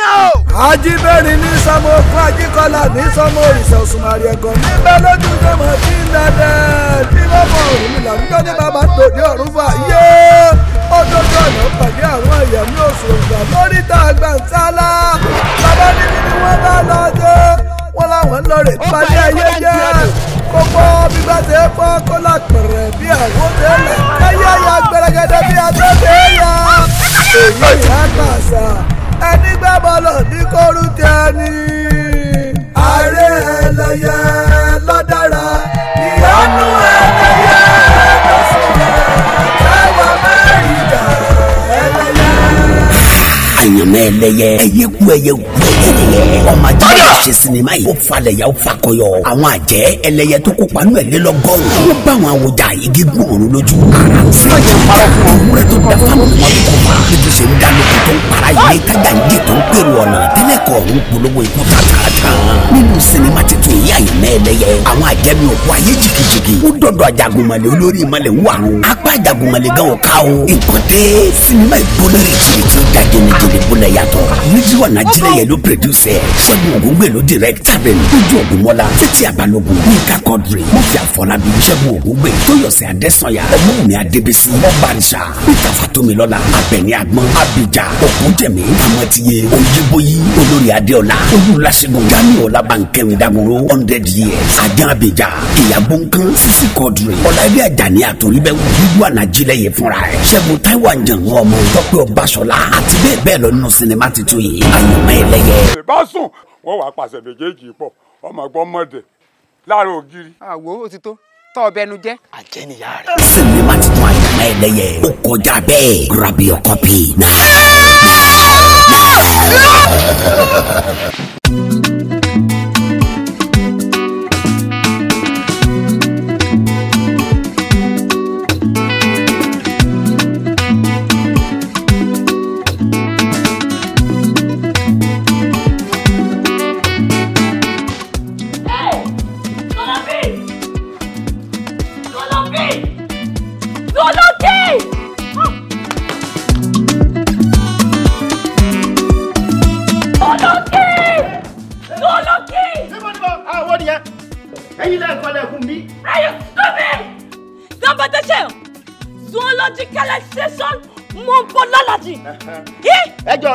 yàn o. ajibẹ́rin ní sọmọ fún ajíkọlá ní sọmọ òrìṣà òṣùmàrè ẹ̀gọ́ níbẹ̀ lójú sọmọ tí ń dẹ́dẹ́ tí wọ́n mọ òrùn mi làwùjọ́ ní bàbá tòde ọ̀run fà yé ọdọọdọ ọ̀nà pàdé àwọn ẹ̀yà ní oṣù ọ̀gbà lóríta àgbàǹsálà bàbá níbi ni wọ́n bá lọ dé wọ́n láwọn lọ́ọ̀rẹ́ pàdé ayé jẹ́ kókó bí bá ṣe fọ́ kó lápẹ̀rẹ̀ bí àwọn ṣe èyí ìyá àgbà ẹni gbá bọ́lọ̀ ní kóru tẹ́ni. ààrẹ ẹlẹ́yẹ lọ́dára ìyanu ẹ̀. àyànmọ́ ẹlẹ́yẹ ẹyẹ kú ẹyẹ kú ẹyẹ ọmọ ajá ṣe sinimá yìí ó falẹ̀ yà ó fakọyọ àwọn àjẹ́ ẹlẹ́yẹ tó kópa àwọn awòjà igi tó kó tó ń para yìí kájà ń jẹ tó ń pèrò ọ̀nà tẹ́lẹ̀ kọ̀ ọ̀run nínú sinimá titun yìí àyànmọ́ ẹlẹ́yẹ àwọn àjẹ́ mi ayé jìgìjìgì ó dọ̀dọ̀ àjàgùnmọ̀lẹ̀ olórí ìmọ̀lẹ̀ wà ó apá àjàgùnmọ̀lẹ̀ gan ò ká o ìkọ́tẹ́ sinimá ìgbóná rẹ̀ jìrìjì dàgẹ́nìjì òdìbò náà yàtọ̀ méjì wà nájílẹ̀ yẹn ló pèrèdúsẹ̀ ṣẹ́gun ògúngbè ló direct tàbẹ̀lì ojú ògúnmọ́lá títí àbálògùn níka kọ́dìrì mọ́fì àfọlábí ṣẹ́gun ògúngbè tóyọ̀sẹ̀ adẹ́sànyà ọmọwùmí adébísí ọ̀bàrìṣà peter fatomilọ́lá abẹ̀ní agbọ́n abidjan ògúndẹ̀mí amọ̀tìyẹ oyébóyí olórí adéọlá olùlàṣẹ́gun gani ọlábànkẹ́rin dagoro hundred years ajá abidjan ìyàbọ̀ nǹkan sisi kọ́dìrì ọ̀làdé àjàní àtòrí bẹ́ẹ̀ wù gbígbó ànájílẹ̀ yẹn fúnra rẹ̀ ṣẹ́gun táwọn àjàn ọmọ tọ́pẹ́ ọbaṣọlá àti bẹ́ẹ̀ bẹ́ẹ̀ bẹ́ẹ̀ lọ nínú sinimá titun yìí àyànmọ́ ẹlẹ́gẹ́. ìbá sùn wọ́n wàá pàṣẹ méjèèjì pọ̀ ọmọ ẹ̀gbọ́n mọ̀dẹ̀ láàárọ̀ ògiri. àwo ó ti tó tọ́ ọbẹ̀ nu jẹ́. àjẹ́ nìyá rẹ̀. sinimá titun àyànmọ́ ẹlẹ́yẹ ó kọjá bẹ́ẹ̀ grab your copy now.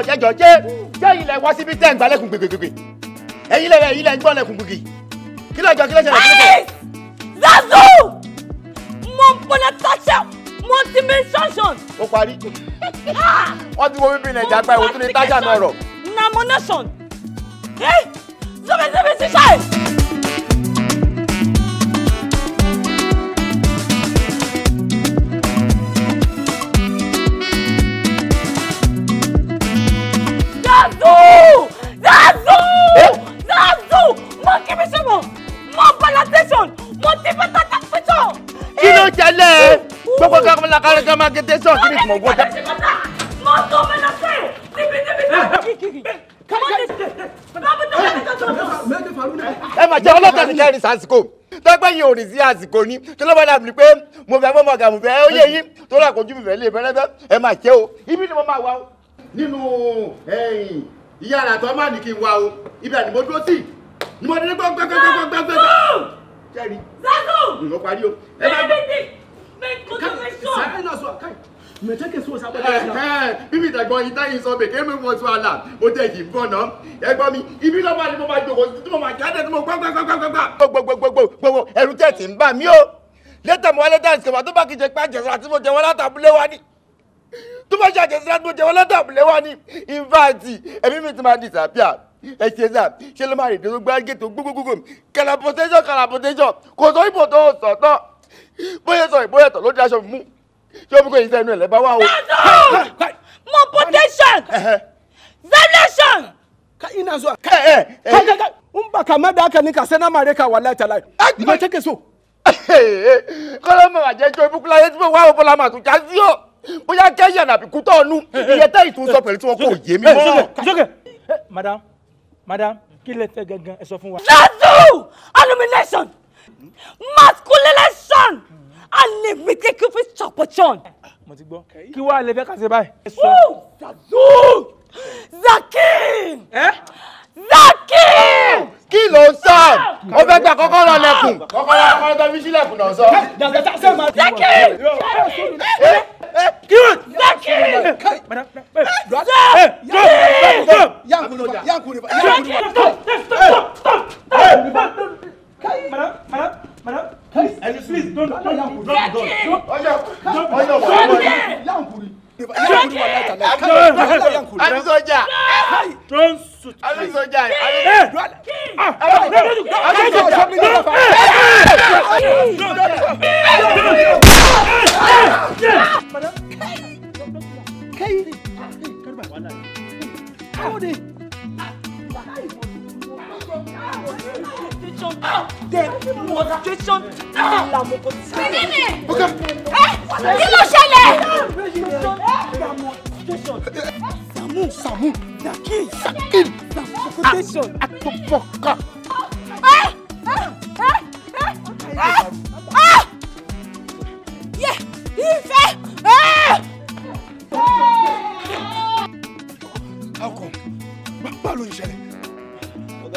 ẹjọ ẹjọ jẹ jẹ ilẹ̀ wá síbi tẹ́ ń gba lẹ́kùn gbègbègbè ẹ̀yin lẹ́rẹ̀ ẹ̀yin lẹ́ ń gbọ́ lẹ́kùn gbègbè kí ló jọ kí ló ṣẹlẹ̀ kí ló ṣẹlẹ̀. zazu mo penetration multidimension. ó parí wọ́n ti wo bíbí nàìjà gba ìwòsàn ní tájà náà rọ̀. namonation zobe zobe ṣiṣẹ́. Zazu! Zazu! Zazu! Mo kí mi sọ̀rọ̀, mo bala tẹ̀sán, mo ti fẹ́ tata pẹ̀tọ̀. Kí ló jẹlẹ̀? Eh, uh, uh. Gbogbo ká kọ́mọ́lá ká lọ́jọ́ máa gé tẹ̀sán kí ni kò mọ̀ wọ́dà. Mo tó mi lọ sí níbi níbi eh, eh, tó. Ẹ máa jẹ́ ọlọ́tọ̀ ní kẹrin sàásìkò tọ́pẹ́ yìí ò rìn sí àsìkò ni tó lọ́wọ́ dàbí pé mo fẹ́ fọ́mọ ọ̀gá mo fẹ́ ó yé yín tó lọ́kọ̀ọ́jú mi fẹ́ lé fẹ́rẹ́fẹ́ ẹ máa jẹ́ o ibi ni mo máa wà o nínú ìyá rẹ̀ àtọ́ máa ní kí n wá o ibi àdìmọ́ dúró sí ni mo dé gbọ́gbọ́gbọ́gbọ́gbọ́. jẹ́rìí zazu ló parí o. ẹ bá gbọ́ sáré náà sọ káì mẹtẹkẹ sọ sábà bíbí ìdàgbọ́n yìí sọ bèké mi wọ́n tún àlà ó mi ibi náà bá ní mo máa jòkó tí mo máa jáde tí mo gbá gbá gbá gbá tẹ̀sí ń bà mí o létà mo wá létà ìsìnkú àtúbàkì jẹ pé àjẹsára tí mo jẹ wọn látàbúlé wa ni tó bá ṣàjẹ́ sí ládùúgbò jẹ́wọ́ látàbílẹ̀ wá ní ìfáàtì ẹ̀mí mi ti máa disappear ẹ ṣe sá ṣe ló máa rèé tó gbá gètò gbogbogbò kàlàpọ̀tẹ́sọ̀ kàlàpọ̀tẹ́sọ̀ kò sọ ìbò tó sọ̀tọ̀ bóyá sọ ìbóyá tọ̀ ló dé aṣọ mú ṣé o bí kò yí sẹ́nu ẹ̀ lẹ́bàá wá o. mo protection violation. ka ina zuwa. kai kai kai in ba ka mada haka ni ka sai na mare ka wallahi talai. ba take so. kọ́lọ́ mọ̀ àjẹjọ́ ibùkún láyé tí mo wá òbọ̀lá màtún já sí o bóyá gẹ́yà nàbí kú tọ́ọ̀nù eh, eh. iye tẹ́ ìtún sọ pẹ̀lú tí wọ́n kò yé mi mọ́. Eh, madam madam kí lè fẹ́ gangan ẹ sọ fún wa. jésù illumination masculination and kí fi ṣàpọ̀jọ́n. mo ti gbọ́ kí wàá lè fẹ́ ká ṣe báyìí. zazu zakin zakin kí ló ń sọ ọ fẹ́ gba kọ́kọ́rọ́ lẹ́kùn kọ́kọ́rọ́ kọ́kọ́rọ́ tó fi sílẹ̀kùn náà sọ. Ẹni please please, don't don't don't don't don't don't don't don't don't don't don't don't Abi sọ́jà. Don sut. Abi sọ́jà. Abi sọ́jà. Kai. Kai. Kai. Kai. demonstration demonstration ìlànà kò sí. kí ló ṣẹlẹ̀. Sàmú Sàmú Nakil Nakil demonstration. Akpọ̀kà. Ife! How come? Báwo ló ń ṣẹlẹ̀?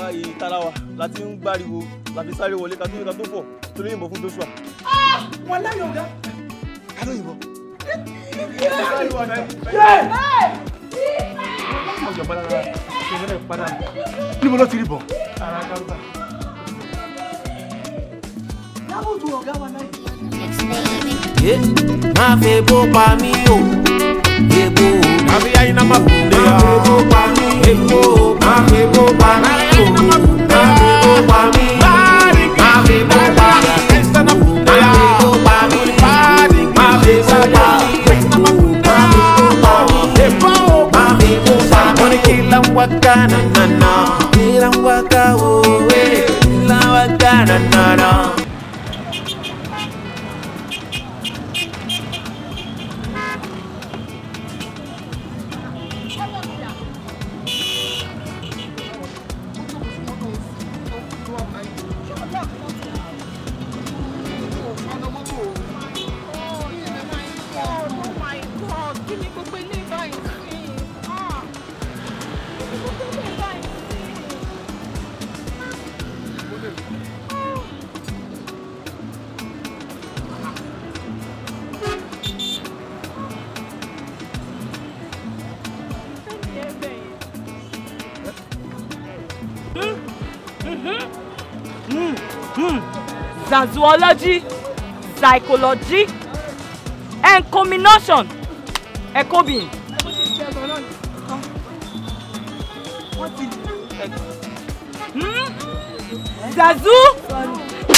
ìtara wa láti ń gbáriwo láti sáré wọlé ká tó yẹ ká tó pọ̀ torí ìbọn fún Joshua. Ah! wọn láyọ̀ ọ̀gá. kálọ̀ ìbọn. níbo ló ti rí bọ̀. máa fi epo pa mí o epo. àbíyá iná máa kú lé wa. máa epo pa mí epo. máa fi epo pa mí. waka na na na, ilang waka oh, ilang waka na na na. psychology and combination ẹ̀kọ́ Hmm? Zazu!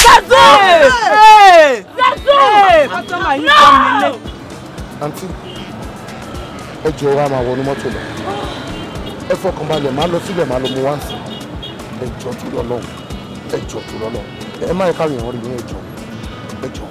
Zazu! Hey! Zazu! No! Àǹtí, ẹ jẹ́ wa máa wọnú mọ́tò lọ. Ẹ fọkàn balẹ̀, máa lọ sílẹ̀, máa lọ mú wá sí. Ẹ jọ tó lọ lọ́wọ́, ẹ jọ tó lọ lọ́wọ́. Ẹ má yẹ káwé ìwọ́n rí ní ẹjọ́,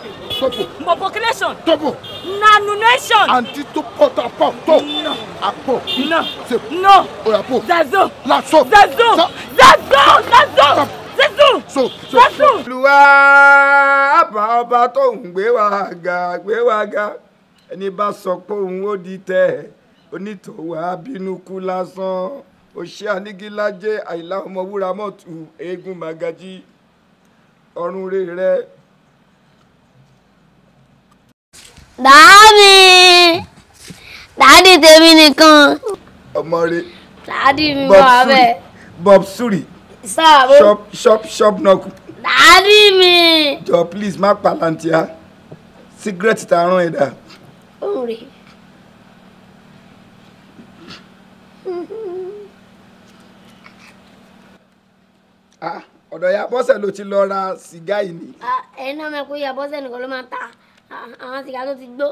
sopo. Mopoclation. Topo. Nanunation. Antito pota po. To. No. Apo. No. Se. No. Oyapo. Zazo. Laso. Zazo. Zazo. Zazo. Zazo. So. So. Zazo. Olúwa àbá ọba tó ń gbé wa ga gbé wa ga ẹni bá sọ pé òun ó di tẹ onítọ̀wọ́ abínú kú lásán òṣè anígílájẹ àìlá eégún màgájí ọ̀run rè rẹ. Daddy, dàádì tèmi nìkan. ọmọ Amari. Daddy, mi wà bẹ́ẹ̀. bob suri shop shop shop knock. Daddy me. jọ please má palantia. Cigarette sígírẹ́tì tá a rán ẹ dà. òòrè. Ah, ọ̀dọ̀ ya bọ́sẹ̀ ló ti lọ ra sìgá yìí ni. Ah, ẹ̀ náà mọ̀ pé ya bọ́sẹ̀ nìkan ló máa ń ta àwọn ah, ah, sìgá tó ti gbó.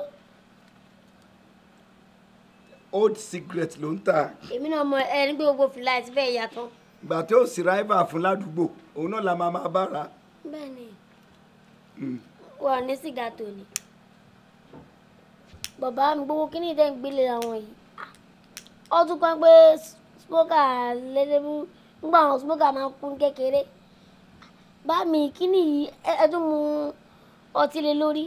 old secret ló ń tà. èmi náà mọ ẹni pé gbogbo fìlà àti bẹ́ẹ̀ yàtọ̀. ìgbà tí ó sì ráìbà fún ládùúgbò òun náà la máa máa bára. bẹ́ẹ̀ni hmm. wọn ní sìgá tó ni bàbá mi gbogbo kíní ìdẹ́ ń gbélé àwọn yìí ó tún pẹ́ pé smoker lẹ́lẹ́mú nígbà àwọn smoker máa ń kún kékeré bá mi kíní yìí ẹ tún ọtí lé lórí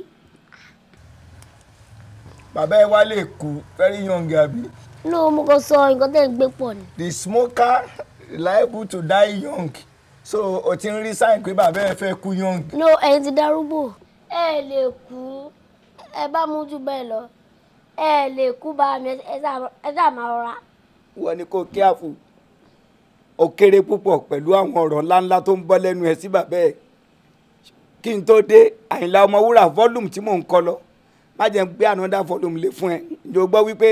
bàbá ẹ wá lè kú very young àbí. no mo kàn sọ nǹkan tẹ́ ń gbé pọ̀ ni. the smoker liable to die young so o ti ń rí sign pé bàbá ẹ fẹ́ kú young. no ẹ̀yin ti darúgbó ẹ lè kú ẹ bá mú jù bẹ́ẹ̀ lọ ẹ lè kú bá mi ẹ sá máa rọra. wọ́n ní kó careful ó kéré púpọ̀ pẹ̀lú àwọn ọ̀rọ̀ ńláńlá tó ń bọ́ lẹ́nu ẹ sí bàbá ẹ kí n tó dé àyìnlá ọmọwúrà volume tí mò ń kọ lọ má jẹ́ gbé another volume lé fún ẹ ǹjọ́ gbọ́ wípé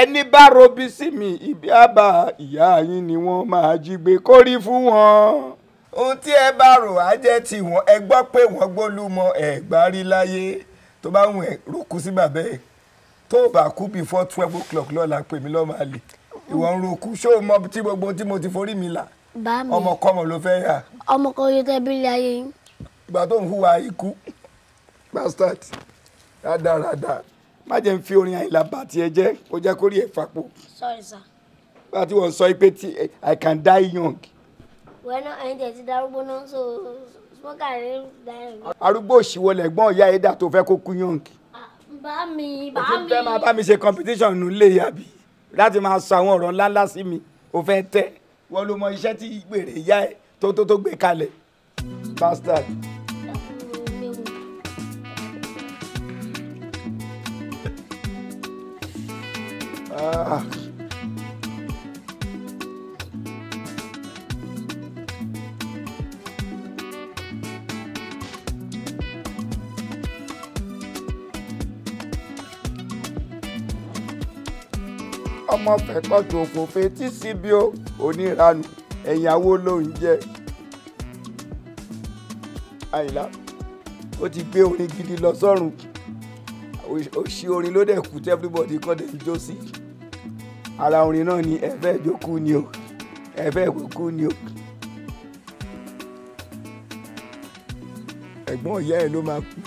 ẹni bá robi sí mi ibi àbá ìyá yín ni wọ́n máa jí gbé kórí fún wọn ohun tí ẹ bá rò á jẹ́ tiwọn ẹ gbọ́ pé wọ́n gbólúmọ ẹ gbárí láyé tó bá wùn ẹ rókù sí bàbá ẹ tó bá kú before twelve o'clock lọ́la pè mí lọ́mọ àlè ìwọ ń roku ṣó o mọ tí gbogbo tí mo ti forí mi là ọmọkọmọ ló fẹ́ yà. ọmọkọ yóò tẹ́ bí ilé ayé yín ìgbà tó ń hùwà ikú bastard rádaràdà má jẹ́ ń fi orin àyìnlá bá tiẹ̀ jẹ́ kó jẹ́ kó rí ẹ̀ fapò. sorry sir. bá a ti wọ́n sọ pé i can die young. wẹ́n náà ẹni tẹ̀ ti darúgbó náà so smoker rẹ̀ dáhùn. arúgbó òṣìwọ́ lẹ̀gbọ́n ìyá ẹ̀dá tó fẹ́ kó kú young. Ah, bá mi bá mi. o ti fẹ́ máa bá mi ṣe competition nù lè yàbí láti máa sọ àwọn ọ̀rọ̀ ńláńlá sí mi o fẹ́ tẹ́ wọ́n ló mọ iṣẹ́ tí gbèrè ìyá ẹ̀ tó tó tó gbé kalẹ̀ bastard. Ah. ọmọ fẹ̀pọ̀ tó kò fetí síbi ó oníranù ẹ̀yàwó ló ń jẹ́ àyìnlá ó ti gbé orin gidi lọ sọ́run òṣì orin ló dẹ̀ kú tí everybody kọ́ dẹ̀ ń jó sí ara orin náà ni ẹ̀fẹ́ ìjókù ni o ẹ̀fẹ́ ìkókù ni o. ẹ̀gbọ́n ìyá ẹ̀ ló máa kú.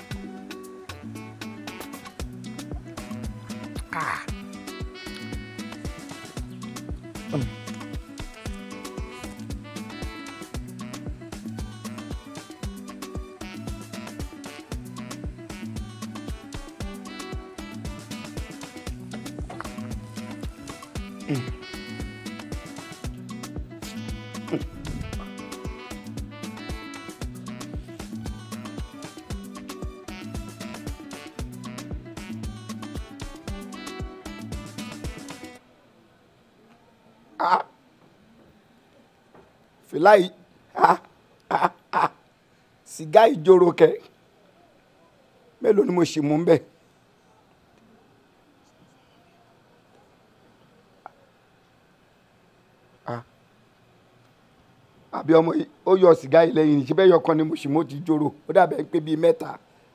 láì ah, ah, ah, sìgá ìjòrò kẹ mélòó ni mo sì mú bẹ. àbí ọmọ ó yọ sìgá ilẹ̀ yìí ṣe bẹ́ẹ̀ yọkan ni mo sì mú ti jòrò ó dàbẹ̀ pé bíi mẹ́ta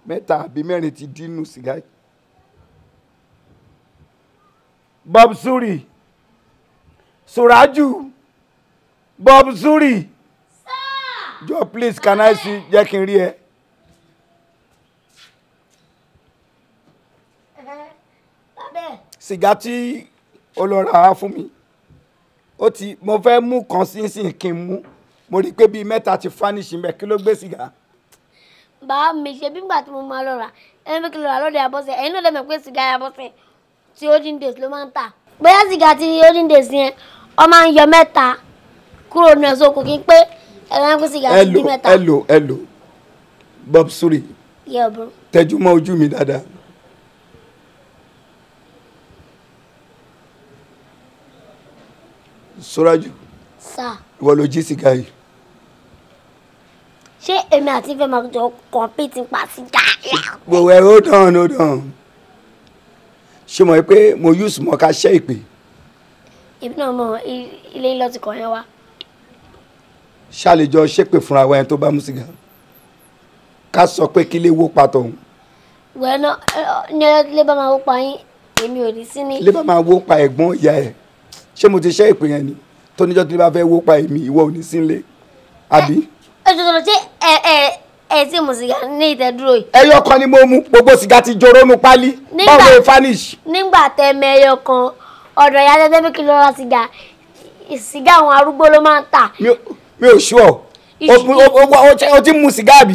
mẹ́ta àbí mẹ́rin ti dínú sìgá Bob Suri Suraju. Bob Zuri. Sir. Joe, please, can I see jẹ́ kí n rí ẹ? Eh, sìgá tí o ti mo fẹ́ mú kan sínsìn kí n Mo rí i pé bíi ti fánísì mẹ́ kí ló gbé sìgá. ba mi ṣe bí ìgbà tí mo máa lọ rà ẹni pé kí lọ rà lóde àbọ̀sẹ̀ ẹ̀yin náà lẹ́mọ̀ pé sìgá àbọ̀sẹ̀ tí olden days ló máa ń tà. Bóyá sìgá tí days yẹn ọ máa ń yọ kúrò ní ẹ̀sọ́ kò kí n pé ẹran kó sìgá bí mẹ́ta. hello hello bob suri yeah, tẹjú mọ́ ojú mi dáadáa. sọ́rájú ìwọ ló jí sìgá yìí. ṣé èmi àti fẹ́ máa jọ kọ̀ǹpìtì pa sìgá. gbogbo ẹ ó dán ó dán ṣé mo rí pé mo yúùsù mọ́ ká ṣẹ́ ìpè. èmi náà mọ ilé lọ́tìkọ̀ yẹn wá ṣàlejò ṣépè fúnra wa ẹni tó bá mú sìgá ká sọ pé kí lè wó pa tòun. wẹ́ẹ́nà ní ilé bá máa wó pa yín èmi ò ní sí ní. ilé bá máa wó pa ẹ̀gbọ́n ìyá ẹ̀ ṣé mo ti ṣe ìpè yẹn ni tó níjọ́ tí ilé bá fẹ́ wó pa èmi ìwọ ò ní sí nílé àbí. ẹ ẹ tuntun ṣé ẹ ẹ ẹ ti mu sìgá ní ìtẹ́dúró yìí. ẹyọ kan ni mo mu gbogbo sìgá ti joró nu pálí báwo ni fanish. nígbà tẹ ẹyọ kan ọ̀dọ̀ ìyá tẹ́tẹ́ bí kí lọ́ra sìgá sìgá àwọn arúgbó ló máa ń tà mi ò ṣú ọ o ti mu sìgá bi.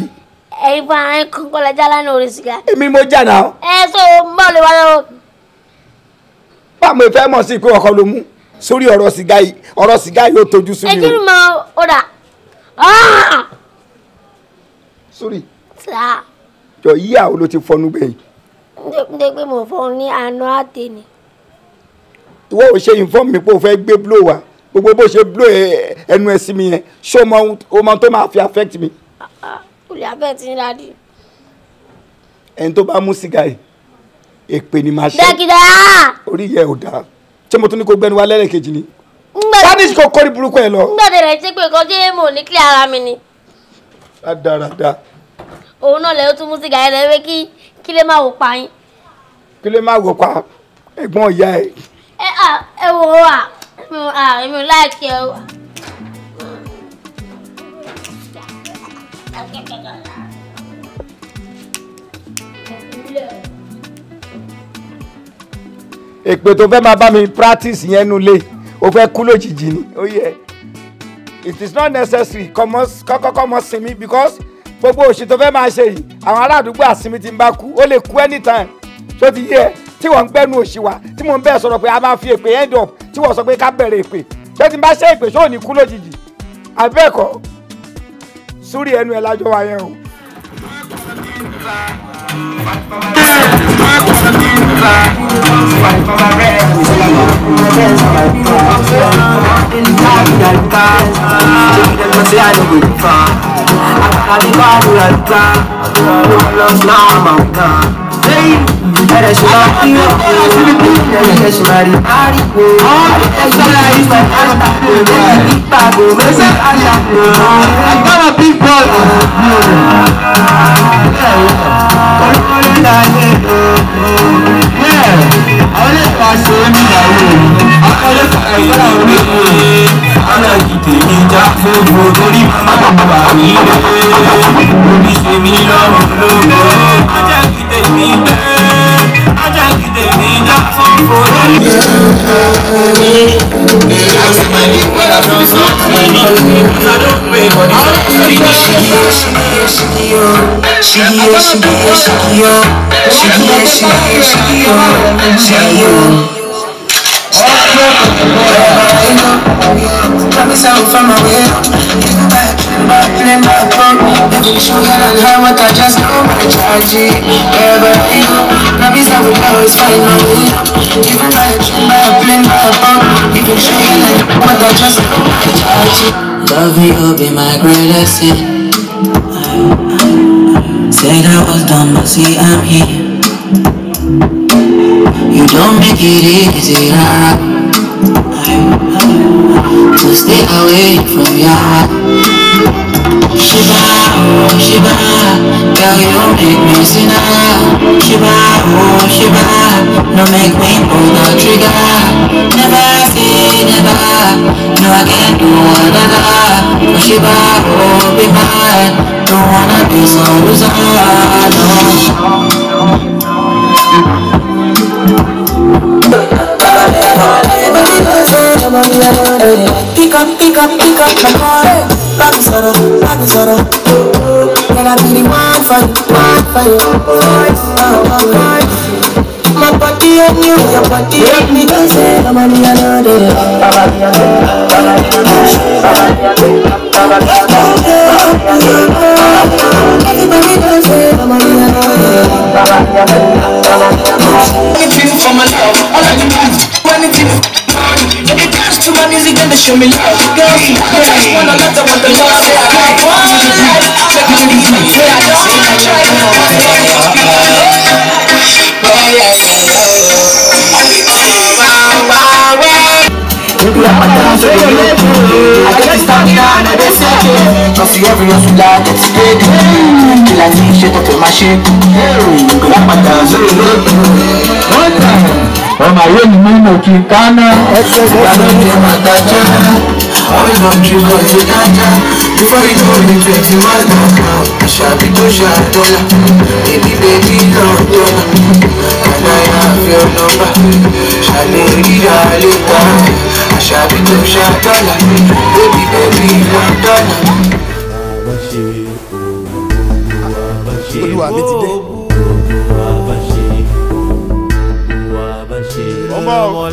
ẹyin fún ara yín kọ́kọ́ lẹ jálá ní orí sìgá. èmi ni mo jà náà. ẹ so bọ́ọ̀lù wa lọ. báwo ni fẹ́ mọ̀ sí ìpín ọkọ ló mú sórí ọ̀rọ̀ sìgá yìí ọ̀rọ̀ sìgá yìí ó tojú sú mi o. ẹ kí ni mo ò dà. Ah! sórí. sá. jọ yíyà o ló ti fọnú gbẹ̀yìn. n tẹ́ pé mo fọ́ ní àná àtẹ̀ ni. ìwọ ò ṣe inform mi pé o fẹ́ gbé blow wa gbogbo bó ṣe blow eh, ẹnu ẹ sí mi yẹn ṣé o mọ tó máa fi affect mi. kò ah, ah, lè affect yín dáadé. ẹni tó bá mú sìgá yìí èpè ni màá ṣe. dẹ́kìdá. orí yẹ ò dáa ṣé mo tún ní kó gbẹnu wa lẹ́lẹ́kejì ni. spanish kò kórè burúkú ẹ lọ. gbẹ̀dẹ̀ rẹ̀ ṣe pé nǹkan ṣe é mò ní kílẹ̀ ara mi ni. dáadáa. òun náà lẹ́yìn tó mú sìgá yẹn lẹ́wẹ́ kí kí lè máa wò pa yín. kí lè máa wò pa ẹ̀gbọ́n ìyá ẹ̀. ẹ ah, ẹ wò ó wà mi ò èmi ò láìkí ẹ wà. èpè tó fẹ́ máa bá mi practice yẹn nulẹ̀ o fẹ́ kú lójijì ni ó yẹ it is not necessary kọ́kọ́kọ́ mọ sinmi because gbogbo òṣì tó fẹ́ máa ṣe yìí àwọn ará àdúgbò àsinmi ti ń bá kú ó lè kú anytime tó ti yẹ tí wọ́n ń gbẹ́nu òṣì wa tí mo ń bẹ́ẹ̀ sọ̀rọ̀ pé a máa fi èpè end up tí wọ́n sọ pé ká bẹ̀rẹ̀ èpè ṣé tí n bá ṣe èpè ṣó ní kú lójijì àbẹ́ẹ̀kọ́ sórí ẹnu ẹ̀ lájọ wa yẹn o. I'm sẹ́yìn ẹ̀rẹ̀ ṣùgbọ́n kí ó kú ẹ̀rẹ̀ ṣùgbọ́n rí àríwó ẹ̀ṣọ́ra ìgbà àtàkùn lẹ́yìn ìgbàgbọ́ mẹ́sẹ̀ àtàkùn agbára big boy. orí ta ni àwọn ẹ̀ka ṣe é nígbà wo àwọn ẹ̀ka ẹ̀ka ọ̀rẹ́ mi. alágídé mi já gbogbo torí màmá bàbá mi lé omi ṣe mi lọ́rùn lóore ajágídé mi gbé ajágídé mi já gbogbo torí. Shigiyo, shigiyo, shigiyo, shigiyo, shigiyo, shigiyo, shigiyo. Got me something from my way up Hit back, back, play my phone Baby, show you and how much I just know my charity Yeah, but I know Got me something that was fine, my way up Hit back, back, play my phone Baby, show you and how much I just know my charity Love you be my greatest sin Said I was done, but see I'm here You don't make it easy, rah, to stay away from your heart. Shiba, oh Shiba, girl you make me sinner. Shiba, oh Shiba, no make me pull the trigger. Never say never, no I can't do another. Oh Shiba, oh be don't wanna be so loser, no. But, Pick up, pick up, pick up my heart. Back to sorrow, back to sorrow. Can I be the one for you, one for you? Voice, oh, oh, My body on you, your body on me. Don't say, come on, you know this. Come on, you know this. Come on, you know this. Everybody don't say, come on, you know this. Come on, you know this. Anything for my love, Come on, do is anything. If dance to my music, then they show me love Girl, I just want another one to love Say I got one life, make me leave and say I don't try to Nuclear patterns are the way I get stamina and I get second Trust you every hustle that gets steady Kill a t-shirt off in my shape Nuclear patterns are the way One time ọmọ ayé ni mo mọ̀ kí n káná. Ìgbàlódé màtá já, always on you but you dájá. Before you know the twenty one now now, ṣàbí tó ṣàtọ́lá. Baby baby náà tọ́lá. Àdáyà fi ọ̀nà bá, ṣàlè ríra lépa. Àṣàbí Baby baby náà tọ́lá. Olúwa mi ti dé. mouth.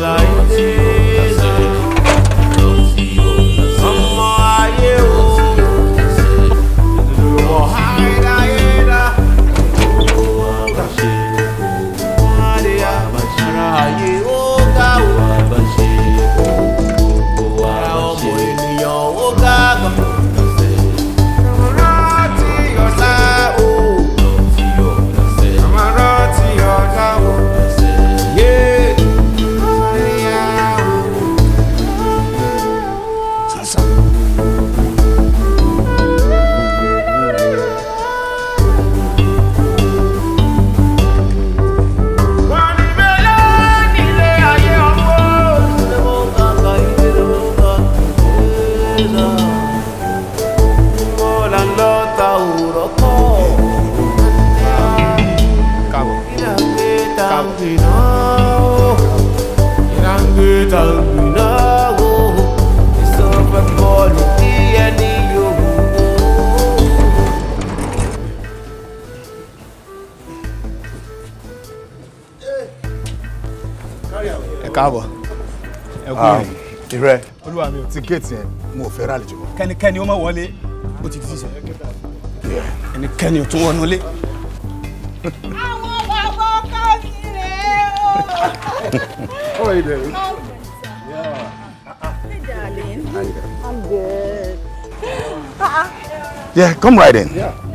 géètì yẹn mo fẹ́ rà àlejò kẹ́nikẹ́ni ó má wọlé bó ti di sísè ẹnikẹ́ni ò tún wọnú ilé. àwọn bàbá káàsì rèé o. how are Yeah. Yeah, come right in. Yeah.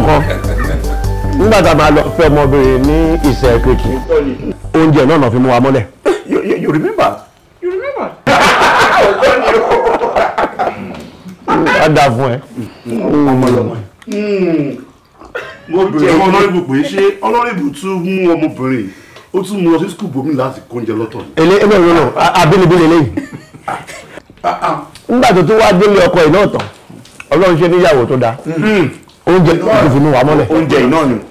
mọ̀ nígbà tá a máa lọ fẹ́ ọmọbìnrin ní ìṣẹ́ kejì oúnjẹ náà náà fi mú wa mọ́lẹ̀. you remember you remember. a dà fún ẹ. ọmọ ọlọ́rìbù pé ṣé ọlọ́rìbù tún mú ọmọbìnrin ó tún mú lọ sí skul bomi láti kóúnjẹ lọ́tọ̀. èlé ẹgbẹ́ ìrònà abínibí lélẹ́yìn. Ah, ah. nígbà tó tún wá délé ọkọ ẹ̀ tán ọlọ́run ṣe níyàwó tó dáa hmm oúnjẹ kò fi mú wa mọ́lẹ̀. oúnjẹ iná ni.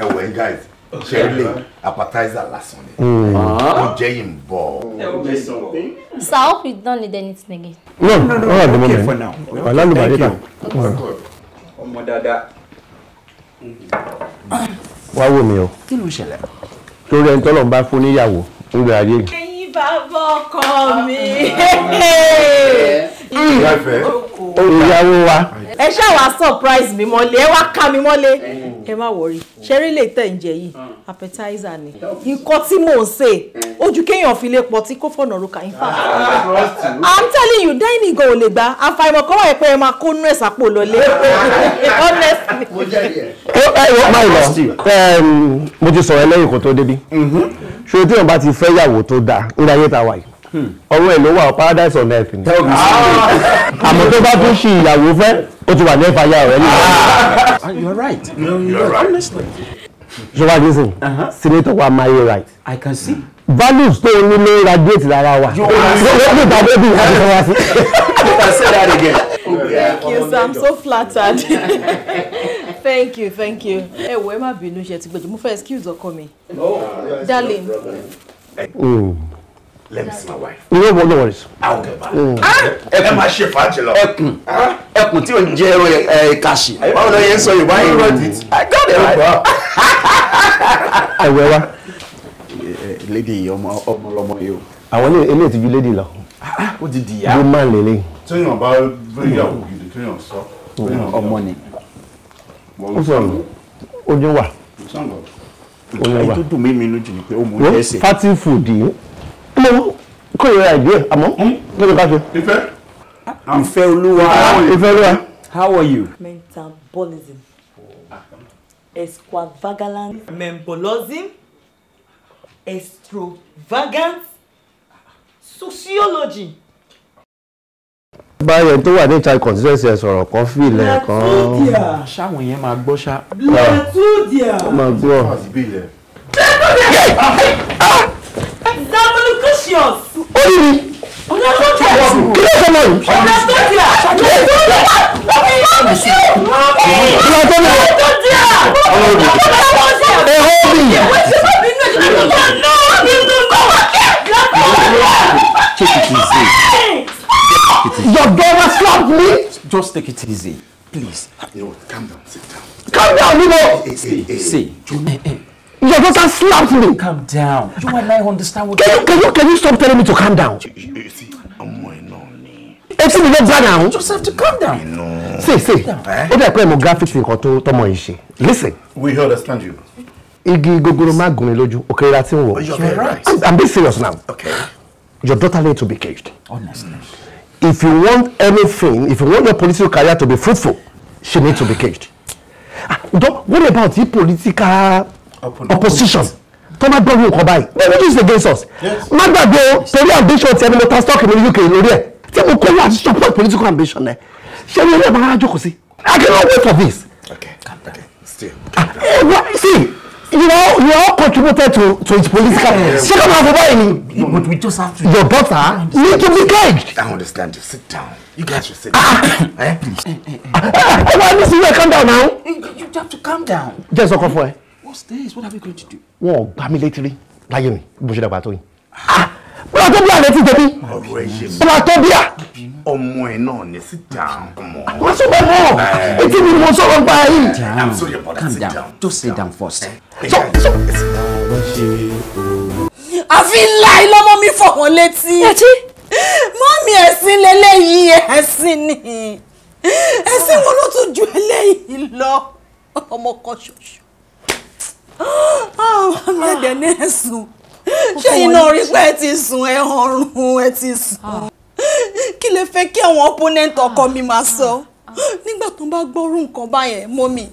ẹ wẹ̀ ẹ́ guys ṣẹlẹ̀ appetizer lásán ni oúnjẹ yìí ń bọ̀. sir hope you don need anything again. no no no no okay for now. wàhálà lùbàdì kan. ọmọ dáadáa. wá wò mí o. kí ló ń ṣẹlẹ̀. torí ẹni tọ́lọ́ ń bá fún níyàwó ń gbé ayé yìí bàbá ọkọ mi mm. ìyàwó wa ẹ ṣáà wá surprise mi mọ́lé ẹ wá ká mi mọ́lé mm. ẹ má wọrí ṣeré lè tẹ̀ ń yìí mm. appetizer ni nǹkan tí mò ń ṣe mm. ojú kéèyàn fi lè pọ̀ tí kò fọ̀nà roka in fact ah, i'm telling you dining gan ò lè gbà àfàìmọ̀ kọ́ wáyé pé ẹ máa kó nú ẹ̀ sápò lọlé honestly. mo ti sọ̀rọ̀ ẹlẹ́yìn kò tó débi mm-hmm. ṣé tí wọn bá ti fẹ́ yàwó tó dáa ní ayé tá a wà ọwọ́ ẹ̀ ló wà paradise on earth ni. Ah. àmọ́ tó bá tún ṣe ìyàwó fẹ́ ó ti wà ní ẹ̀fà yà rẹ̀ nìyẹn. Ah, you are right you are right honestly. ṣọwá jason uh-huh. senator wa maye right. i can see. values tó ní ló radiate lára wa. yóò wọ́n gbà bẹ́ẹ̀ bí wọ́n ti sọ wá sí. you that again. thank you sir i'm so flattered. thank you thank you. ẹ wo ẹ má bínú ṣe ti gbèjì mo fẹ́ excuse ọkọ mi. Oh, darling. Mm let me see my wife. you know what no worries. i'll get back. ẹ máa ṣe fàájì lọ. ẹkùn ah. ẹkùn tí ò ń jẹ ẹran ẹka ṣì. báwo ló yẹ ń sọ yorùbá yìí rọ di. i got it right. àìwẹ̀ wa. lady ọmọ ọmọ lọmọ yìí o. àwọn eléyìí ti ju lady lọ. Ah, ah, ó ti di ya. bí máa lè lè. tóyàn bá gbéyàwó gidi mm. tóyàn sọ. ọmọ ni. ó sọ̀rọ̀ ojú wa. ojú wa. èyí tó dùn mí mi lójú ni pé ó mú un lẹ́sẹ̀. party food yìí mo kórìíra ìdí ẹ̀ àmọ́ kí hmm? ló bá ṣe. Ife. ìfẹ́ olúwa. ìfẹ́ olúwa. how are you. metabolism extravagance metabolism extravagance sociology báyọ̀ tó wà níta consistency ẹ̀ sọ̀rọ̀ kan fìlẹ̀ kan. ṣáwọn yẹn máa gbọ́ ṣá. lẹ́túdìà. ó máa gbọ́ precious. orí You ọ̀nà tó tẹ̀. kí ló sọ lọ́yìn. ọ̀nà tó tẹ̀. ọ̀nà tó tẹ̀. ọ̀nà tó tẹ̀. ọ̀nà tó tẹ̀. ọ̀nà tó tẹ̀. Your daughter slapped me. Just take it easy, please. You know what? Calm down, sit down. Calm down, you know. Hey, hey, hey, hey. See, see. Hey, hey. Your daughter slapped me. Calm down. You and I understand what. Can you can you can you stop telling me to calm down? You see, ọmọ ẹ náà ni. Etí Just have to calm down. See see. ó dẹ̀ pé demographics nǹkan tó tọmọ yìí ṣe. Listen. We understand you. Igi gogoro má gùn Okay, lójú, òkè ra You're right. I'm, I'm being serious now. Okay. Your daughter needs to be caged. Honestly. If you want anything, if you want your political career to be fruitful, she needs to be caged. Ah, don't. What about the political opposition tó má gbọ́ nǹkan báyìí they will use against us má gbàgbé o torí ambition ti ẹni mo ta stock the UK lórí ẹ̀ tí mo kọ́ láti support political ambition ẹ̀ ṣé ní ẹ̀rọ máa jókòó sí I cannot wait for this. Okay. Okay. Still, okay. See, you know, you all contributed to, to its political. Yeah, Shut up, Abubai. But we just have to. Your daughter needs to be caged. I understand you. Sit down. You guys should sit down. eh, please. Why, Missy, calm down now. You, you have to calm down. Just look for it what's this what are we going to do. wọn ò gbá mi létí rí láyé mi bó ṣe dàgbà tó yìí. Platobia lè ti tẹ̀lé. Ọ̀rọ̀ ẹ̀ ṣe mú. Platobia. Ọmọ ẹ̀ náà ní sit down. Wọ́n sọ pé mọ́, eh. etí mi mo sọ̀rọ̀ gba yìí. I'm sorry about that, sit down. Just sit down first. Sọ eh. sọ. Eh, Àfi ńlá ìlọ́mọ mi fọ̀ wọ́n létí. Ẹtí. Mọ́mí ẹ̀sìn lélẹ́yìí ẹ̀sìn ni. Ẹ̀sìn wo ló tún ju eléyìí lọ? Ọmọ kan ṣoṣo àwọn ah, ọlọ́dẹ náà sùn ṣé iná orí pé ẹ ti sùn ẹ ọrùn ẹ ti sùn kí lè fẹ́ kí àwọn opponent ọkọ mi máa sọ nígbà tó bá gbọ́rú nǹkan báyẹn mọ́ mi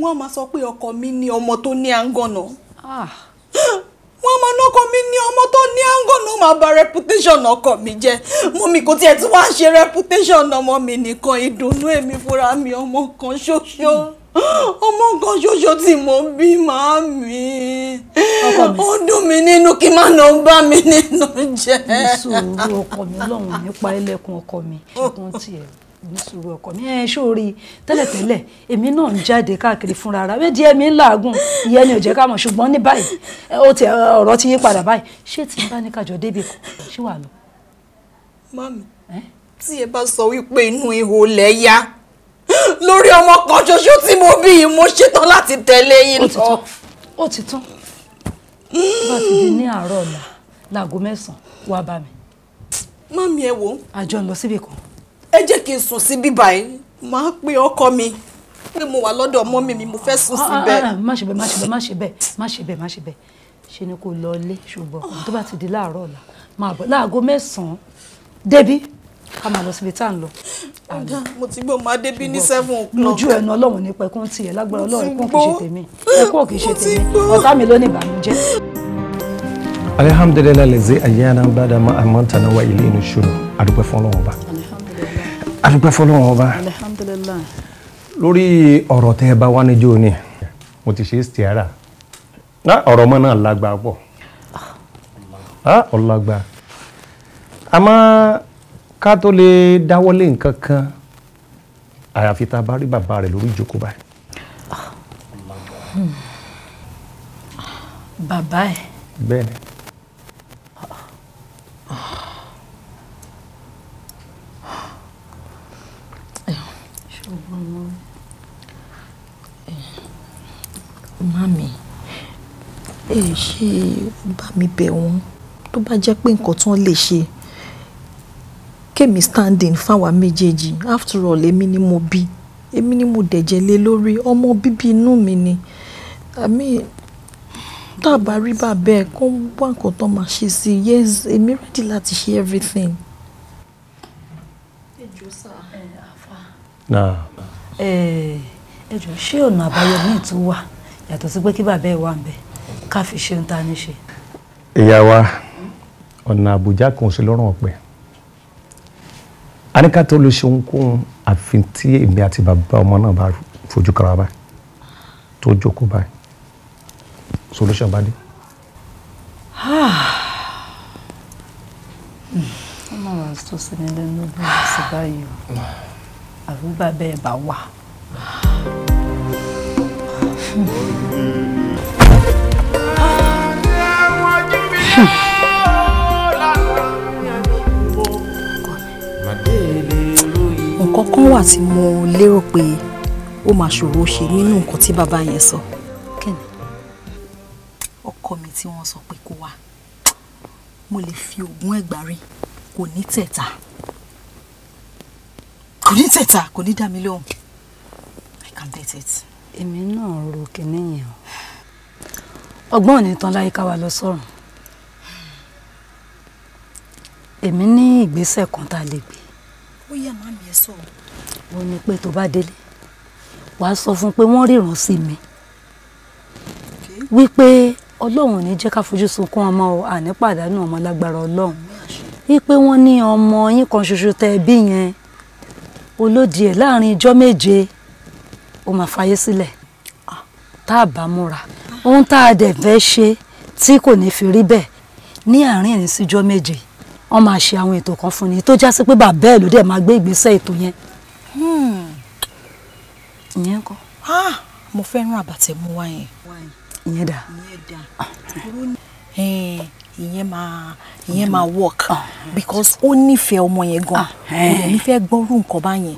wọ́n á máa sọ pé ọkọ mi ní ọmọ tó ní àǹgànà ah. wọ́n máa nọ́kọ mi ní ọmọ tó ní àǹgànà máa bà reputation ọkọ mi jẹ́ mọ́ mi kò tiẹ̀ tí wọ́n á ṣe reputation ọmọ mi nìkan ìdùnnú èmi fúnra mi ọmọ kan ṣoṣo. ọmọ kan ṣoṣo tí mo bí màá mi ó dùn mí nínú kí má lọ bá mi nínú jẹ́. ní sùúrù ọkọ mi lọ́hùn nípa ẹlẹ́kùn ọkọ mi oh. ṣùgbọ́n tiẹ̀ ní sùúrù ọkọ mi ẹ sórí tẹ́lẹ̀tẹ́lẹ̀ èmi náà ń jáde káàkiri fúnra ara bẹ́ẹ̀ díẹ̀ mi ń làágùn ìyẹn ni ò jẹ́ ká mọ̀ ṣùgbọ́n ní báyìí ó ti ọ̀rọ̀ ti yí padà báyìí ṣé tí n bá ní kájọ débi kan ṣé wàá lọ. mami tí ẹ bá sọ wípé inú ihò lẹ yá lórí ọmọ kan ṣoṣo tí mo bí yìí mo ṣetán láti tẹ̀lé yín lọ. ó ti tán ó bá ti di ní àárọ̀ ọ̀la láago mẹ́sàn-án wá bá mi. mami ẹ wo. àjọ lọ síbì kan. ẹ jẹ́ kí n sùn síbí báyìí màá pe ọkọ mi pé mo wà lọ́dọ̀ ọmọ mi mi mo fẹ́ sùn ah, ah, síbẹ̀. Ah, má ṣe bẹ́ẹ̀ má ṣe bẹ́ẹ̀ má ṣe bẹ́ẹ̀ má ṣe bẹ́ẹ̀ má ṣe bẹ́ẹ̀ ṣe ni kò lọ ilé ṣùgbọ́n tó bá ti di láàárọ̀ ọ̀la máa bọ̀ láago mẹ́sàn-án débi ká máa lọ síbi tá à ń lọ. ọ̀dà mo ti gbọ́ máa dé bí ní seven o'clock. lójú ẹnu ọlọ́run nípa ẹkún tiẹ̀ lágbára ọlọ́run ẹkún kì í ṣe tèmi ẹkún kì í ṣe tèmi ọ̀tá mi ló ní ìbànújẹ́. alihamdulilayi lè ṣe ayé àná bàdà máa àmọ́ tàná wa ilé inú ṣòro àdúpẹ́ fọlọ́wọ́n ọba àdúpẹ́ fọlọ́wọ́n ọba lórí ọ̀rọ̀ tẹ́ ẹ bá wá níjó ni mo ti ṣe stiara ọ̀rọ̀ mọ́ náà lágbá pọ̀ ah. ah, ọ̀lágbá àmọ́ ká tó lè dáwọ́lé nǹkan kan àyàfi tá a bá rí bàbá rẹ̀ lórí ìjókòó báyìí. bàbá ẹ̀. bẹ́ẹ̀ni. mami ẹ ṣe bá mi bẹ̀ wọ́n tó bá jẹ́ pé nǹkan tán lè ṣe kémi standing fáwa méjèèjì after all èmi ni mo bí èmi ni mo dẹ̀jẹ̀ lé lórí ọmọ bíbí inú mi ni àmì tá a bá rí bá bẹ́ẹ̀ kó wá nǹkan tó máa ṣe sí i yes èmi ready láti ṣe everything. ẹ jọ ṣé ọ̀nà àbáyọ míì tún wà yàtọ̀ sí pé kí bàbá ẹ̀ wà ń bẹ ká fi ṣe ohun tá a ní ṣe. ìyá wa ọ̀nà àbújá kan ò sí lọ́rùn ọ̀pẹ a ní ká tó lè ṣe ohunkóhun àfi tí èmi àti bàbá ọmọ náà bá fojú kara báyìí tó jókòó báyìí solution bá dé. ọmọ wa tó sinmi lẹ́nu bí wọ́n báyìí o àrùbá bẹ́ẹ̀ bá wà. Hmm. kan wà tí mo lérò pé ó máa ṣòro ṣe nínú nǹkan tí bàbá yẹn sọ. kẹ́ni ọkọ mi tí wọ́n sọ pé kó wá mo lè fi oògùn ẹ̀gbá rí kò ní tẹ̀ta kò ní tẹ̀ta kò ní dá mi lóhùn I can bet it. èmi náà ro kìnní yẹn o ọgbọ́n ò ní tán láyé ká wa lọ sọ́run èmi ní ìgbésẹ̀ kan tá a lè gbé. ó yà má ẹ sọ̀rọ̀ wọ́n ní pé tó bá délé wàá sọ fún un pé wọ́n ríran sí mi wípé ọlọ́run ò ní jẹ́ ká fojú sunkún ọmọ o àní pàdánù ọmọ lágbára ọlọ́run wípé wọ́n ní ọmọ yín kan ṣoṣo tẹ bí yẹn olódì ẹ̀ láàrin ijọ́ méje ó máa fayé sílẹ̀ tá a bá múra ohun tá a dẹ̀ fẹ́ ṣe tí kò ní fi rí bẹ́ẹ̀ ní àárín ẹ̀rín méje wọ́n máa ṣe àwọn ètò kan fún ni tó já sí pé bàbá ẹ̀ ló dẹ̀ máa gbé ìgbésẹ̀ ètò yẹn Hmm. ìyẹn kọ́. Ah, mo fẹ́ràn àbàtẹ̀ mú wá yẹn. ìyẹn dà. Eh, ìyẹn máa ìyẹn máa work ah. because ó nífẹ̀ẹ́ ọmọ yẹn gan ah, eh. òun nífẹ̀ẹ́ gbọ́rú nǹkan báyẹn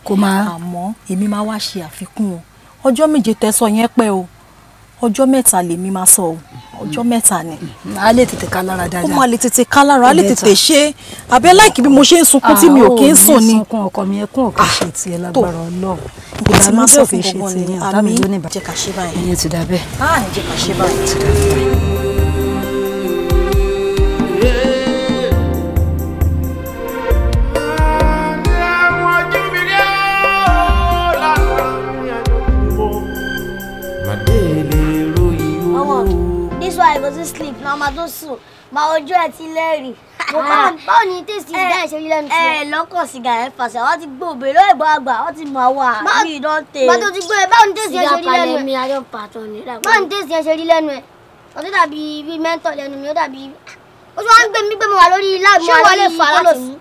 àmọ́ èmi máa wá ṣe àfikún o ọjọ́ méje tẹ́sán yẹn pẹ́ o ọjọ́ mẹ́ta lèmi máa sọ o ọjọ́ mẹ́ta ni. a lè tètè ká lára dáadáa. ó máa lè tètè ká lára a lè tètè ṣe abẹ́ láìkí bí mo ṣe ń sunkún tí ah, mi ò kí ń sùn ni. sunkún ọkọ mi ẹkún ọkọ ṣe ah, tiẹ lágbára Ọlọ́run kò tí máa sọ fún gbọngàn ni àmì ah, jẹ́ ká ṣe báyìí. ìyẹn ti dà bẹ́ẹ̀. a ní jẹ́ ká ṣe báyìí. doesn't sleep na ọmọ tó sùn ma ojú ẹ ti lẹ́rìí. báwo ni tèsí ìdá ìṣe yìí lẹ́nu tí. ẹ eh, lọ́kọ̀ sìgá ẹ fàṣẹ wọ́n ti gbó òbèrè lóyè bọ́ àgbà wọ́n ti mọ̀ wá mi ìdán tè. bàtò ti gbó ẹ báwo ni tèsí ìṣe yìí lẹ́nu ẹ. báwo ni tèsí ìṣe yìí lẹ́nu ẹ. ọtí dàbí bí mẹ́ńtọ̀ lẹ́nu mi ó dàbí. ó ti wá ń gbé mi gbé mi wà lórí láàbù wa lórí kọ́lọ̀sì.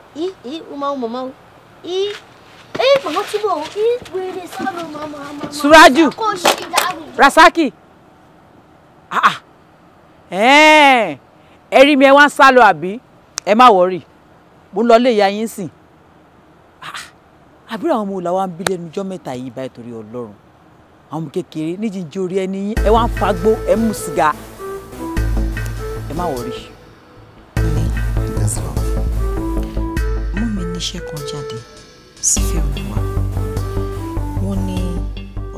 Suraju Rasaki ah ah ẹ̀rí mi ẹ wá ń sá lọ àbí ẹ má wọ̀rì mo ń lọ lé ìyá yín sìn ah, àbúrò àwọn ọmọ òòlà wa ń bí lẹ́nu ọjọ́ mẹ́ta yìí báyìí torí ọlọ́run àwọn ọmọ kékeré níjìjì orí ẹni yín ẹ wá ń fagbó ẹ mú sìgá ẹ má wọ̀rì. mú mi níṣẹ́ kan jáde sí fíìmù wa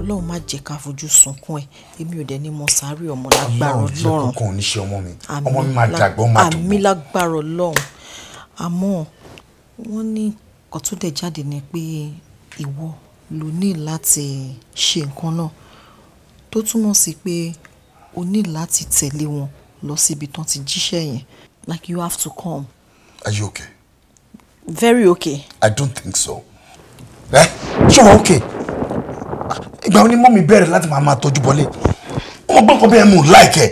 ọlọ́run má jẹ́ ká fojú sunkún ẹ̀ èmi ò dẹ̀ ní mo sáré ọmọ lágbára ọlọ́run ọmọ àmì lágbára ọlọ́run àmọ́ wọ́n ní nǹkan tó dẹ̀ jáde ni pé ìwọ ló ní láti ṣe nǹkan náà tó túmọ̀ sí pé o ní láti tẹ̀lé wọn lọ síbi tán ti jíṣẹ́ yẹn like you have to come. are you okay. very okay. i don't think so. Eh? sure okay ìgbà wọn ni mọ́mí bẹ̀rẹ̀ láti máa máa tọ́jú bọ́lé ọmọ gbọ́n kan bẹ́ẹ̀ mú láìkẹ́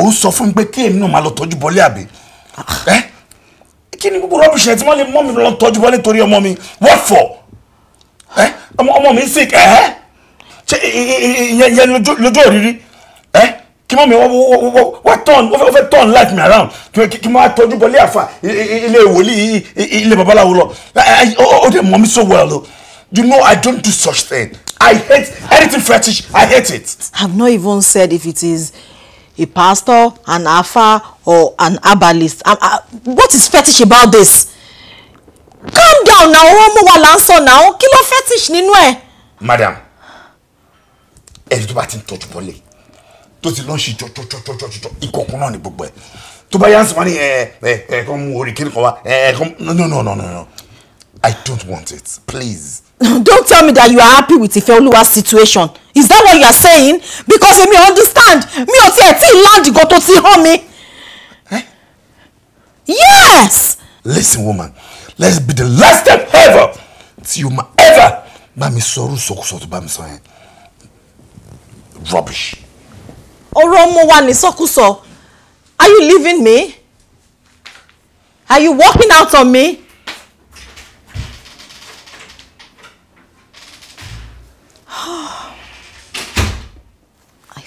ó sọ fún mi pé kí èmi náà máa lọ tọ́jú bọ́lé àbí kí ni gbogbo rọ́bìṣì ẹ̀ tí wọ́n lè mọ́mí lọ tọ́jú bọ́lé torí ọmọ mi what for ọmọ mi sick ṣe ìyẹn lójú òrírí kí mọ́mí wá turn ó fẹ́ turn life me around kí mọ́ tọ́jú bọ́lé àfà ilé ìwòlí ilé babaláwo lọ ó dẹ̀ mọ́ mi so well o. You know I don't do such thing. I hate anything fetish. I hate it. I've not even said if it is a pastor, an alpha, or an herbalist. I, what is fetish about this? Calm down now. Omo ọmọ wa là now. Kí fetish nínú ẹ̀? Madam, ẹni tó bá ti touch tọ́jú bọ́lẹ̀ tó ti lọ́ọ́ ṣe jọjọjọjọjọ ìkọ̀kọ̀ náà ni gbogbo ẹ̀. Tó bá yá ń sọ wọn ni eh. ẹ ẹ kọ́ mú orí kiri kan wá no no no no no no I don't want it please. don't tell me that you are happy with Ifeoluwa's situation is that what you are saying because èmi ò understand mi ò tiẹ̀ tí land go to ti hàn mi. Eh? yes. listen woman let's be the last time ever tí you, ma ever bá mi sọ̀rọ̀ sọ̀kúsọ̀ tó bá mi sọ yẹn rubbish. ọ̀rọ̀ ọmọ wa ní sọ̀kúsọ̀ are you leaving me are you walking out on me.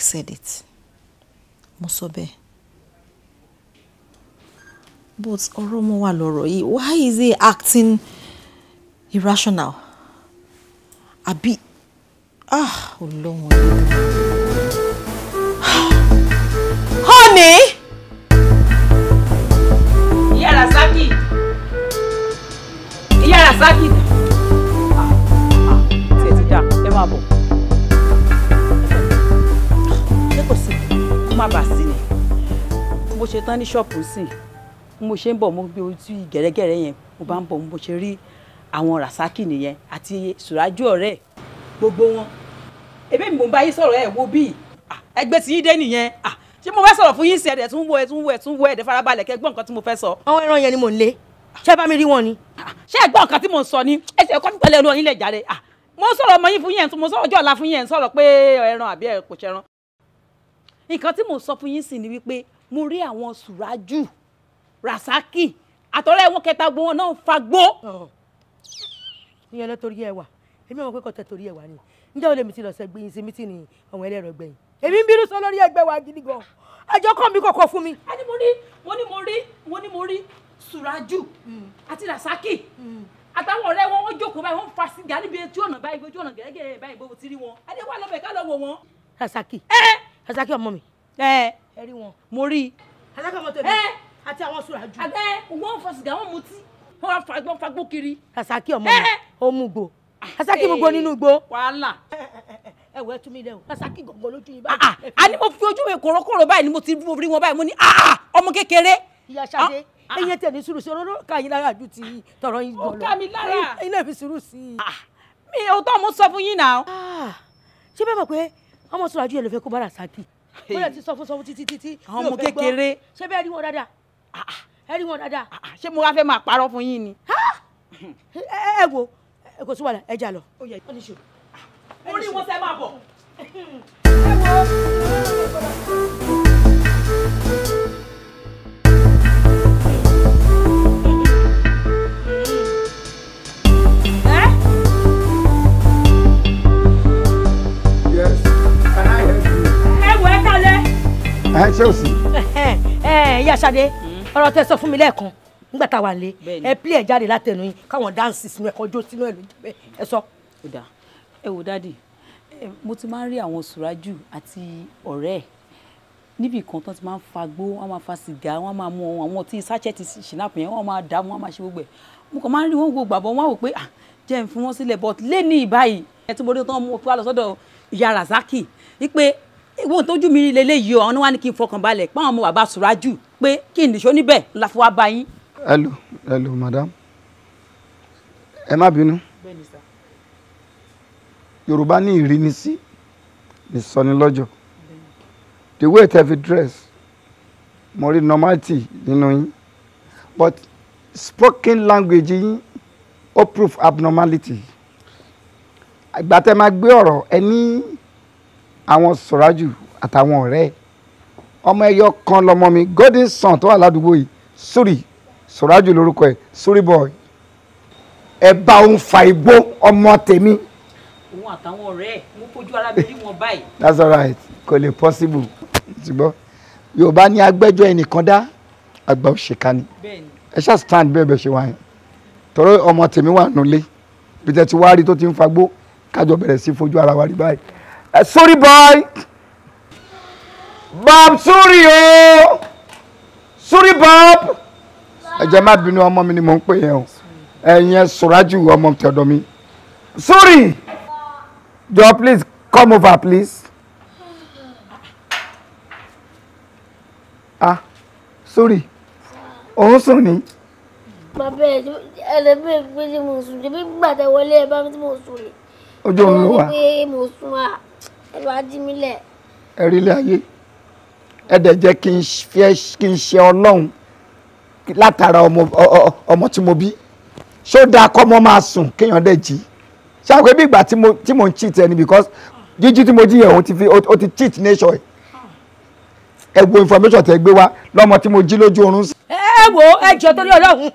said it Musobe. but Oromo Waloro, why is he acting irrational Abi. ah ọlọ́run ọlọ́run ah, honey. ìyá rasaki Ah, ah. ah tiẹ̀ ti dá ẹ máa bọ̀. kó má bàa sí ni mo ṣe tán ní ṣọ́ọ̀pù sìn mo ṣe ń bọ̀ mo bí ojú gẹ̀rẹ́gẹ̀rẹ́ yẹn mo bá ń bọ̀ mo ṣe rí àwọn rasaki nìyẹn àti sùrájú ọ̀rẹ́ gbogbo wọn ebi mi mo bá yín sọ̀rọ̀ ẹ̀ wo bíi ẹgbẹ́ tí yín dé nìyẹn ṣé mo fẹ́ sọ̀rọ̀ fún yín sí ẹ̀dẹ̀ tún wo ẹ̀ tún wo ẹ̀ tún wo ẹ̀dẹ̀ farabalẹ̀ kẹ́ gbọ́ nǹkan tí mo fẹ́ sọ. àwọn ẹran yẹn ni mò ń lé ṣé bá mi rí wọn ni. ṣé ẹ gbọ́ nǹkan tí mò ń sọ ni ẹsẹ̀ ẹ̀kọ́ nípẹ̀lẹ̀ olú ọ̀yìn lẹ̀ jáde mo sọ̀rọ̀ ọmọ yín fún yẹn mo sọ̀rọ̀ ọjọ́ ọ̀la fún yẹn sọ̀rọ̀ pé ẹran àbí ẹ̀ kò ṣẹran nǹkan tí mò ń sọ fún yín sì ni wípé mo rí àwọn sùrájù rasaki àtọ́rẹ́ wọn kẹta gbọ́ wọn náà ń fagbó. ìyẹn lọ́tọ́rí ẹ wà èmi àwọn akẹ́kọ̀ọ́ tẹ̀ torí ẹ wà ni ǹjẹ́ o lè mi ti lọ sẹ́ gbé yín sí mi ti ní àwọn ẹlẹ́rọ gbẹ̀yìn èmi ń bínú sọ lórí ẹgbẹ́ wa gidi gan ẹjọ́ kọ́ mi kọ̀kọ́ fún mi. a ní mo rí mo ní mo rí mo ní mo rí sùrájù àti rasaki hmm. àtàwọn ọ̀rẹ́ wọn wọ́n jókòó báyìí wọ́n fa sìgá níbi ojú ọ̀nà báyìí ojú ọ̀nà gẹ́gẹ́ báyìí bó ti rí wọn adé ká lọ wò wọn. rasaki. ẹ Àṣàkẹ́ ọmọ mi. ẹ ẹ rí wọn. mo rí i. Àṣàkẹ́ ọmọ tèmi. ẹ àti àwọn sùràjù. àgbẹ̀ wọ́n fa sìgá wọn mutí wọ́n fa gbọ́n kiri. Àṣàkẹ́ ọmọ mi ó mú gbò Àṣàkẹ́ mú gbò nínú gbò. wàhálà ẹ wọ ẹtú mi lẹ o Àṣàkẹ́ gọgọ lójú yìí ah, ah, báyìí. a ní mo fi ojú mi kòrókòrò báyìí ni mo ti rí wọn báyìí mo ní ah, ọmọ kékeré. ìyá Ṣadé eyín tẹ̀ ní sùúrù sí olóró ká yín lára ju ti tọrọ yín bọ̀ lọ. ó ká mi lára. eyín náà fi sùúrù sí i. mi ò tọ́ mo sọ fún yín náà. ṣé bẹ́ẹ̀ mọ̀ pé ọmọ sọ̀rọ̀ àjùyẹ̀ ló fẹ́ kó bára sákì wọ́n ti sọ fún sọ fún títí títí àwọn ọmọ kékeré ṣé bẹ́ẹ̀ rí wọn dáadáa ẹ rí wọn dáadáa. Ah, ah. Ah, ṣé mo wá fẹ́ máa parọ́ fún yín ni. ẹ wo kò sí wàhálà ẹ jà lọ. orí wọn fẹ́ máa bọ̀. ẹ wo. ẹ ṣé òsì. ẹ ẹ ìyá Ṣadé hmm? ọ̀rọ̀ tẹ sọ fún mi lẹ́ẹ̀kan nígbà tá a wà nílé ẹ pílẹ̀ ẹ jáde látẹnu yín káwọn dáǹsì sínú ẹ̀kọ́ jó sínú ẹ̀ ló jẹ́ bẹ́ẹ̀ ẹ sọ. ẹ wò dáàdì mo ti máa ń rí àwọn Sùrájù àti ọ̀rẹ́ níbi kan tán ti máa ń fagbó wọn máa fa sìgá wọn máa mu àwọn ọtí sáchẹ́tì ṣìnàpù yẹn wọn máa dá wọn máa ṣe gbogbo ẹ̀ mo kàn máa ń rí wọn gbogbo àbọ̀ wọn wò pé ah jẹ́ n fún wọn sílẹ̀ but lẹ́ni ìbáyìí ẹ̀ tí mo rí tán mo fi wá lọ sọ́dọ̀ ìyá Razaki wípé ìwọ tójú mi lélẹ́yìí o àwọn náà wà kí n fọkàn balẹ̀ pé àwọn ọmọ bàbá Sùrájù pé kí n nìṣó níbẹ̀ la fi wá bá yín. hello hello madam ẹ má bínú yorùbá ní ìrínisí ìsọnilọ́jọ̀ the way tẹ́ fi dress mo rí normality nínú yín but spoken language yín ó proof abnormality àgbà tẹ́ máa gbé ọ̀rọ̀ ẹ ní. Any àwọn Sọ̀rájù àtàwọn ọ̀rẹ́ ọmọ ẹyọ kan lọmọ mi golden sun tó wà ládùúgbò yìí sórí Sọ̀rájù lórúkọ ẹ̀ sórí boy ẹ bá òun fa igbó ọmọ tèmi. òun àtàwọn ọ̀rẹ́ ẹ̀ mo fojú ara wọn báyìí. that's alright kò lè possible ṣùgbọ́n Yorùbá ní agbẹ́jọ́ ẹnìkan dá àgbà òṣèkà ni ẹ ṣáà stand bẹ́ẹ̀ bẹ́ẹ̀ ṣe wá yẹn tọrọ ọmọ tèmi wà nulẹ̀ bí tẹ ti wá rí tó ti ń fagbó kájọ bẹ̀rẹ̀ sí fojú ara wa rí báyìí ẹ eh, sórí boy bob sorry, o Sorry, bob ẹ jẹ́ má bínú ọmọ mi ni mò ń pè yẹn o ẹ̀yin ẹ Sùrájù ọmọ tẹ̀dọ̀ please come over please ah sorry. òun sùn ni. bàbá ẹ ẹlẹgbẹ́ gbé tí mo sùn débi gbàtẹ wọlé ẹ bá mi tí mo sùn ni. ojú ẹ̀rọ ajímílẹ̀. ẹ rí ilé ayé ẹ dẹ̀ jẹ́ kí n fẹ́ kí n ṣe ọlọ́run látara ọmọ tí mo bí ṣó dáa kọ́ mọ́ máa sùn kéèyàn dẹ̀ jí ṣáà pé bí ìgbà tí mo ń cheat ẹni because jíjí tí mo jí yẹn ó ti cheat nation ẹ wo information tẹ gbé wá lọ́mọ tí mo jí lójú oorun. ẹ wo ẹ jọ torí ọlọ́run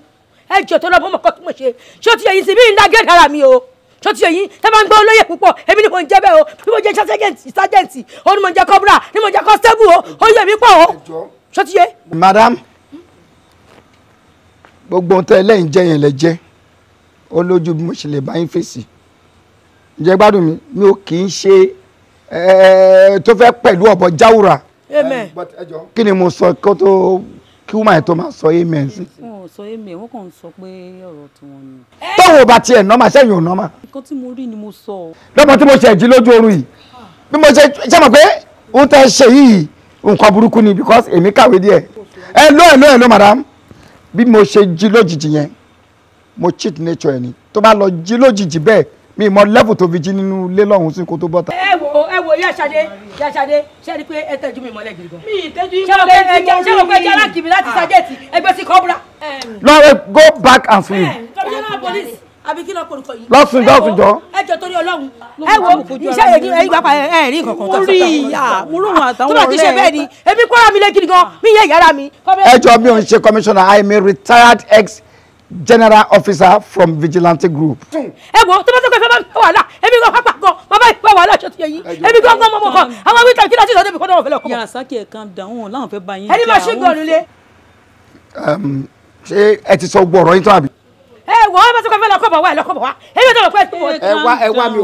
ẹ jọ torí ọmọ mọ̀kọ́ tí mo ṣe ṣé o ti yẹ yìí sí bí n dá gẹ́gẹ́ ara mi o tó ti yẹyin tẹ máa ń gbọ́ olóyè púpọ̀ èmi ni mo ń jẹ́ bẹ́ẹ̀ o ni mo jẹ́ sájẹ́ǹtì o ni mo ń jẹ́ kọ́búrà ni mo ń jẹ́ kọ́sẹ́bù o ó yẹ mi pọ̀ o tó ti yẹ. madam gbogbo ohun tẹ ẹ lẹ́yìn jẹ́ yẹn lẹ jẹ́ ó lójú bí mo ṣe lè bá yín fèsì ǹjẹ́ gbádùn mi mi ò kì í ṣe tó fẹ́ pẹ̀lú ọ̀bọ jáwùrà kí ni mo sọ kó tó kí wọ́n máa tó máa sọ amen sí. wọn ò sọ amen wọn kàn ń sọ pé ọ̀rọ̀ tiwọn ni. tóun ò bá tiẹ̀ nọ́mà sẹ́yìn ò nọ́mà. nǹkan tí mo rí ni mo sọ. lọ́mọ tí mo ṣe jí lójú oorun yìí bí mo ṣe ṣe mọ̀ pé ó tẹ ṣe yìí nǹkan burúkú ni because èmi kàwé díẹ̀ ẹ ló ẹ ló ẹ ló madam bí mo ṣe jí lójijì yẹn mo cheat nature ẹ ni tó bá lọ jí lójijì bẹ́ẹ̀ mi mọ level tó fi jí nínú ilé lọ́hùn sí kó tó bọ́ta. ẹ wo ẹ wo yá ṣadé yá ṣadé ṣe rí i mi mọ́lẹ̀ gidi gan. mi ìtẹ́jú mi mọ́lẹ̀ gidi gan. ṣé o pé jẹ́ alákìmí láti ṣàjẹ́tì ẹgbẹ́ sí kọ́bùrà. lọ́wọ́ go back and free. commissioner police àbí kí lọ kó olùkọ́ yìí. lọ́sùn lọ́sùn jọ. ẹ jọ torí Ọlọ́run. ẹ wo iṣẹ́ èyí ẹ̀yìn gbàgbà ẹ̀ ẹ̀ rí nǹkan kan. mo rí ìyá mo rò wọn àtàwọn ọ̀rẹ́. ti ṣe bẹ́ẹ̀ ni èmi kọ́ra mi lé gidi gan mi yẹ ìyára mi. ẹ jọ mi ò ń commissioner I am retired ex general officer from vigilante group. ẹ wo tó bá tó kọ ìfẹ́ bá mi wàhálà èmi gan pápá gan bàbá ìfẹ́ wàhálà ṣe ti yẹ yín gan gan mọ̀mọ́ kan àwọn wíńtà kí láti ìsọdẹ́ mi kọ́ náà fẹ́ yàrá sákì ẹ̀ calm down wọn fẹ́ bá yín ẹni máa ṣe gan nílé. Um, ṣé ẹ ti sọ gbọ́ ọ̀rọ̀ yín tán àbí. ẹ wọ ẹ bá tó kọ ìfẹ́ lọ kọ́ bọ̀ wá ẹ lọ kọ́ bọ̀ wá èmi tó ẹ wá ẹ wá mi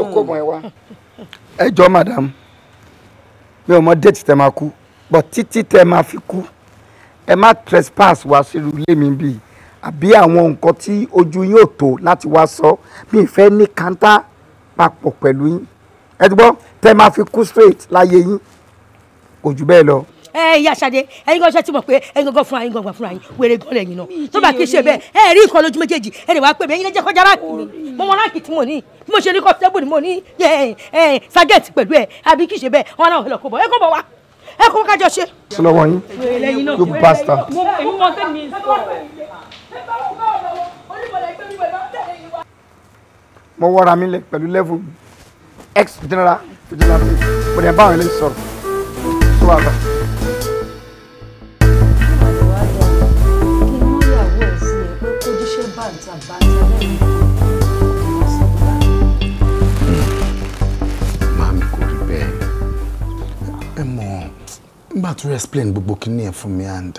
ò kó àbí àwọn nǹkan tí ojú yín ò tó láti wá sọ mi ìfẹ́ ní kanta papọ̀ pẹ̀lú yín ẹ ti gbọ́ tẹ́ máa fi kú straight láyé yín kò jù bẹ́ẹ̀ lọ ẹ ìyá Ṣadé ẹ̀yin gan ṣe ti mọ̀ pé ẹ̀yin gangan fúnra yín gangan fúnra yín wèrè gan lẹ́yìn náà tó bá kí ṣe bẹ́ẹ̀ ẹ rí nǹkan lójú méjèèjì ẹ lè wá pè mí ẹ̀yin lè jẹ́ kọjá ráàkì mi mo wọn ráàkì tí mo ní bí mo ṣe ní kọ́sítẹ́bù ni mo ní ṣàgẹ́tì pẹ̀lú ẹ àbí kí ṣe bẹ́ẹ̀ wọn náà lọ kó bọ̀ ẹ kó bọ̀ wá ẹ kó kájọ ṣe. sọlọ wọ̀nyí you bastard mo wọ́ra mi lẹ pẹ̀lú level ex general vigilante mo dẹ̀ bá àwọn eléyìí sọ̀rọ̀ tó wà báyìí. nígbà tó explain gbogbo kíní ẹ fún mi and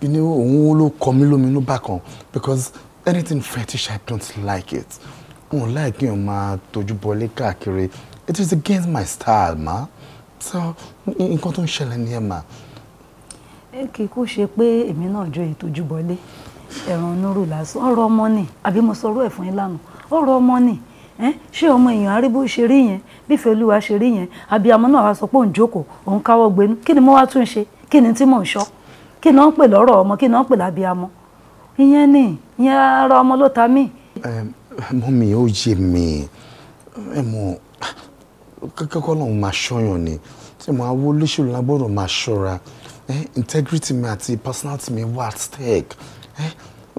you know òun ló kọ mí lóminú bákan because anything fetish i don't like it n ò like yín máa tójú bọlé káàkiri it is against my style ma so nǹkan tó ń ṣẹlẹ̀ ni ẹ̀ ma. kì í kú ṣe pé èmi náà jọ ìtójú bọlé ẹ̀ràn onúrù lásán ọ̀rọ̀ ọmọ nì àbí mo sọ̀rọ̀ ẹ̀ fún yín lánàá ọ̀rọ̀ ọmọ nì ṣé ọmọ èèyàn arígbó ṣe rí yẹn bífẹ́ olúwa ṣe rí yẹn àbí àmọ́ náà wàá sọ pé òun jókòó òun káwọ́ gbénú kí ni mo wá tún ṣe kí ni tí mò ń ṣọ́ kí náà ń pè lọ́rọ̀ ọmọ kí náà ń pè lábíamọ ìyẹn ni ìyẹn ara ọmọ ló ta mí. mọ́mí ó yé mi ẹ mọ kọ́kọ́ máa ṣọ́yàn ni tí mo awó lóṣèlú lágbọ́dọ̀ máa ṣọ́ra integrity mi àti personality mi wà at stake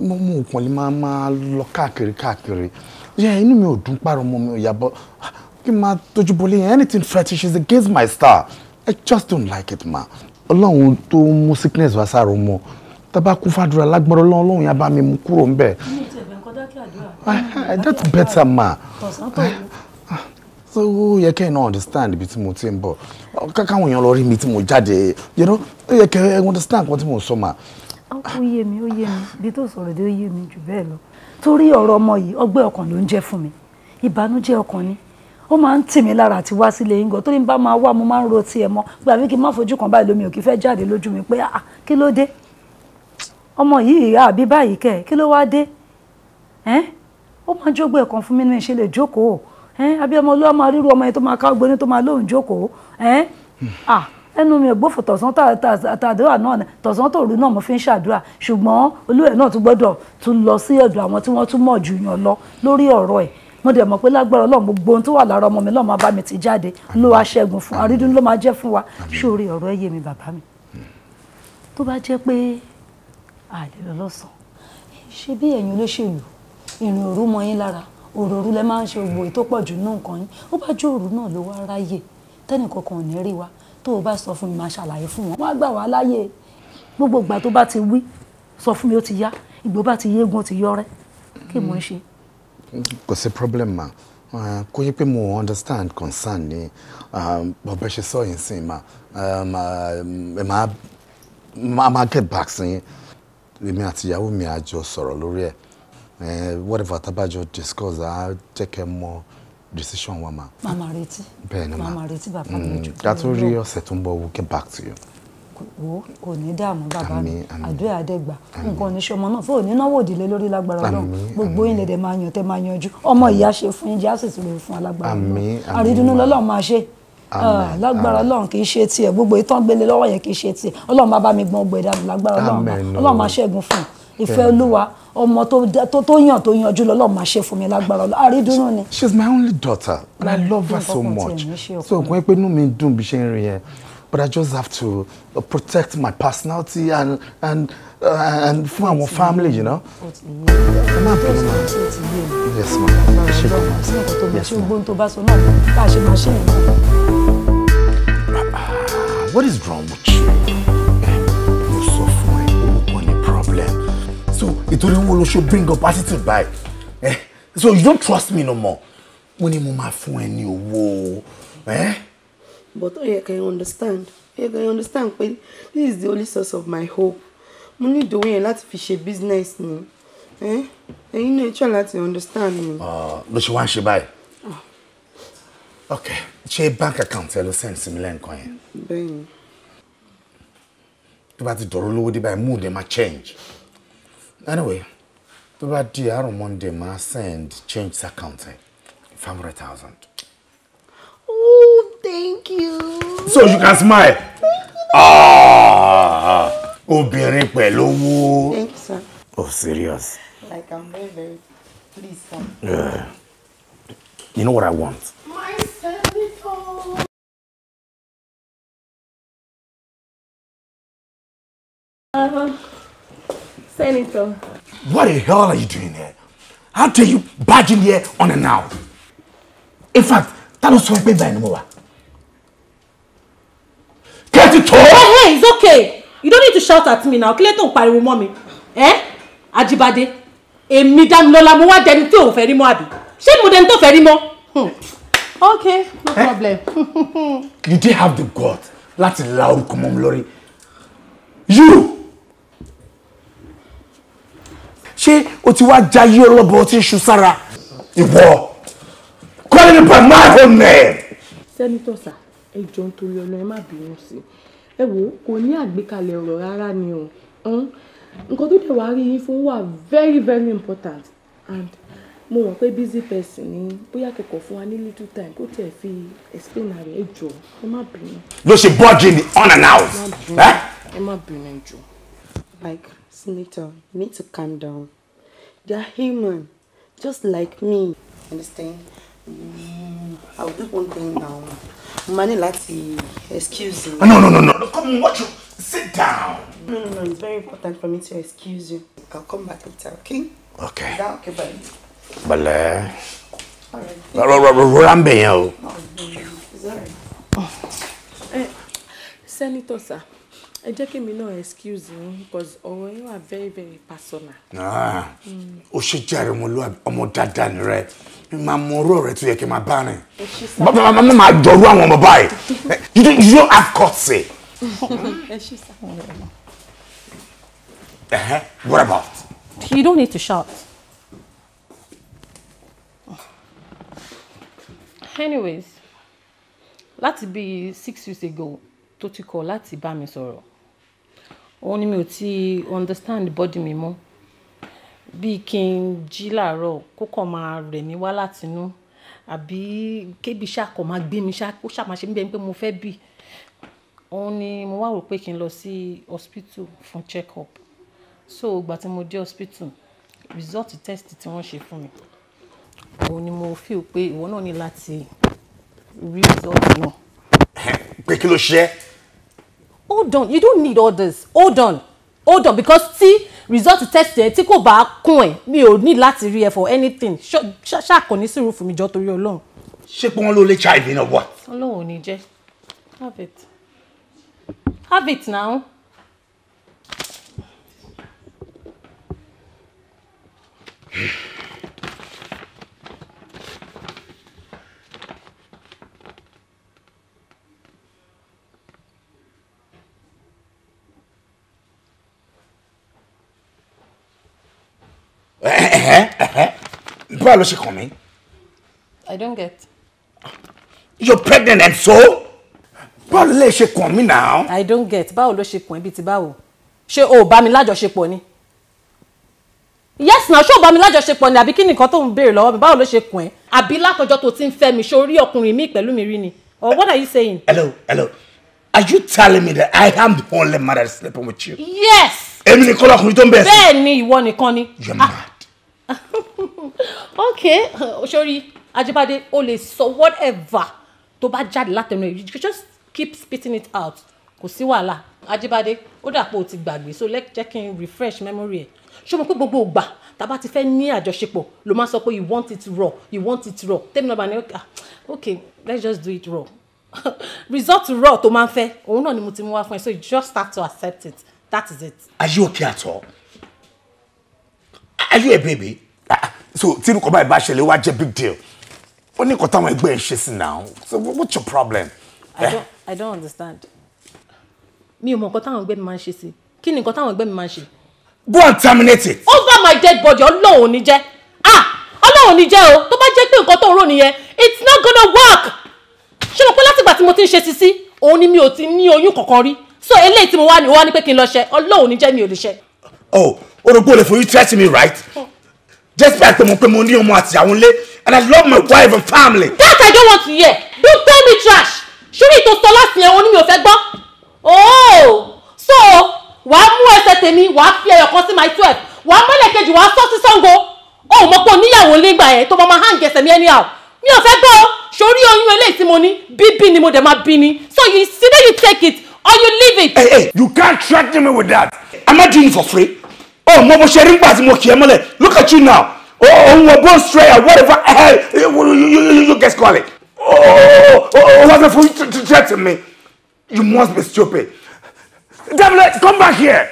mo mú òkun lè máa máa lọ káàkiri káàkiri inú mi ò dùn pààrọ̀ ọmọ mi ò yàbọ̀ ah, kí n máa tójú bolé anything fetish is against my style I just don't like it ma ọlọ́run tó mú sickness wá sára ọmọ tábà kú fàdúrà lágbára ọlọ́run ọlọ́run yẹn bá mi mú kúrò ń bẹ̀. Ah, ah, that's better ma. Ah, so ó yẹ kẹ́ ẹ̀ náà understand ibi tí mo ti ń bọ̀ káwọn èèyàn lọ rí mi tí mo jáde you know ó yẹ kẹ́ ẹ̀ understand nǹkan tí mo sọ ma. ó yé mi ó yé mi bí tó sọ̀rọ̀ dé ó yé mi jù bẹ́ẹ̀ lọ torí ọ̀rọ̀ ọmọ yìí ọgbẹ́ ọkàn ló ń jẹ́ fún mi ìbànújẹ́ ọkàn ni ó máa ń tì mí lára àti wá sílé yín gan torí bá máa wá mo máa ń ro tiẹ̀ mọ́ gbà mí kí n má fojú kan báyìí lómi ò kì í fẹ́ jáde lójú mi pé ah kí ló dé ọmọ yìí àbí báyìí kẹ kí ló wá dé ó máa jógbó ẹ̀kan fún mi ní ìṣe jókòó àbí ọmọ olúwa máa ríru ọmọ yẹn tó máa ká gbóni tó máa lóun jókòó ẹnu mi ò tọ̀sán tàdúrà náà tọ̀sán tòru náà mo fi ń ṣàdúrà ṣùgbọ́n olúwẹ̀ náà tún gbọ́dọ̀ tún lọ sí ọ̀dọ̀ àwọn tí wọ́n tún mọ̀ jù yàn lọ lórí ọ̀rọ̀ ẹ̀ mo dẹ̀ mọ̀ pé lágbára ọlọ́run gbogbo ohun tó wà lára ọmọ mi lọ́mọ bá mi ti jáde ló wá ṣẹ́gun fún àrídùn ló máa jẹ́ fún wa ṣóore ọ̀rọ̀ ẹ mi bàbá mi hmm. tó bá jẹ́ pé àlè lọ lọ́sàn ṣe bí ẹ̀yin olóṣèlú ìrìn òru mọ yín lára òròrú lẹ máa ń ṣe ògbò ètò pọ̀jù náà nǹkan yín ó bá jó òru náà ló wá ráyè tẹ́nìkankan ò ní rí wa tó o bá sọ fún mi máa ṣàlàyé fún wọn wọ́n gbà wá láyè gbogbo ìgbà tó bá ti wí sọ fún mi ó ti yá ìgbó bá ti yégun ó ti yọrẹ́ kí mò ń ṣe kò problem ma kó yẹ pé mo understand concern ni ọbẹ um, ṣe sọ yìí sìn ma um, Ma máa máa get back sí èmi àti ìyàwó mi àjọ sọ̀rọ̀ lórí ẹ̀ whatever tábàjọ discuss á jẹ́ kẹ́ mọ decision wa ma. màmá retí bẹ́ẹ̀ ni ma màmá retí bàbá mi mm, jù. ká tó rí ọ̀sẹ̀ tó ń bọ̀ get back to you wo kò ní dààmú bàbá mi àdúrà àdẹ́gbà nǹkan oníṣẹ́ ọmọ náà fún òní náwó òdìlé lórí lágbára Ọlọ́run gbogbo yín lẹ́dẹ̀ máa yàn tẹ́ máa yanjú ọmọ ìyá ṣe fún yín jẹ́ àṣìṣe rere fún alágbára Ọlọ́run àrídùnú lọ́lọ́run máa ṣe ah, lágbára ọlọ́run kì í ṣe tiẹ̀ gbogbo ìtàn gbélé lọ́wọ́ yẹn kì í ṣe tiẹ̀ ọlọ́run máa mi gbọ́n ọgbẹ́ lágbára ọlọ́run ìfẹ́ olúwa ọmọ tó yàn tó yanjú lọ́lọ́run máa ṣe fún mi lágbára ọlọ́run àrídùnnú ni. she is my only daughter and i love her so much so nǹkan pé inú mi dùn bí ṣe ń rí yẹn but I just have to uh, protect my personality and and uh, and fún àwọn family you know. yes ma ẹ ah, what is wrong with you? mo sọ fún ẹ problem so it only ló ṣe bring up attitude by eh? so you don't trust me no more When you move my phone, you ní Eh? but oh, yẹ kẹ́ ẹ understand ó yẹ kẹ́ ẹ understand pé this is the only source of my hope mo ní ìdòwò yẹn láti fi ṣe business eh? You know náà try láti understand mi. Ah, ló ṣe wá ń ṣe ah. Okay, ok a bank account ẹ send similar coin. lẹ́ǹkan To buy the dollar, ti buy lówó dé mood ẹ máa change anyway to buy the àárọ̀ monday máa send change the account ẹ five hundred thousand. oh Thank you. So you can smile. Ah, obìnrin pẹ̀lú owó. Thank you, sir. Oh, serious. Like I'm very, very pleased, sir. Uh, you know what I want? My senator. Uh, uh-huh. Senator. What the hell are you doing here? How dare you barge in here on and now? In fact, that was so big by anymore ẹ ti tó. ẹ ẹ it's okay you don't need to shout at me now kílẹ̀ tó ń pariwo mọ́ mi ẹ eh? Àjíbádé èmi Dámilọ́lá mo wá dẹni tí òun fẹ́ rí mọ́ àbí ṣé mo dẹni tó fẹ́ rí mọ́. Hmm. okay no eh? problem. you dey have the guts láti la orúkọ mọ́ mi lórí you ṣé o ti wá jayé ọlọ́bọ̀ ọtí ṣu sára ìwọ calling me by my own name. senator sir ẹ jọ nítorí Ọlọ́run ẹ má bínú sí i ẹ wò ó kò ní àgbékalẹ̀ ọ̀rọ̀ rárá ni o nǹkan tó dẹ̀ wá rí yín fún wa very very important and mo mọ̀ pé busy person ni bóyá kẹ̀kọ́ fún wa ní little time kó tiẹ̀ fi explain rẹ̀ ẹ jọ ẹ má bínú. ló ṣe bọ́ọ̀dì ni on and out. ẹ má bínú ẹ jọ. like senator you need to calm down they are human just like me understand mm, i will do one thing now mo máa ní excuse you. Ah, no no no no No, come on watch you sit down. no no no it's very important for me to excuse you. I'll come back later okay. okay. is that okay buddy. bẹ̀lẹ̀ It's ń bẹ̀ yẹn o. sẹ́nitọ̀ oh, oh. eh, sir ẹ jẹ́ kí mi náà excuse yín because ọ̀rọ̀ yín wà very very personal. ó ah, hmm. ṣe jẹ́rìí mo lọ ọmọ dáadáa ni rẹ máa mọ ọ̀rọ̀ rẹ tó yẹ kí n máa bá rìn bàbá máa máa dọ̀rú àwọn ọmọ báyìí eh, you don't you don't have courtesy. ẹ ṣe eh, what about. you don't need to shout. anyways láti be six years ago tó ti kọ̀ láti bá mi òun ni mi ò ti understand body mi mọ́ bí kí n jí làárọ̀ kó kàn máa rẹ̀ mí wá látinú àbí kébi ṣàkọ̀ máa gbé mi ṣàkó ṣàmáṣe mi bẹ́ẹ̀ pé mo fẹ́ bì òun ni mo wá rò pé kí n lọ sí hospital fún check up so ìgbà tí mo dé hospital result test tí wọ́n ṣe fún mi òun ni mo feel pé ìwọ náà ní láti rí result náà. pé kí ló ṣe é hold on you don't need all this hold on hold on because tí result test yẹn tí kò bá kún ẹ mi ò ní láti rí ẹ for anything ṣàkọ ní sùúrù fún mi jọ torí Ọlọ́run. ṣé pé wọ́n ló lè hiv náà wà. Ọlọ́run ò ní jẹ́ have it have it now. báwo ló ṣe kàn I don't get. You're pregnant and so? báwo ló lè ṣe kàn now. I don't get báwo ló ṣe kàn ẹ́ bíi She oh, ṣé o ò bá mi lájọṣepọ̀ ni yes na ṣó bá mi lájọṣepọ̀ ni àbí kí nìkan tó ń béèrè lọ́wọ́ mi báwo ló ṣe kùn ẹ́ àbí látọjọ́ tó ti ń fẹ́ mi ṣó rí ọkùnrin mi pẹ̀lú mi rí what are you saying. hello hello are you telling me that I am the only man sleeping with you. yes. èmi nìkan lọkùnrin tó ń bẹ̀ sí. you want ìwọ nìkan ni. you're mad. okay sori Ajibade o lè sọ whatever To bá jáde látẹnu ẹ you just keep spitting it out kò sí wàhálà Ajibade ó dàpọ̀ o ti gbàgbé so let's check n refresh memory ẹ̀ ṣé mo pé gbogbo ògbà tá a bá ti fẹ́ ní àjọṣepọ̀ ló máa sọ pé you want it raw you want it raw tẹ́mi náà bá ní ah, okay let's just do it raw result raw tó máa ń fẹ́ òun náà ni mo ti mú wá fún ẹ so you just start to accept it that is it. are you okay at all? are you a baby ah, so tí nǹkan báyìí bá ṣẹlẹ̀ wá jẹ́ big deal ó ní nǹkan táwọn ẹgbẹ́ ẹ̀ ṣe sí now so what's your problem. I eh? don't I don't understand mi ò mọ nǹkan táwọn ẹgbẹ́ mi máa ń ṣe sí kí ni nǹkan táwọn mi máa ń go and terminate it. over my dead body ọlọ́run ò je. ah ọlọ́run ò je. jẹ́ o tó bá jẹ́ pé nǹkan tó ń rò it's not gonna work ṣé mo pé látìgbà tí mo ti ń ṣe sisi òun ni mi ò ti ní oyún kankan rí so eléyìí tí mo wá ní wá ní pé kí n lọ ṣe ọlọ́run ò ní mi ò lè ṣe. oh orogbo le for you threaten me right despite pé mo pé mo ní ọmọ àti ìyàwó nílé and i love my wife and family. that i don't want to hear don't tell me trash ṣúrí ètò sọ láti yẹn oní mi ò fẹ́ gbọ́ oh so wàá mú ẹsẹ̀ tèmi wàá fi ẹyọ kan sí my twelve wàá mọ́lẹ̀ kejì wàá sọ sí Ṣàngó ó mọ̀ pé oníyàwó nígbà yẹn tó máa hàn gẹ̀sẹ̀ mi anyhow mi ò fẹ́ gbọ́ sórí oyún eléyìí tí mo ní bíbí ni mo dẹ̀ máa bí ni so you see that you take it or you leave it. hey hey you can't threaten me with that i'm not doing it for free oh mo mo ṣe rí nígbà tí mo kì í mọ́lẹ̀ look at you now òun oh, wọ oh, oh, bone strayer whatever hell eh, eh, you you you you get call it oh oh wọ́n fẹ́ fún you threat me you must be stupid Devlet come back here.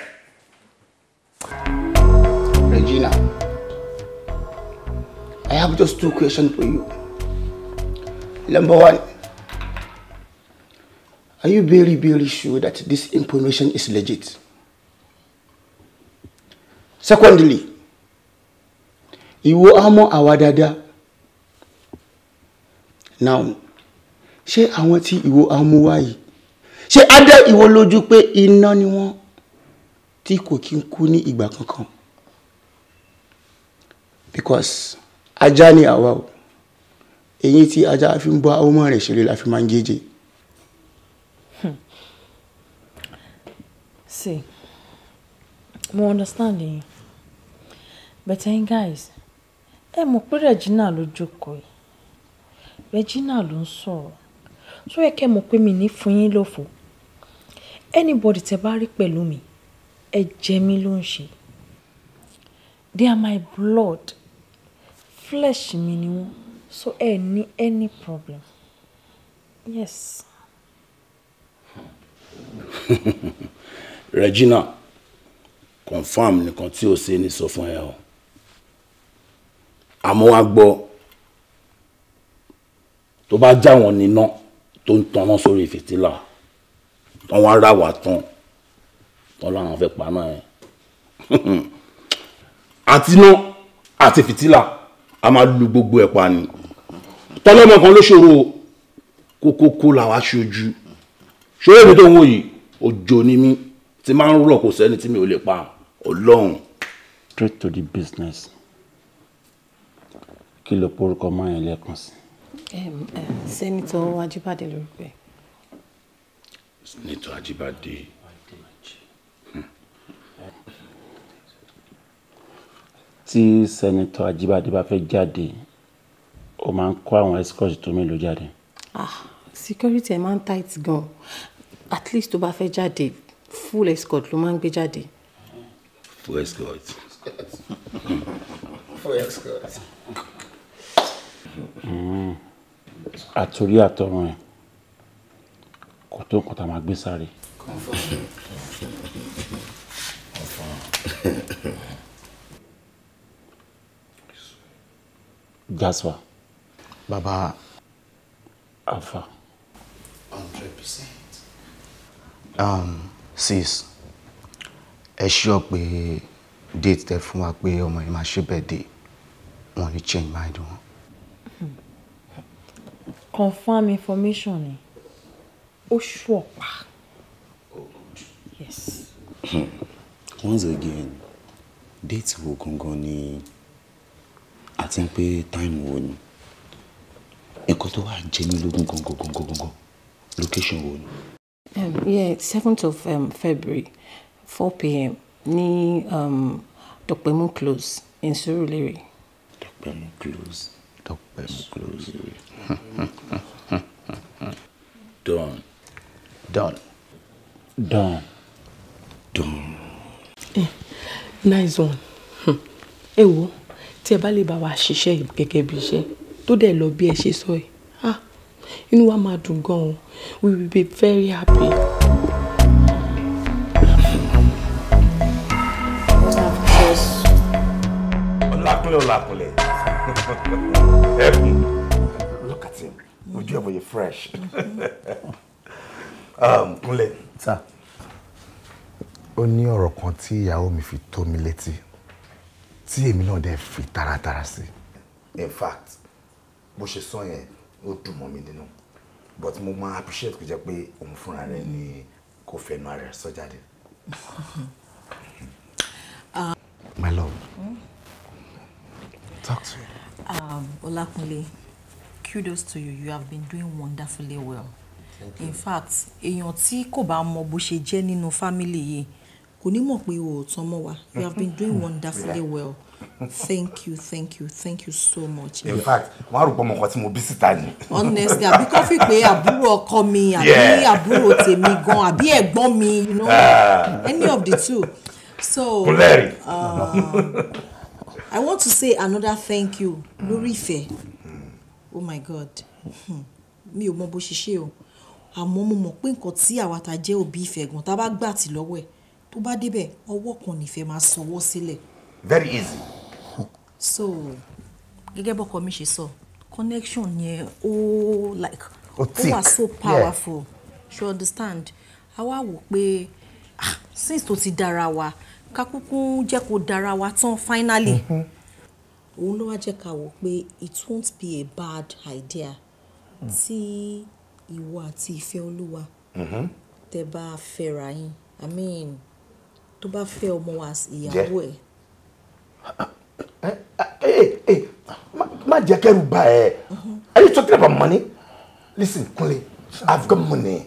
Regina, I have just two questions for you. Number one, are you very, very sure that this information is legit? secondly ìwo á mọ àwa dáadáa now ṣé àwọn tí ìwo á mú wá yìí ṣé á dá ìwo lójú pé iná ni wọ́n tí kò kí ń kú ní ìgbà kankan because ajá ni àwa o èyí tí ajá fi ń bọ́ ọmọ rẹ̀ ṣeré la fi máa ń gé jẹ. sí More understanding, But then guys, ẹ mọ̀ pé Regina ló jókòó Regina ló so sọ̀rọ̀. Tó yẹ kẹ́ mọ̀ mi ní fún yín Anybody tẹ bá rí pẹ̀lú mi, ẹ jẹ mí They are my blood. Flesh mi ni wọ́n. So any any problem. Yes. Regina. Confirm nìkan tí ò ṣe ní sọ fún ẹ o àmọ́ wá gbọ́ tó bá já wọn níná tó ń tanná sórí fìtílà tán wá rà wá tán tán láwọn fẹ́ paná ẹ àtiná àti fìtílà a máa lu gbogbo ẹ̀ pa ni tọ́lọ́mọ kan ló ṣòro kókókó làwa ṣojú ṣòro èmi tó ń wò yìí òjò ni mí tí máa ń rọ̀ kò sẹ́ni tí mi ò lè pa ọlọ́run. straight to the business kí ló porúkọ máa yẹn lẹ́ẹ̀kan sí. Eh, sẹ́nitọ́ ajíbádé lórúkọ ẹ̀. sẹ́nitọ́ ajíbádé. tí sẹ́nitọ́ ajíbádé bá fẹ́ jáde ó máa ń kó àwọn escort tó mélòó jáde. ah security ẹ̀ máa ń tight gan at least tó bá fẹ́ jáde full escort ló máa ń gbé jáde for escort. for escort. Mm. àtòrí àtọrun ẹ kò tó nǹkan a máa gbé sáré. Gaswa. Baba. Alpha. 100%. Um, sis ẹ ṣọ́ pé date tẹ fún wa pé ọmọ yìí máa ṣe birthday wọn ní change mind wọn. confirm information ni ó ṣù ọ̀pá. yes. once again date wo gangan ni àti pé time wo ni nǹkan tó wà jẹ mí lógún gangan gangan gangan location wo ni. Um, yeah, seventh of um, February four pm ní um, Dọ̀pẹ̀mú close in Surulere. Dọ̀pẹ̀mú close Dọ̀pẹ̀mú close. Done. Done. Done. Done. Eh, nice one. Hmm. Ẹ wo tí ẹ bá lè bá wa ṣiṣẹ́ gẹ́gẹ́ bí iṣẹ́ tó dẹ̀ lọ bí ẹ ṣe sọ yìí ah, inú wa máa dùn gan-an we will be very happy. Akunle Olakunle. Ẹkùn. Look at him. Ojú ẹ̀ bọ̀yẹ̀ fresh. Um, Kunle. Sir. Ó ní ọ̀rọ̀ kan tí ìyàwó mi fi tó mi létí tí èmi náà dẹ̀ fi taratara sí. In fact, bó ṣe sọ yẹn, ó dùn mọ́ mi nínú. But mo máa appreciate kó jẹ́ pé òun fúnra rẹ̀ ni kò fẹnu ara rẹ̀ sọ jáde. My love. Mm? Talk to you. Um, Olakunle, kudos to you. You have been doing wonderfully well. Thank you. In fact, èèyàn tí kò bá mọ bó ṣe jẹ́ nínú fámìlì yìí kò ní mọ̀ pé o ò tán mọ́ You have been doing hmm. wonderfully well. Thank you, thank you, thank you so much. In fact, wọ́n á rò pé ọmọ kan tí mo bí síta ni. Honestly, àbí kọ́ fi pé àbúrò ọkọ mi, àbí àbúrò tèmi gan, àbí ẹ̀gbọ́n mi, you know, ah. any of the two. So, Kúlẹ̀rì. Uh, um, I want to say another thank you lórí ìfẹ́ oh my God hmm. mi ò mọ bó ṣe ṣe o àmọ́ mo mọ̀ pé nǹkan tí àwa ta jẹ́ òbí ìfẹ́ gan tá a bá gbà tí lọ́wọ́ ẹ̀ tó bá débẹ̀ ọwọ́ kan nìfẹ́ máa sanwó sílẹ̀. very easy. so gẹ́gẹ́ bọ́kọ mi ṣe sọ connection yẹn ó like ó wà so powerful yeah. she understand àwa wò pé ah, since tó ti dára wa ká kúkú jẹ́ kó dára wa tán finally mhm. òun ló wá jẹ́ ká wò pé it won't be a bad idea mm. tí ìwọ àti ìfẹ́ olúwa mhm. tẹ bá fẹ́ra yín i mean tó bá fẹ́ ọmọ wa ìyàwó ẹ̀. Eh, eh, eh, má jẹ́ kẹ́rù bà ẹ́ mhm. are you talking about money listen Kunle i've got money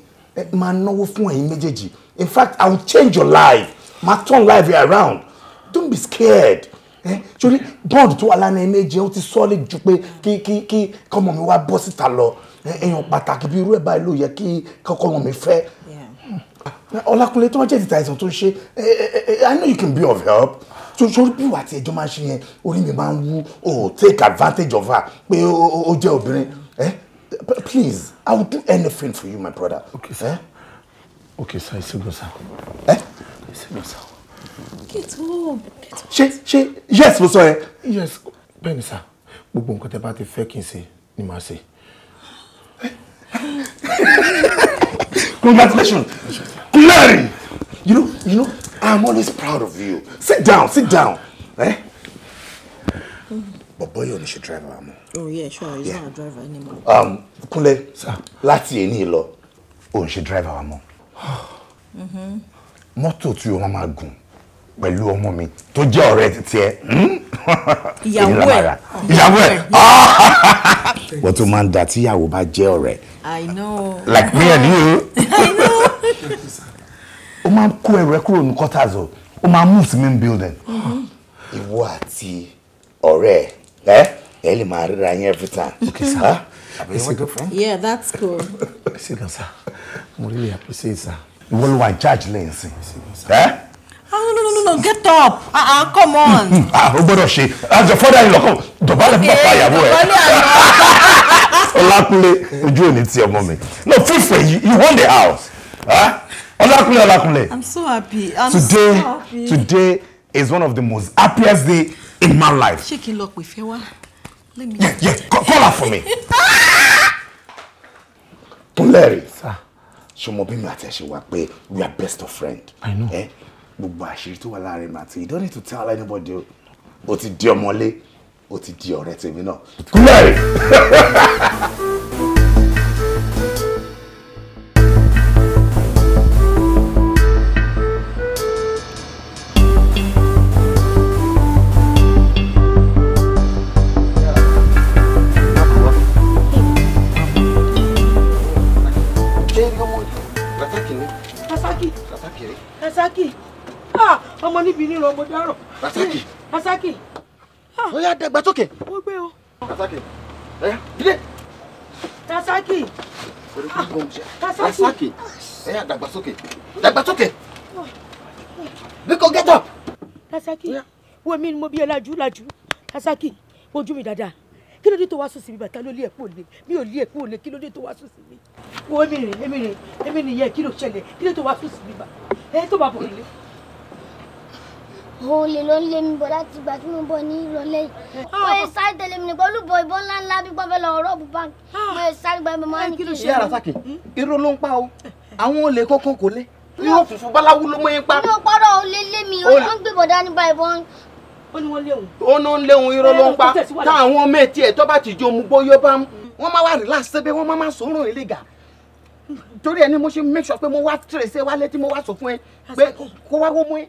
máa náwó fún ẹ̀yin méjèèjì in fact i will change your life máa turn life around don't be scared eh, sori bond tó wà lánàá méje ó ti solid ju pé kí kí kí kọ́mọ mi wá bọ́ síta lọ eh, èèyàn pàtàkì bí irú ẹ̀ báyìí ló yẹ kí kọ́mọ mi fẹ́ hmm. Ọlákúnlé tó wọ́n jẹ́ ìta ìsàn tó ṣe eh, I know you can be of help sori bí wàá ti ẹjọ́ máa ń ṣe yẹn orí mi máa ń wú o take advantage of her pé ó jẹ́ obìnrin please I will do anything for you my brother. okay sir eh? okay sir I still go sir. Eh? get home get home. She, she, yes mo sọ ẹ yes bẹ́ẹ̀ ni sà gbogbo nǹkan tẹ́ bá ti fẹ́ kí n ṣe ni congratulations Larry you know you know i'm always proud of you sit down sit down. Eh? But boy, only should drive am. Oh yeah, sure. He's yeah. not a driver anymore. Um, Kúnlé, sir. Láti eni lọ, Oh, n ṣe driver am. Mhm mọ́tò tí o máa máa gùn pẹ̀lú ọmọ mi tó jẹ́ ọ̀rẹ́ tiẹ̀ hmm? ìyàwó ẹ̀ ìyàwó ẹ̀ wọ́n tó máa ń da tíyàwó bá jẹ́ ọ̀rẹ́ like me and you o máa ń kó ẹrù ẹ kúrò ní quarters o o máa move to main building mm-hmm. ìwọ àti ọ̀rẹ́ ẹ ẹ lè máa ríra yín every time. okay sir. Huh? Is it good Yeah, that's cool. Is it good, sir? I really appreciate sir ìwọ ló wà charge lẹ́yìn sí ah, no no no no get up ah uh, uh, come on. Hmm, ah, o gbọ́dọ̀ ṣe as your father in law kan dọ̀bálẹ̀ fún bàbá eh, ìyàwó ẹ ọlákúnlé ojú òní ti ọmọ mi no fífẹ you won the house ọlákúnlé ọlákúnlé. i'm so happy today, so happy. today is one of the most happiest day in my life. ṣé kí n lọ pè fẹ́ wá. yeah yeah call her for me. Larry. Sir ṣọmọ bí mi àti ẹ ṣe pé we are best of friend. I know. Eh? gbogbo àṣírí tó wà láàrin mi àti you don't need to tell anybody o o ti di ọmọlé o ti di ọ̀rẹ́ tèmi náà. kúlẹ̀. ọmọ níbi níran mo dárò. Rasaki. Rasaki. Hmm, ah. ó yá dẹgbà sókè. ó gbé o. Rasaki ẹ̀yà dídé. Rasaki. Rasaki ẹ̀yà dàgbà sókè dàgbà sókè. Biko get up. Rasaki wo mi ni mo bí ẹ lajú lajú Rasaki ojú mi dáadáa kí ló dé tó wá sùn sí mi bàtà ló lé ẹ̀kú òle mi ò lé ẹ̀kú òle kí ló dé tó wá sùn sí mi. wo èmi rè èmi rè èmi nìyẹn kí ló ṣẹlẹ̀ kí ló tó wá sùn sí mi bà ẹ tó bá bọ̀ nílé olè ló ń mi bọ̀ láti ìgbà tí mo bọ̀ ní ìrọ̀lẹ́ yìí. Ah. mo yẹ sáré tẹ̀lé mi nìkan olúbọ̀ ìbọn ńlá ńlá bí pọ́n fẹ́ lọ rọ́ọ̀bù báńkì ah. mo yẹ sáré gba ẹ̀mí máa ń kiri. ìyá rasaki irọ́ ló ń pa o àwọn olè kankan kò lé yóò funfun báláwú ló mọ́ yín pa. mi ò pọ́dọ̀ olè lé mi ó ń gbé bọ̀dá nípa ìbọn ó ní wọ́n léwu. ó ní léwu irọ́ ló ń pa eh, táwọn ọmọ etí ẹ̀ tó bá ti jó mu gbóyó bá mu wọ́n máa wà relax sẹ́bẹ̀ wọ́n máa máa sọ̀rọ̀ ilé ga torí ẹni mo ṣe make sure pé mo wá tẹ̀sẹ̀ wálé tí mo wá sọ fún ẹ ah, pé kó wá wó mú ẹ.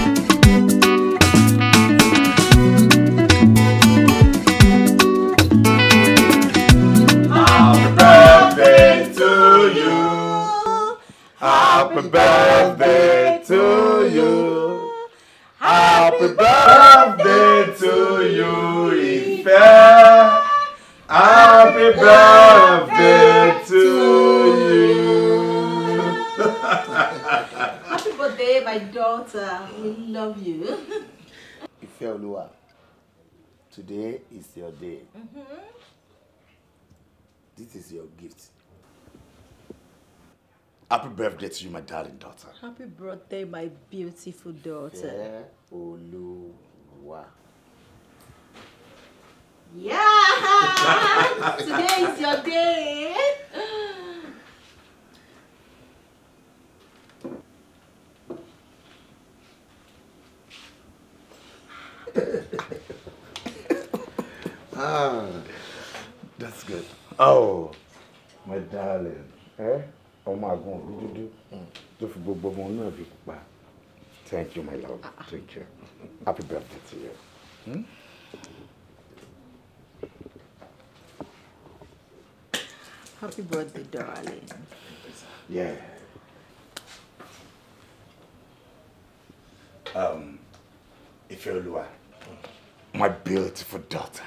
Happy birthday to you. Happy birthday to you, Ife. Happy birthday to you. Happy birthday, my daughter. We love you. Ife Oluwa, today is your day. Mm-hmm. This is your gift. Happy birthday to you, my darling daughter. Happy birthday, my beautiful daughter. Oluwa. Yeah! Today is your day! ah, that's good. Oh, my darling. Eh? ọmọ àgùn òbí dúdú hmm. tó fi gbogbo ọmọ náà fi pupa thank you my love ah. thank you happy birthday to you. Hmm? Happy birthday, darling. Yeah. Um, Ifeoluwa, hmm. my beautiful daughter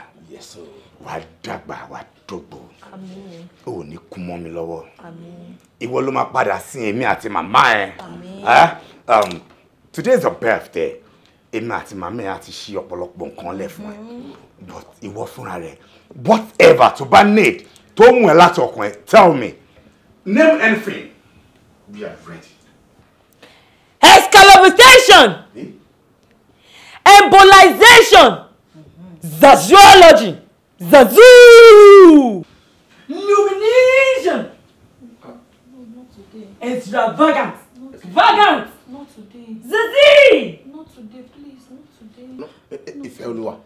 wàá dàgbà wàá dógbó ò ní kú mọ́ mi lọ́wọ́ ìwọ ló máa padà sí èmi àti màmá ẹ um, today is your birthday èmi àti màmá ẹ àti ṣí ọ̀pọ̀lọpọ̀ nǹkan lẹ̀ fún ẹ but ìwọ fúnra rẹ whatever tó bá need tó mú ẹ láti ọkàn ẹ tell me name anything we are ready. Excalibur station. Hmm? Embolization. Zazuology! Zazu! Lumination! No, not today. Extravagant! Vagant! Not today. Zazi! Not today, please, not today. No, eh, eh, ìfẹ́ olúwa.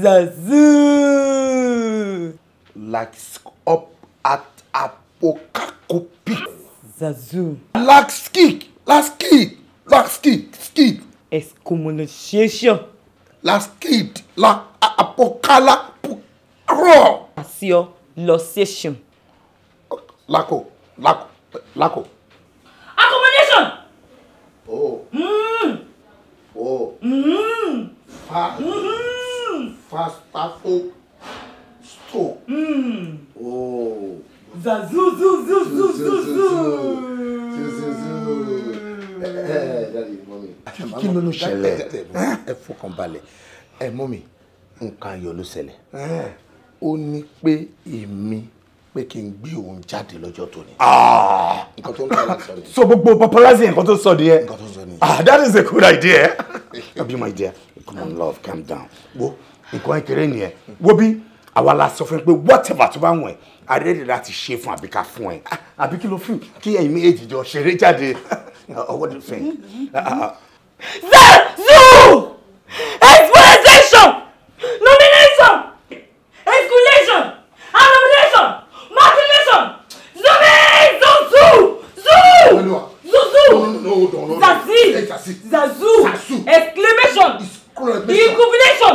Zazu! Like up at Apokakopi. Zazu. Like kick! Like kick! Like kick! Kick! Excommunication! laskid la apokala rọ. àṣìọ lọ station. lako lako lako. accommodation. oh. Mm. oh. Mm. fa mm. fastafo sto. Mm. oh. zazuzuzuzuzuzu. zuzuzu kí ló ló ṣẹlẹ̀ ẹ fọkàn balẹ̀ ẹ mọ́ mi nǹkan ayọ̀ ló ṣẹlẹ̀ ó ní pé èmi pé kí n gbé òun jáde lọ́jọ́ tó ní. Ah. nǹkan tó ń sọ láti so gbogbo paparazzi nǹkan tó sọ nìyẹn. nǹkan tó sọ nìyẹn. ah that is a good idea. abi my dear come on love calm down. wo nǹkan kékeré nìyẹn wo bí àwa la sọ fún ẹ pé whatever tó bá wọ̀n ẹ́ àrẹ́rẹ́ láti ṣe fún àbíká fún ẹ ah, àbí kí ló fún kí ẹ̀yin méjèèjì jọ ṣeré jáde. ọwọ́ ti fẹ́. zoo exploitation nomination exculation abomination mutilation zombie zoo zoo zoo zoo zazu zazu exclamation incubulation.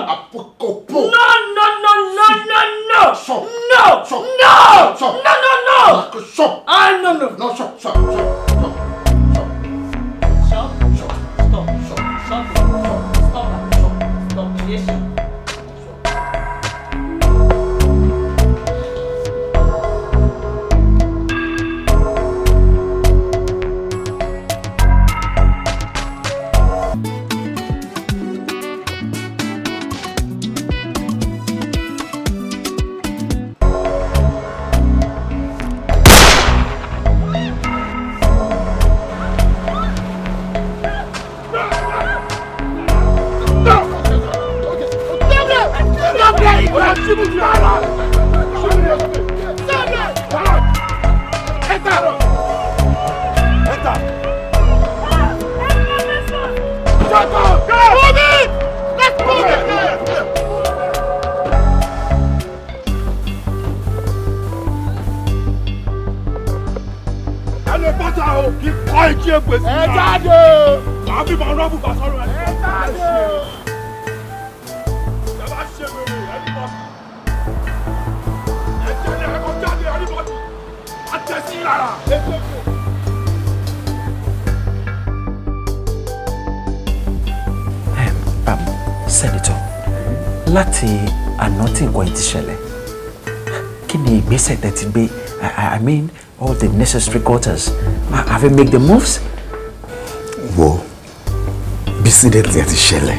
you make the moves? Wo, Biside ti ti Shelley.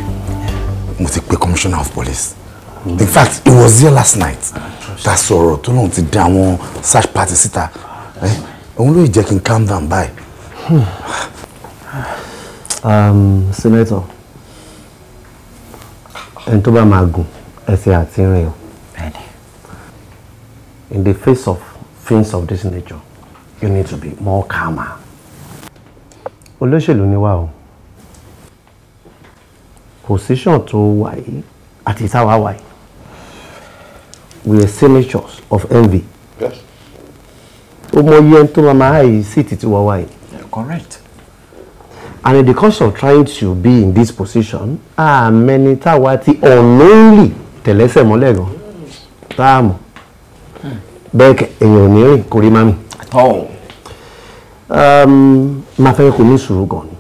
Mo ti pe commissioner of police. In fact, he was here last night. Ta sọ̀rọ̀ tó know ti dá àwọn such party síta. Eh, òun only jẹ́ kí n calm down báyìí. Hmm. Um, Senator, ẹni tó bá máa gùn In the face of things of this nature, you need to be more calmer olóṣèlú ni wá o position tó wà yìí àti táwa wà yìí we are signatures of envy ó mọ iye tó máa máa yìí sí títí wá wá yìí. correct. and in the course of trying to be in this position ah many táwa ti unknowingly tẹ̀lẹ́sẹ̀ mọ́lẹ̀ gan táàmù hmm. bẹ́ẹ̀ kẹ̀ èèyàn ò ní rìn kò mami máa fẹ́ kó ní sùúrù gan ni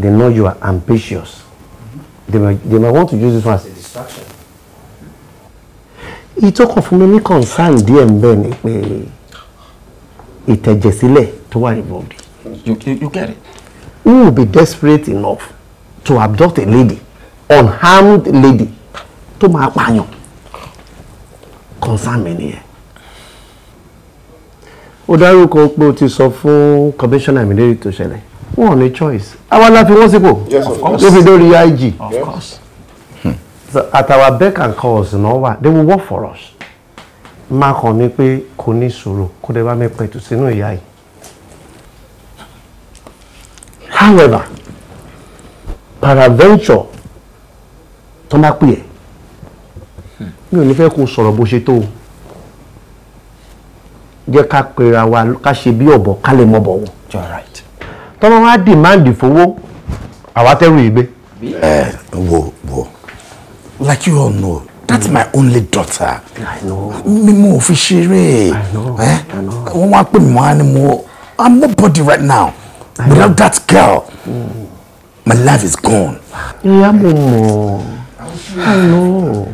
they know you are ambitious they may, they may want to use this one as a distraction. ìtọ́kọ̀ fún mi ní concern díẹ̀ ń bẹ ni pé ìtẹ̀jẹ̀sílẹ̀ tó wà involved. you you you get it. who will be desperate enough to abduct a lady unharmed lady tó máa pààyàn concern mi nìyẹn ó dárúkọ pé o ti sọ fún commissioner ìmìlérí tó ṣẹlẹ̀ wọn ò ní choice àwa la fi wọ́n sípò ló fi dórí IG at our beck and calls náà wà they will work for us má kàn ní pé kò ní sọ̀rọ̀ kó dé bá mi pẹ̀tù sínú ìyá yìí however paraventure tó má pè é mi ò ní fẹ́ kó sọ̀rọ̀ bó ṣe tó o jẹ́ ká pera wa ká ṣe bí ọ̀bọ̀ ká lè mọ̀ bọ̀ wọn. tọ́mọ wa dìmáàndì fowó àwa tẹ́rù yìí ẹ wo wo like you all know that's my only daughter. mi mo fi ṣeré wọ́n wá pè mí wá ni mo i'm nobody right now without that girl mm. my life is gone. ìyá mo mọ̀ ọ́ i know.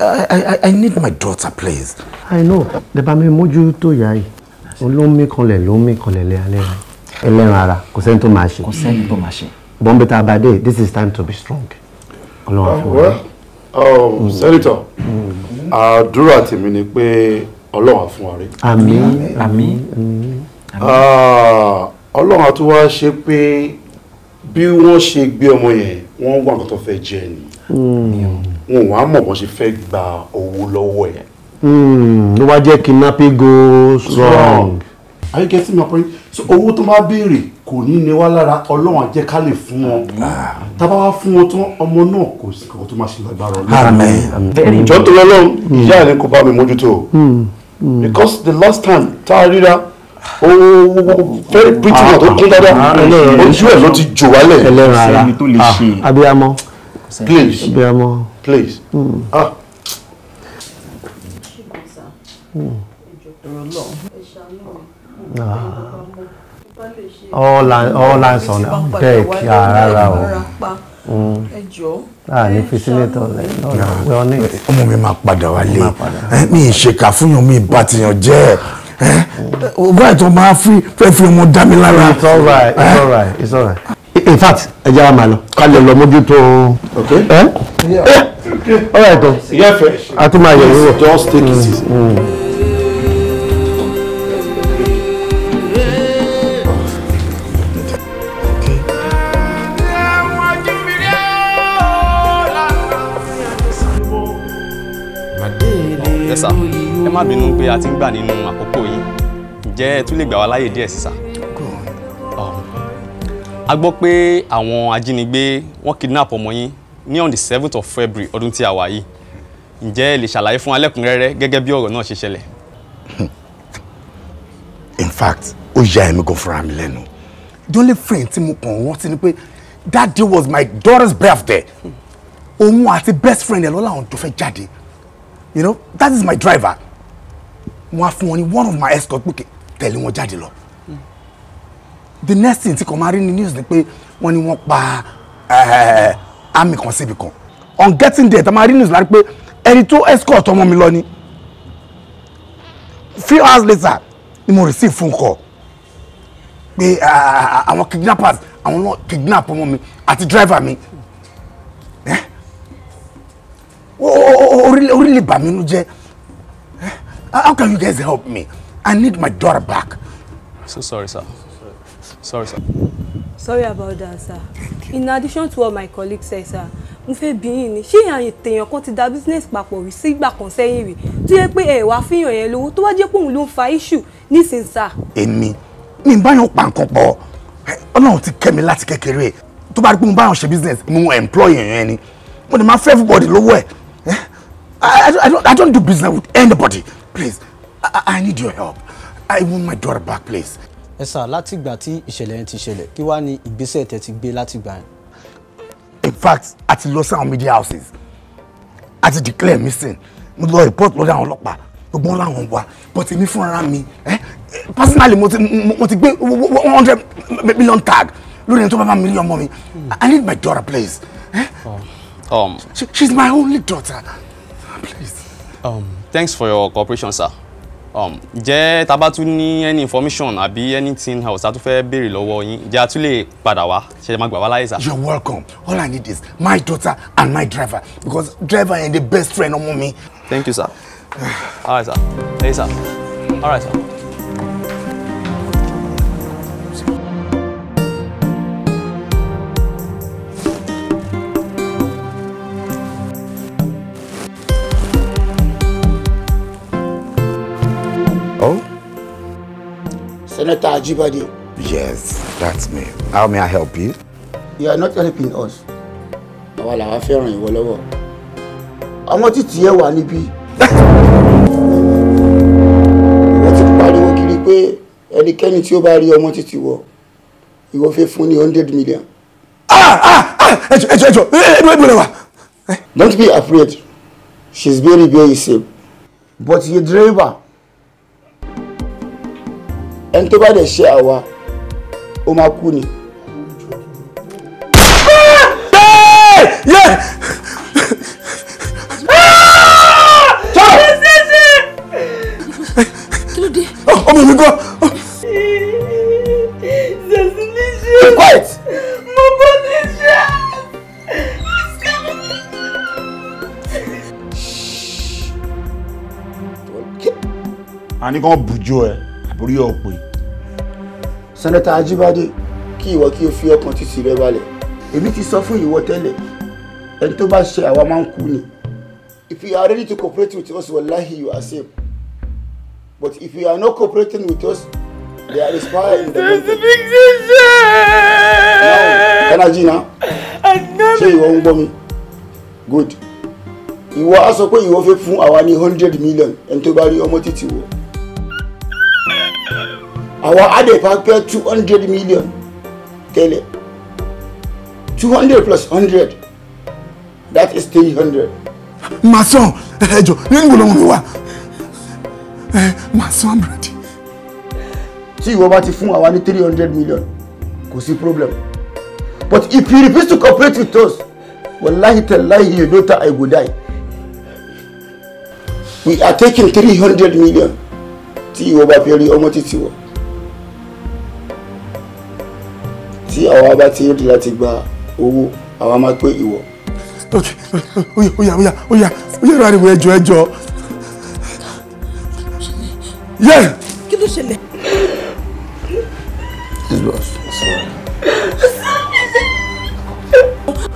I, I, I need my daughter, please. I know. Lè bá mi mójú tó yá yìí. Òun ló ń mí Ele mara. ń mí kanlẹ̀ lé alẹ́ rẹ̀. Ẹlẹ́ran ara this is time to be strong. Ọlọ́run fún wa. Um, mm. Sẹ́nitọ̀, àdúrà tèmi ni pé Ọlọ́run fún wa rí. Àmín. Mm. Ah. Ọlọ́run á tún wá ṣe pé bí wọ́n ṣe gbé ọmọ yẹn, wọ́n wà nǹkan tó fẹ́ jẹ ni. Mm wọn ò wá mọ̀ bó ṣe fẹ́ gba owó lọ́wọ́ ẹ̀. Hmm, ló wá jẹ́ kidnapping goes wrong. are you getting my point so owó tó máa béèrè kò ní ní wá lára ọlọ́run àjẹ́ ká lè fún wọn ah. tábà wá fún wọn tán ọmọ náà kò sí kò tó máa ṣe lágbára ọlọ́run. ìjọ tó lọ́lọ́run ìyá rẹ̀ kò bá mi mójútó hmm. Hmm. because the last time tá a ríra very pretty man tó kún dáadáa ah. Ah. ojú ẹ̀ ló ti jò wálẹ̀. ẹlẹ́ran ara abiyamọ please abiyamọ please. Hmm. ah. ọ̀la ń sọ̀nà bẹ́ẹ̀ kí ara o àní fisílétọ̀ lẹ́yìn ọ̀la ọmọ mi máa padà wálé eh, mi ì ṣèkà fúnyàn mi bá tiyàn jẹ́ eh, ọgbà ètò máa fi fẹ́ fi wọn dá mi lára. it's alright it's alright it's alright in fact ẹ jẹ́ àmàlà ká lè lọ mójútó. okay. Eh? Yeah. Eh? ọ̀rọ̀ ẹ̀tọ́ ìyẹ́fẹ́ àti máa yẹ̀ wíwọ̀. just take it easy. Mm, mm. sà ẹ má bínú pé a ti ń gbà nínú àkókò yìí ǹjẹ́ ẹ tún lè gbà wá láyè díẹ̀ sí sà. Um, a gbọ́ pé àwọn ajínigbé wọ́n kidnap ọmọ yín ní on the seventh of February ọdún tí a wà yìí ǹjẹ́ ẹ lè ṣàlàyé fún alẹ́kùnrẹ́rẹ́ gẹ́gẹ́ bí ọ̀rọ̀ náà ṣe ṣẹlẹ̀. in fact ó ya ẹ̀mí gan fúnra mi lẹ́nu the only friend tí mo kàn wọ́n ti ni pé that day was my daughter's birthday òun àti best friend ẹ̀ lọ́la àwọn tó fẹ́ jáde you know that is my driver wọn á fún wọn ní one of my escort pé tẹ̀lé wọn jáde lọ the next thing tí kò máa rí ní news ni pé wọ́n ní wọ́n pa eh, àmì kan síbi kan on getting there tá máa rí news láti pé ẹni tó escort ọmọ mi lọ ni few hours later ni mo receive phone call pé ah, ah, ah, àwọn kidnappers àwọn náà kidnap ọmọ mi àti driver mi eh? orí lè bà mí nú jẹ́ eh? how can you guys help me I need my daughter back. I'm so sorry sir. Sorry, sir. Sorry about that, sir. In addition to what my colleague says, sir, mo fẹ́ bi yín ni ṣé èèyàn kan ti da business papọ̀ rí sígbà kan sẹ́yìn rí tó yẹ pé ẹ̀ wá fihàn yẹn lówó tó to jẹ́ pé òun ló fa issue nísìnyí sir. èmi mi bá yàn pa nǹkan pọ̀ ọlọ́run ti kẹ́ mi láti kékeré tó bá rí pé mo bá yàn ṣe business mo employ èèyàn yẹn ni mo ní máa fẹ́ everybody lówó ẹ̀ I, I, don't, I don't do business with anybody please I, I need your help I want my daughter back please ẹ sà látìgbà tí ìṣẹ̀lẹ̀ yẹn ti ṣẹlẹ̀ kí wàá ní ìgbésẹ̀ tẹ́ ti gbé látìgbà yẹn. in fact a ti lọ sí media houses a ti declare missing mo lọ report lọ́dọ̀ àwọn ọlọ́pàá gbogbo wọn làwọn wà but èmi fúnra mi personally mo ti mo ti gbé one hundred million tag lórí ẹni tó bá bá mi rí ọmọ mi i need my daughter please. Eh? she, she's my only daughter please. Um, thanks for your cooperation sir um, jẹ́ tá bá tún ní any information àbí anything else a tún fẹ́ béèrè lọ́wọ́ yín jẹ́ a tún lè padà wá ṣe máa gbà wá láyè sá. you're welcome all i need is my daughter and my driver because driver and the best friend ọmọ mi. thank you sir. all right sir. hey sir. all right sir. Senator Ajibade. Yes, that's me. How may I help you? You are not helping us. Àwa làwa fẹ́ràn ìwọ lọ́wọ́. Ọmọ títí ẹ wà níbí. Ìwọ ti pariwo kiri pé ẹnikẹ́ni tí ó bá rí ọmọ títí wọ, ìwọ fẹ́ fún ní hundred million. Ah, ah, ah Ẹjọ ẹjọ ẹjọ ẹnu ẹgbẹ́ wa. Don't be afraid. She's very very safe. But your driver ẹni tó bá dẹ̀ ṣe àwa ó máa kú ni. Yeah! ọmọ mi gan. Be quiet. Mo bọ́ ní iṣẹ́. kan bujú ẹ orí ọ̀pẹ. sẹ́nẹ́tà ajíbádé kí ìwọ kí o fi ọkàn títì rẹ balẹ̀ èmi ti sọ fún ìwọ tẹ́lẹ̀ ẹni tó bá ṣe àwa máa ń kú ni. if you are ready to cooperate with us wallahi you are safe but if you are not cooperating with us they are inspired in the mountain. there's a big decision. now kanaji na ṣé ìwọ ń gbọ́ mi good ìwọ á pé ìwọ fẹ́ fún àwa ní hundred million ẹni tó bá rí ọmọ títì wọ̀ àwa adẹ̀fà pẹ́ two hundred million tẹ́lẹ̀ two hundred plus hundred that is three hundred. màá sàn ẹjọ eh, eh, nínú ìwòlọ́wọ́ mi wà màá sàn bírèdì. tí ìwọ bá ti fún àwa ní three hundred million kò sí problem but if you refuse to cooperate with us wallahi tallahi your daughter i go die we are taking three hundred million tí ìwọ bá fẹ́ rí ọmọ títí wọ̀. tí àwa bá ti rí láti gba owó àwa máa pé ìwọ. oya oya oya oya ìrora ni mo ẹjọ ẹjọ. kí ló ṣẹlẹ̀.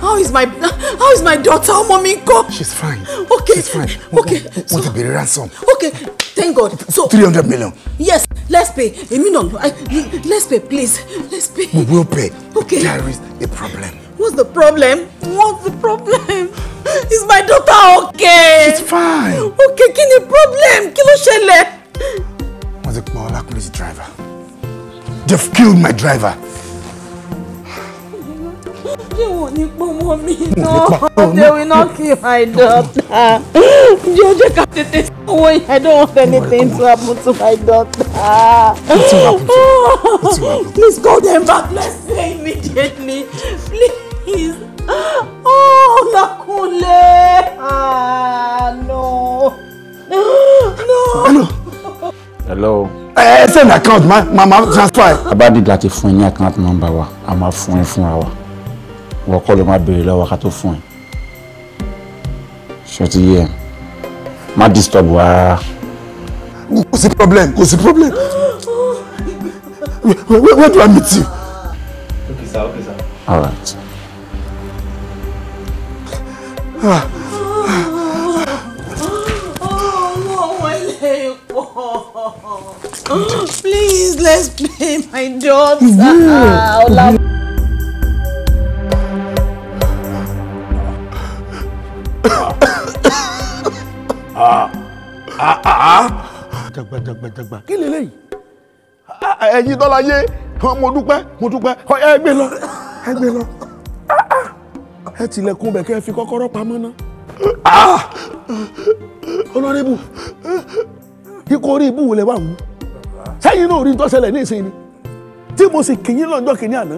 How is my how is my daughter? Ọmọ mi ńkọ́? She's fine. Okay. She's fine. Okay. Wọ́n ti bèrè ransom. Okay. Thank God. So 300 million. Yes, let's pay. A náà, let's pay, please. Let's pay. We will pay. Okay. There is a problem. What's the problem? What's the problem? Is my daughter okay? It's fine. Okay, kí ni problem? Kí ló ṣẹlẹ̀? Wọ́n call pa Ọlákùnrin's driver. They've killed my driver. They will not mom me. No, they will not kill my daughter. Georgia can't take away. I don't want anything to happen to my daughter. Nothing happened to her. Please call them back. Let's say immediately. Please. Oh, Nakule. Ah, no. No. Hello. Hello. Ẹ send account, ma ma ma transfer. Abadi láti fún yín account number wa, a máa fún yín fún wa wọ́n kọ́ ló máa béèrè lọ́wọ́ ká tó fún ẹ ṣọtí yẹ má disturb wa rárá. kò sí problem kò sí problem where, where, where do I meet you. okay sir okay sir. all right. Ah. Please, let's play my daughter. Yeah. Ah, jagbajagbajagbà kí lè léyìí ẹ̀yin tọ́lá yé mo dúpẹ́ mo dúpẹ́ ẹ gbé lọ ẹ gbé lọ ẹ tilẹ̀kùn bẹ̀ kẹ́ ẹ fi kọ́kọ́rọ́ pamọ́ náà. ọlọ́rẹ́bù ikú orí ibú wò lẹ wà wù sẹ́yìn náà orí ń tọ́sẹ̀lẹ̀ ní ìsìn ni tí mo sì kìyìn lọ́jọ́ kìíní àná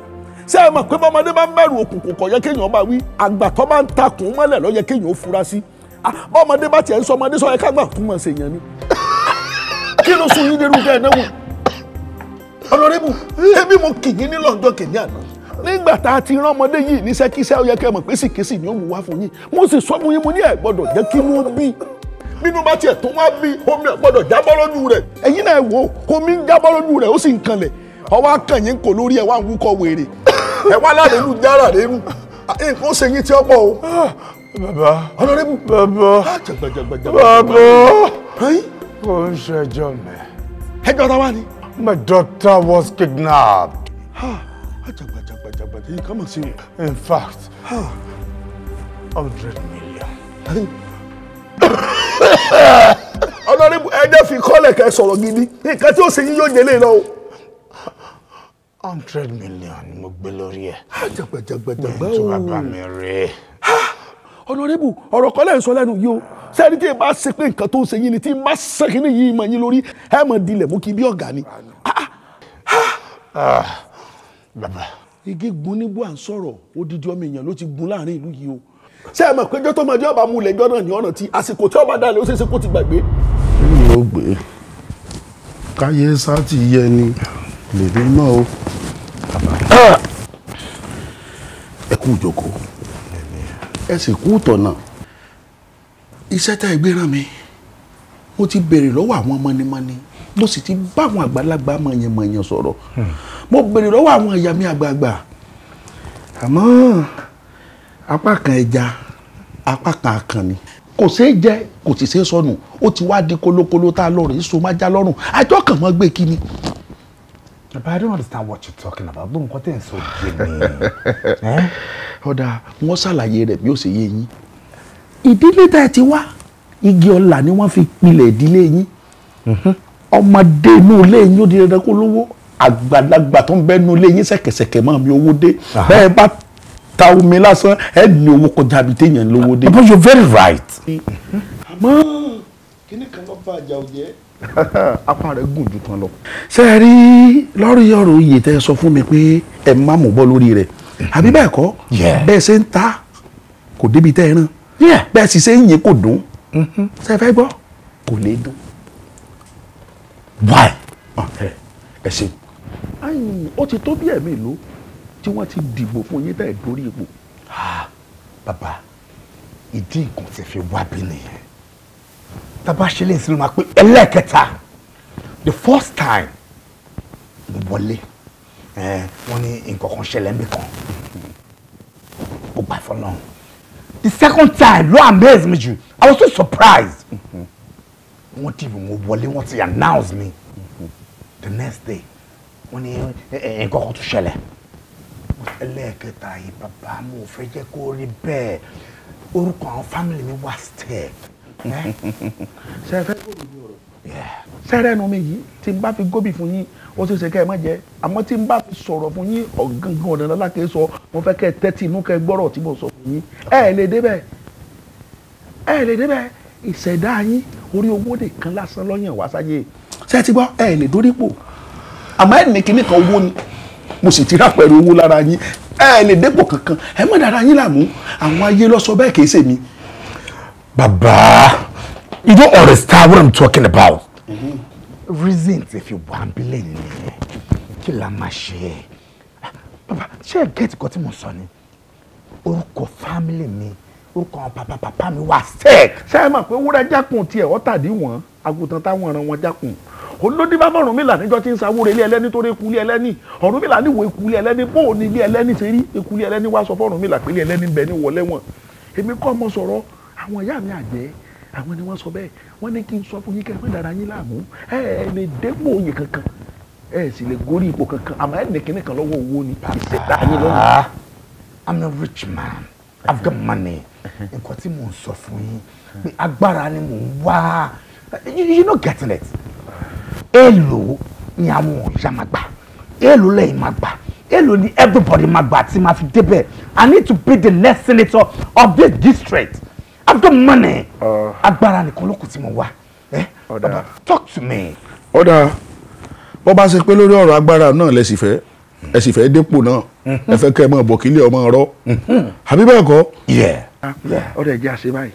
ṣé ẹ mọ̀ pé bọ́mọdé bá ń bẹ̀rù òkùnkùn kò yẹ kéèyàn bá wí àgbà tó bá ń takùn mọ́lẹ̀ ló yẹ kéèyàn ó fura sí. Ah, bọ́mọdé bá tiẹ̀ ń sọ ọmọdé sọ ẹ ká gbà tó mọ̀ ṣe yàn ni kí ló sún yín dérú bẹ́ẹ̀ náwó ọ̀nàrẹ́bù ẹbí mo kì yín ní lọ́jọ́ kìíní àná nígbà tá a ti rán ọmọdé yìí níṣẹ́kíṣẹ́ ó yẹ kẹ́ mọ̀ pé sìkìsì ni ó mú wá fún yín mo sì sọ fún yín mo ní ẹ̀ gbọ́dọ̀ jẹ́ kí ló bí bínú bá tiẹ̀ tó wá bí omi ọ̀gbọ́dọ̀ jábọ́ lójú rẹ̀ ẹ̀yin náà wò ó omi ń jábọ́ lójú rẹ̀ ó sì ń kanlẹ̀ ọwọ́ akànyìn kò lórí ẹ̀ wá ń wúkọ wèrè ẹ̀ wá ládẹ́nu jára lẹ́nu nǹkan ó ṣe yín tí ó pọ̀ o bàbá ọlọ́rẹ́bù bàbá ah, jàgbàjàgbàjàgbà bàbá kò ń ṣẹjọ́ mi. ẹjọ́ ta wá ni. my daughter was kidnapped. Ha, jàgbàjàgbàjàgbàjà yìí ká mọ̀ sí o. in fact ah. hundred million. ọlọ́rẹ́bù ẹjọ́ fi kọ́lẹ̀ kẹ́ sọ̀rọ̀ gidi nǹkan tí ó ṣe yín yóò jẹ́ lé lọ́wọ́ hundred million mo gbé lórí ẹ. Ah, jàgbàjàgbàjàgbà o. mi ò tún mi rí honorable ọ̀rọ̀ kọ́lẹ̀ ń sọ lẹ́nu yìí o sẹ́ni tí ẹ bá ṣe pé nǹkan tó ń ṣe yín ni tí má sẹ́kìnì yìí mọ̀ yín lórí ẹ mọ̀ dilẹ̀ mú kí bí ọ̀gá ni. Ah, bàbá. igi gun níbú à ń sọ̀rọ̀ odidi ọmọ èèyàn ló ti gun láàrin ìlú yìí o ṣé ẹ mọ̀ pé jọ́tọ́ máa jọ́ bá mu ilẹ̀ jọ́ náà ní ọ̀nà tí àsìkò tí ọba dalẹ̀ ó ṣeéṣe kó ti gbàgbé. mi gbé káyé ti yẹ ni lèmi náà o ah! ẹ kú ìjókòó ẹ sì kú tọ̀nà iṣẹ́ tá ẹ gbé rán mi mo ti béèrè lọ́wọ́ àwọn mọ́nímọ́ní mo sì ti bá àwọn àgbàlagbà mọ̀nyẹ̀mọ̀nyẹ̀ sọ̀rọ̀ hmm. mo béèrè lọ́wọ́ àwọn ìyá mi àgbààgbà àmọ́ apá kan ẹja apá kan akànnì kò ṣeé jẹ kò sì ṣeé sọnù ó ti wá di kólókóló tá a lọ rèé so má já lọ́rùn àjọ kàn mọ́ gbé kíni. Baba, I don't understand what you're talking about. Gbogbo nǹkan tẹ̀ ń sọ yé mi. Eh? ọ̀dà wọ́n ṣàlàyé rẹ̀ bí ó ṣe yé yín ìdílé tá ẹ ti wá igi ọlà ni wọ́n fi pilẹ̀ ìdílé yín mhm. ọmọdé inú ilé yín ó di dandan kó lówó àgbàlagbà tó ń bẹ inú ilé yín ṣẹ̀kẹ̀ṣẹ̀kẹ̀ máa mi owó dé bẹ́ẹ̀ bá ta omi lásán ẹ ní owó kọjá bíi téèyàn lówó dé. but you very right. àmọ́ kíní kan lọ́ọ́ bá àjà òjẹ́ apá rẹ̀ gùn jù kan lọ. ṣé ẹ rí lórí ọ̀rọ̀ oyè tẹ́ ẹ sọ fún mi pé ẹ má mú bọ́ lórí rẹ̀ àbí bẹ́ẹ̀ kọ́ bẹ́ẹ̀ ṣe ń ta kò débi tẹ́ ẹ ràn bẹ́ẹ̀ sì ṣe ń yìn kò dùn mm-hmm. ṣe fẹ́ gbọ́ kò lè dùn. why. Ah, ẹ ṣe ó ti tó bí ẹ̀mí ìlú tí wọ́n ti dìbò fún yín tẹ̀ dórí ipò. bàbá ìdí nǹkan ti fi wá bí nìyẹn bàbá ṣe lè e sinú máa pé ẹlẹ́ẹ̀kẹta the first time mo wọlé wọ́n ní nǹkan kan ṣẹlẹ̀ ń bì kan ó gbà fọlọ́run the second time ló amaze me jù i was so surprised wọ́n ti mo wọlé wọ́n ti announce me the next day wọ́n ní nǹkan kan tún ṣẹlẹ̀ ẹlẹ́ẹ̀kẹta yìí bàbá mo fẹ́ jẹ́ kó rí bẹ́ẹ̀ orúkọ àwọn fámìlì mi wà stẹ́ẹ̀ ṣe é fẹ́ kó rí ọ̀rọ̀ sẹ́rẹ́ nu mi yìí tí n bá fi gómìn fún yín ó ṣe ṣe kẹ́ ẹ má jẹ́ àmọ́ tí n bá fi sọ̀rọ̀ fún yín ọ̀gangan ọ̀dàn lálákè sọ mo fẹ́ kẹ́ ẹ tẹ́tí inú kẹ́ ẹ gbọ́rọ̀ tí mo sọ fún yín ẹ lè débẹ̀ ẹ lè débẹ̀ ìṣẹ̀dá yín orí owó nìkan lásán lọ́yàn wá sáyé ṣé ẹ ti gbọ́ ẹ lè dórípò àmọ́ ẹ ní kan owó ni mo sì ti rápẹ̀rẹ̀ owó lára yín ẹ lè dépò kankan ẹ má dára yín láàmú àwọn ayé ló bẹ́ẹ̀ kì ṣèmi bàbá You don't understand what I'm talking about. Mm -hmm. Reasons if you want believe me. kill a machine. Papa, check ṣé get nǹkan tí mo sọ ni. family me. orúkọ papa papa me was sick. Ṣé ẹ mọ̀ pé wúrà jákùn tiẹ̀ ọ̀tàdí wọn, àgùntàn táwọn ọ̀ràn wọn jákùn olódì bá mọ̀rún mìlá níjọ́ tí ń sawó relé ẹlẹ́ni tó eleni. ilé ẹlẹ́ni ọ̀rún mìlá níwò ikú ilé ẹlẹ́ni bó o ní ilé ẹlẹ́ni ṣe rí ikú ilé ẹlẹ́ni wá sọ fọ́rún mìlá pé ilé ẹlẹ́ni bẹ ní wọlé wọn èmi kọ́ ọmọ sọ̀rọ̀ àwọn ìyá mi àjẹ́ àwọn ni wọ́n sọ bẹ́ẹ̀ wọ́n ní kí n sọ fún yín kẹ́ ẹ yín láàmú ẹ ẹ lè dépò òye kankan ẹ sì lè gorí ipò kankan àmọ́ ẹ nìkíní kan lọ́wọ́ owó ni ìṣẹ̀dá yín lọ́wọ́. Ah. I'm a rich man I've got money nǹkan tí mò ń sọ fún yín pé agbára ni mò ń wá you no getting it èèlò ni àwọn ọ̀yà máa gbà èèlò lẹ́yìn máa gbà èèlò ni everybody máa gbà tí máa fi débẹ̀ I need to be the next senator of this district. I've got money. agbára nìkan ló kù tí mo wá. Eh, talk to me. ọ̀dà bó bá ṣe pé lórí ọ̀rọ̀ agbára náà lẹ sì fẹ́ ẹ sì fẹ́ dépò náà mhm. ẹ fẹ́ kẹ́ ẹ mọ̀ bọ̀ kílẹ̀ ọmọ rọ mhm. àbí bẹ́ẹ̀ kọ́. ọ̀dà ẹ̀jẹ̀ àṣẹ báyìí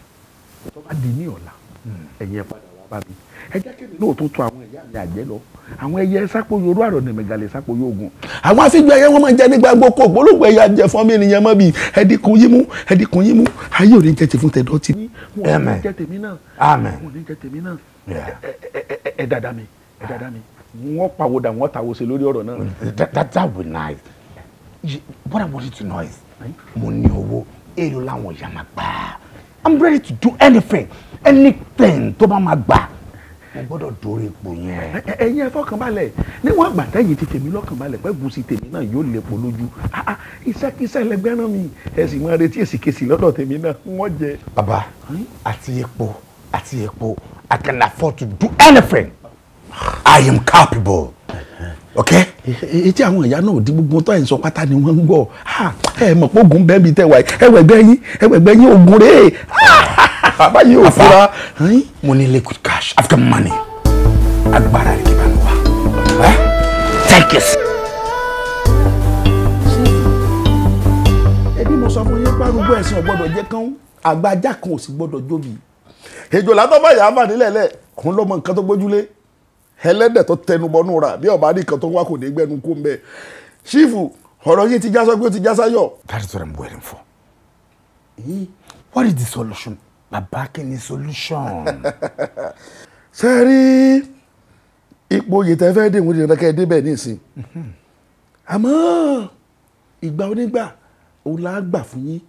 tó bá di ní ọ̀la hmm. ẹ̀yìn ẹ̀ padà wá bá mi ẹ jẹ́ kí èmi náà tó tún àwọn mi àjẹ́ lọ àwọn ẹyẹ sápò yorùbá àrò ní mẹgàlè sápò yóògùn. àwọn afínjú ẹyẹ wọn máa ń jẹ nígbà gbogbo ògbólógbò ẹyà jẹ fún mi nìyẹn mọ bí ẹdínkù yín mú ẹdínkù yín mú ayé ò ní jẹ ti fún tẹdọ ti. àmín àmín ẹ dada mi ẹ dada mi wọn pàwọdà wọn tàwọ sí lórí ọ̀rọ̀ náà. that would nice what I wanted to know is mo ní owó èrò làwọn ìyá máa gbà I'm ready to do anything anything tó bá máa gbà mo gbọ́dọ̀ dórí ipò yẹn. ẹ̀yin ẹ fọkànbalẹ̀ níwọ̀n àgbà tẹ́yin ti fèmí lọ́kànbalẹ̀ pé gùsì tèmi náà yóò lépo lójú ah, ah, iṣẹ́kíṣẹ́ ẹlẹgbẹ́ mi ẹ máa retí èsìkèsì lọ́dọ̀ tèmi náà wọ́n jẹ. baba hmm? àti epo àti epo I can afford to do anything I am capable ok. etí àwọn ìyá náà di gbogbo tó ẹ̀ ń sọ pátá ni wọ́n ń gbọ́ ah, ẹ mọ̀ pé ogun bẹ́ẹ̀ bi tẹ̀ wáyé ẹwẹ̀gbẹ́ yín ẹwẹ̀gbẹ́ yín ogun rèé bàbá yìí fura. mo ní liquid cash after money agbára rẹ̀ kí bá mi wá. thank you. ẹbí mo sọ fún yín párúgbó ẹ̀sìn ọ̀gbọ́dọ̀ jẹ́ kán àgbájá kan ò sì gbọ́dọ̀ jóbi èjò látọ́ báyà á bà nílẹ̀ lẹ̀ òun lọ́mọ nǹkan tó gbójúlé ẹlẹ́dẹ̀ tó tẹnubọnú ra bí ọba ní nǹkan tó wá kò ní gbẹnu kó ń bẹ ṣífù ọ̀rọ̀ yìí ti já sọ pé ó ti já sáyọ̀. that is what i'm waiting for. what is the solution bàbá kí ni solution. ṣe rí ipò oyè tẹ́ fẹ́ dé ìwé dandan kẹ́ ẹ débẹ̀ ní ìsìn mhm. àmọ́ ìgbà onígbà òun là á gbà fún yín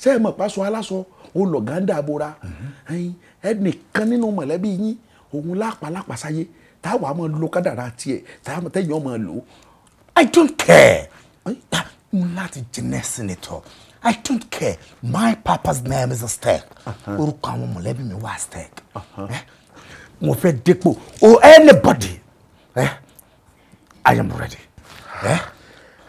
ṣe é mọ̀ pásọ aláṣọ òun lọ̀gáńdà abora mhm. ẹnìkan nínú mọ̀lẹ́bí yín òun lápá lápá sáyé táwa máa lo kádàrá tiẹ̀ táwa tẹ̀yìn ọmọ lò I don't care láti jìnnà sínú ìtọ́. I don't care. My papa's name is a stake. Orúkọ àwọn mọ̀lẹ́bí mi wà stake. Mo fẹ́ dépò or anybody. Eh? I am ready. Eh?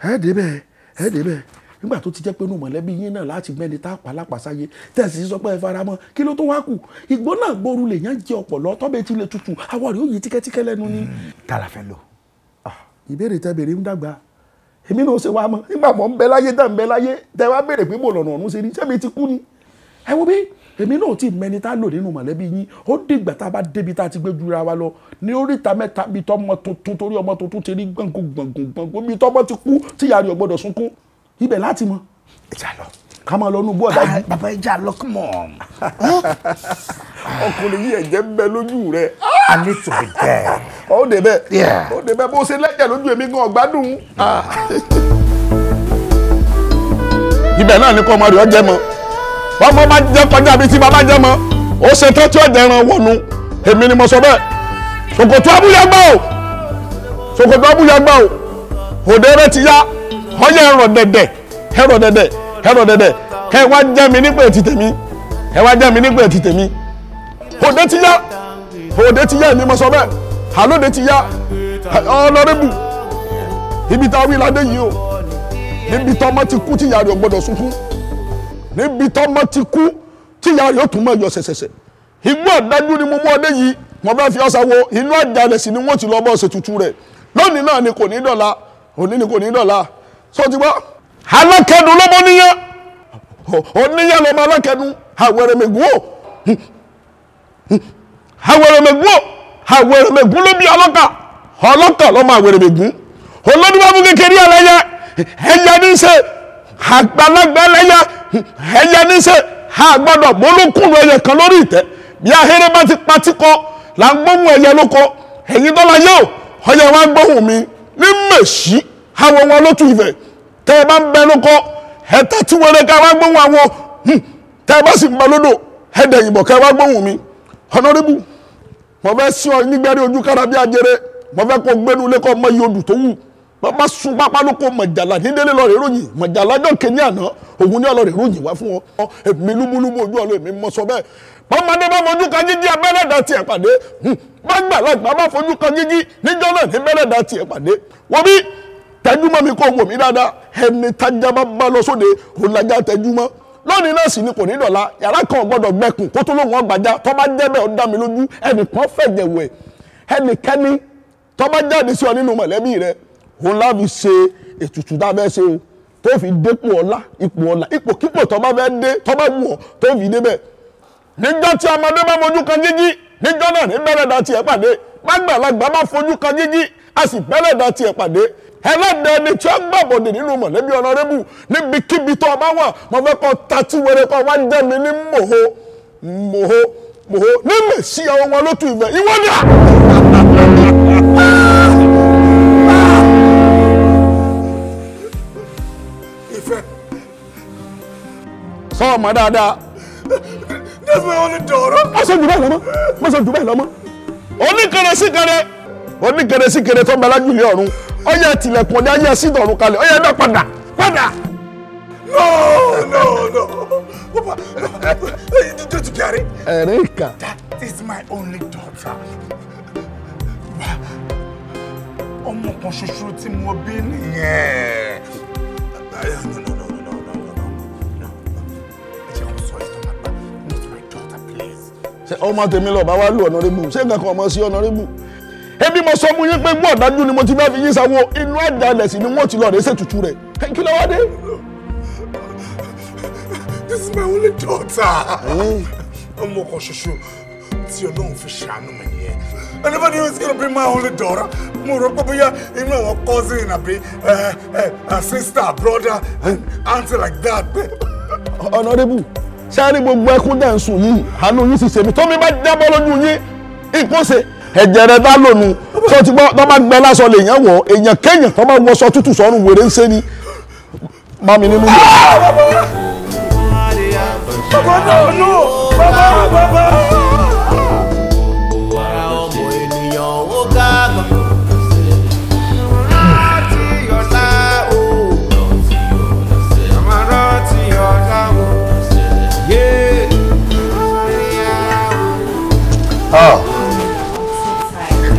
Ẹ débẹ̀ ẹ débẹ̀ nígbà tó ti jẹ́ pé inú mọ̀lẹ́bí yín náà láti mẹ́ni tá a pa lápasáyé tẹ̀sí sọ pé ẹ kí ló tó wá kù ìgbó náà gbóru lè yàn jẹ ọ̀pọ̀lọ́ tọ́bẹ̀ tí lè tutù àwọ̀ rẹ̀ ó yí tíkẹ́tíkẹ́ lẹ́nu ni. Hmm, tá a la fẹ́ lò. Ah, ìbéèrè tẹ ń dàgbà èmi náà ṣe wá mọ́ nígbà mọ́ ń bẹ láyé tẹ̀ ń bẹ láyé tẹ̀ wá béèrè pé mo lọ̀nà ọ̀run ṣe ni sẹ́mi ti kú ni ẹ wo bí èmi náà ti mẹni tá a lò nínú mọ̀lẹ́bí yín ó dìgbà tá a bá débi tá a ti gbé jura wa lọ ní oríta mẹ́ta bí tọ́mọ tuntun torí ọmọ tuntun ti rí gbọ̀ngàn gbọ̀ngàn gbọ̀ngàn bí tọ́mọ ti kú tíyàrá ọgbọ́dọ̀ sunkún ibẹ̀ láti mọ ẹ̀já lọ ká máa lọ inú bọ́ọ̀dà yìí. Ah, bàbá ẹja lọ́kùnmọ̀. ọkùnrin yìí ẹ̀jẹ̀ ń bẹ lójú rẹ. I need to be there. ó dé bẹ́ẹ̀ ó dé bẹ́ẹ̀ bó ṣe lẹ́jẹ̀ lójú èmi gan ọ̀gbádùn. Ah. ibẹ̀ náà ni kò ọmọ rẹ̀ ọ jẹ́ mọ́ bọ́mọ bá jẹ́ kọjá bíi tí bàbá jẹ́ mọ́ ó ṣe tán tí ó jẹ́ ẹran wọnú èmi ni mo sọ bẹ́ẹ̀ ṣòkòtò abúlé gbà o ṣòkòtò abúlé gbà o òde rẹ ti yá ọyẹ ẹrọ dẹdẹ ẹrọ dẹdẹ ẹ rọ dẹdẹ ẹ wá jẹ mi nígbà ètí tèmi ẹ wá jẹ mi nígbà ètí tèmi òde ti yá òde ti yá èmi mo sọ bẹ́ẹ̀ àlóde ti yá ọlọrẹbù ibi tá a wí ládé yìí o níbi tọ́mọ ti kú tíyàrá ò gbọ́dọ̀ sunkún níbi tọ́mọ ti kú tíyàrá ò tún mọ ẹyọ ṣẹṣẹṣẹ igbó ọ̀dájú ni mo mú ọdẹ yìí mo bá fi ọsà wo inú àjàlẹ̀ sí ni wọ́n ti lọ bọ́ ọ̀sẹ̀ tuntun rẹ̀ lónìí náà ni kò ní dọ̀la òní ni kò ní dọ̀la sọ ti gbọ́ alákẹ́dùn ló mọ́ níyàn oníyàn lọ́mọ alákẹ́dùn àwẹ̀rẹ̀mẹ̀gún ò àwẹ̀rẹ̀mẹ̀gún ò àwẹ̀rẹ̀mẹ̀gún ló bí ọlọ́kà ọlọ́kà lọ́mọ àwẹ̀rẹ̀mẹ̀gún olódùmọ̀mù kékeré ẹlẹ́yẹ ẹyẹ ní ṣe àgbàlagbà ẹlẹ́yẹ ẹyẹ ní ṣe àgbọ̀dọ̀ mọ́lókùnrin ẹyẹ kan lórí ìtẹ́ bí ahéré bá ti patíkọ là ń gbóhùn ẹyẹ lóko ẹ̀yin dọ́là yóò ọyẹ wa gbóhùn mi ní mèṣí àwọn wọn ló tún tẹ́ ẹ bá ń bẹ lóko ẹ tẹ́tí wọlé ká wá gbóhùn àwọn hmm. tẹ́ ẹ bá sì ń bẹ lódò ẹ dẹ̀yìn bọ̀ ká wá gbóhùn mi honorable mo fẹ́ sí ọ nígbẹ́rí ojú kára bí ajere mo fẹ́ kó gbẹ́nu lẹ́kọ́ ọmọ iye odù tó wù bàbá sun pápá ló kó mọ̀jàlá nídélé lọ́ọ̀rẹ́ ròyìn mọ̀jàlá jọ kéde àná òun ní ọlọ́ọ̀rẹ́ ròyìn wá fún ọ èmi bá mojú kan jíjí abẹ́rẹ́ dà tiẹ̀ pàdé hmm. bá gbàlagbà bá fojú kan jíjí níjọ́ náà ní bẹ́rẹ̀ dà tiẹ̀ pàdé wọ́n bí tẹ́jú mọ́ mi kó wò mí dáadáa ẹni tájá bá bá lọ sóde kò lajà tẹ́jú mọ́ lónìí náà sì ni kò ní dọ̀la yàrá kan gbọ́dọ̀ gbẹkùn kó tó lóun ọgbàjá tó bá jẹ́ bẹ́ẹ̀ ó dá mi lójú ẹnìkan fẹ̀jẹ̀ wẹ̀ ẹnìkẹ́ni tó jáde sí ọ nínú mọ̀lẹ́bí rẹ òun láfi ṣe ètùtù dábẹ́ ṣe o tó fi dépò ọlá ipò ọlá ipò kípò tó bá fẹ́ dé tó bá wù ọ tó fi débẹ̀ níjọ́ tí ọmọdé bá mojú kan jíjí níjọ́ náà ní bẹ́rẹ̀ dá tiẹ̀ pàdé gbàgbàlagbà bá fojú kan jíjí a sì bẹ́rẹ̀ dá tiẹ̀ pàdé ẹlẹ́dàá ni tí ó gbàbọ̀dè nínú mọ̀lẹ́bí ọ̀nàrẹ́bù níbikíbi tó o wà mo fẹ́ kọ́ tatú wẹrẹ kọ́ wá jẹ́ mi ní mòho mòho mòho ní mèsì àwọn ọmọ lótú ìfẹ́ ìwọ ni à. ìfẹ́. sọ ọmọ dáadáa. dẹ́sẹ̀ wọn ni dọ̀rọ̀. má sọ lọ́mọ má sọ lọ́mọ. oníkanrẹ́sí oníkèrè sí kèrè tó ń bẹ lájúlé ọ̀run ó yẹ tilẹ̀kùn ọ̀dẹ́ ayé ẹ̀sìn ìdọ̀rùn kalẹ̀ ó yẹ dá padà padà. no no no papa don't you get it. erika. that is my only daughter. ọmọ kan ṣoṣo tí mo bí nìyẹn. no no no. ṣe ọmọ tèmi lọ bá wá lù ọ̀nà rẹ́bù ṣé nǹkan kan ọmọ sí ọ̀nà èmi mo sọ fún yín pé gbọ́ ọ̀dájú ni mo ti bá fi yín sanwó inú àjàlẹ̀ sí ni wọ́n ti lọ rẹ̀ ṣètùtù rẹ̀ kí ló wá dé. this is my only daughter. ọmọ kan ṣoṣo tí ọlọ́run fi ṣàánú mi nìyẹn. anybody who is gonna be my only daughter mo rò pé bóyá inú àwọn cousin àbí eh, eh, sister brother auntie like that. honourable ṣáà ní gbogbo ẹkún dẹ̀ ń sùn yìí àánú yìí sì ṣe mi tó mi bá dábọ́ lójú yín ìkóṣe ẹ̀jẹ̀ rẹ bá lònù tó ti gbọ́ tó bá gbẹ lásán lè yẹn wọ̀ èèyàn kéèyàn tó bá wọṣọ tútù sọ́run wèrè ń ṣe ni má mi nínú yẹn. bàbá bàbá bàbá bàbá.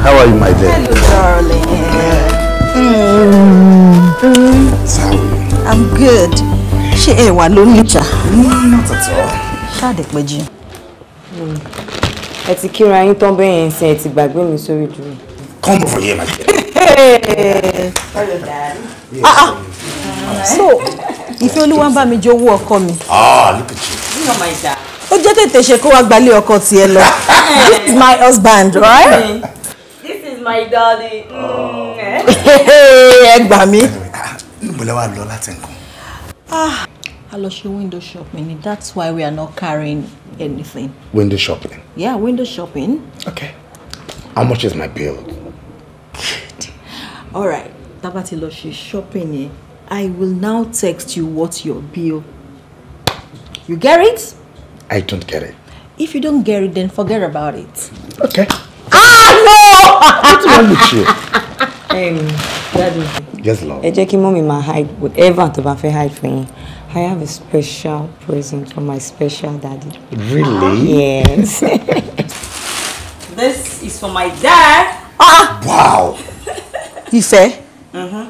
How are you, my dear? Hello, darling. Mm. I'm good. She ẹ wà lonely ìjà? Not at all. Ṣáàdì péjú. Ẹ ti kíra yín tán bẹ́ẹ̀ yẹn sin ẹ ti mi sórí dúró. Come over here, my dear. Hey. Hello, darling. Yes, ah, ah. So, ìfẹ́ olúwa one bá mi jẹ owó ọkọ mi. Ah, look at you. You know my dad. Ó jẹ́ tètè ṣe kó wá gbalé ọkọ tiẹ̀ lọ. This is my husband, right? Mm-hmm my daddy. Oh. Mm, eh? ẹ gbà mí. Ah, níbo lẹ wá lọ láti nǹkan. Ah, a lọ ṣe window shopping ni that's why we are not carrying anything. window shopping. yeah window shopping. okay how much is my bill. good all right tá bá ti lọ ṣe shopping yẹn i will now text you what your bill. you get it. I don't get it. If you don't get it, then forget about it. Okay. What's wrong with you? Um, Daddy. Yes, love. Ẹ jẹ́ kí mọ́mí máa hide whatever tó bá fẹ́ hide for yín. I have a special present for my special daddy. Really? Yes. This is for my dad. Ah! Wow! Ìfẹ́. Uh-huh.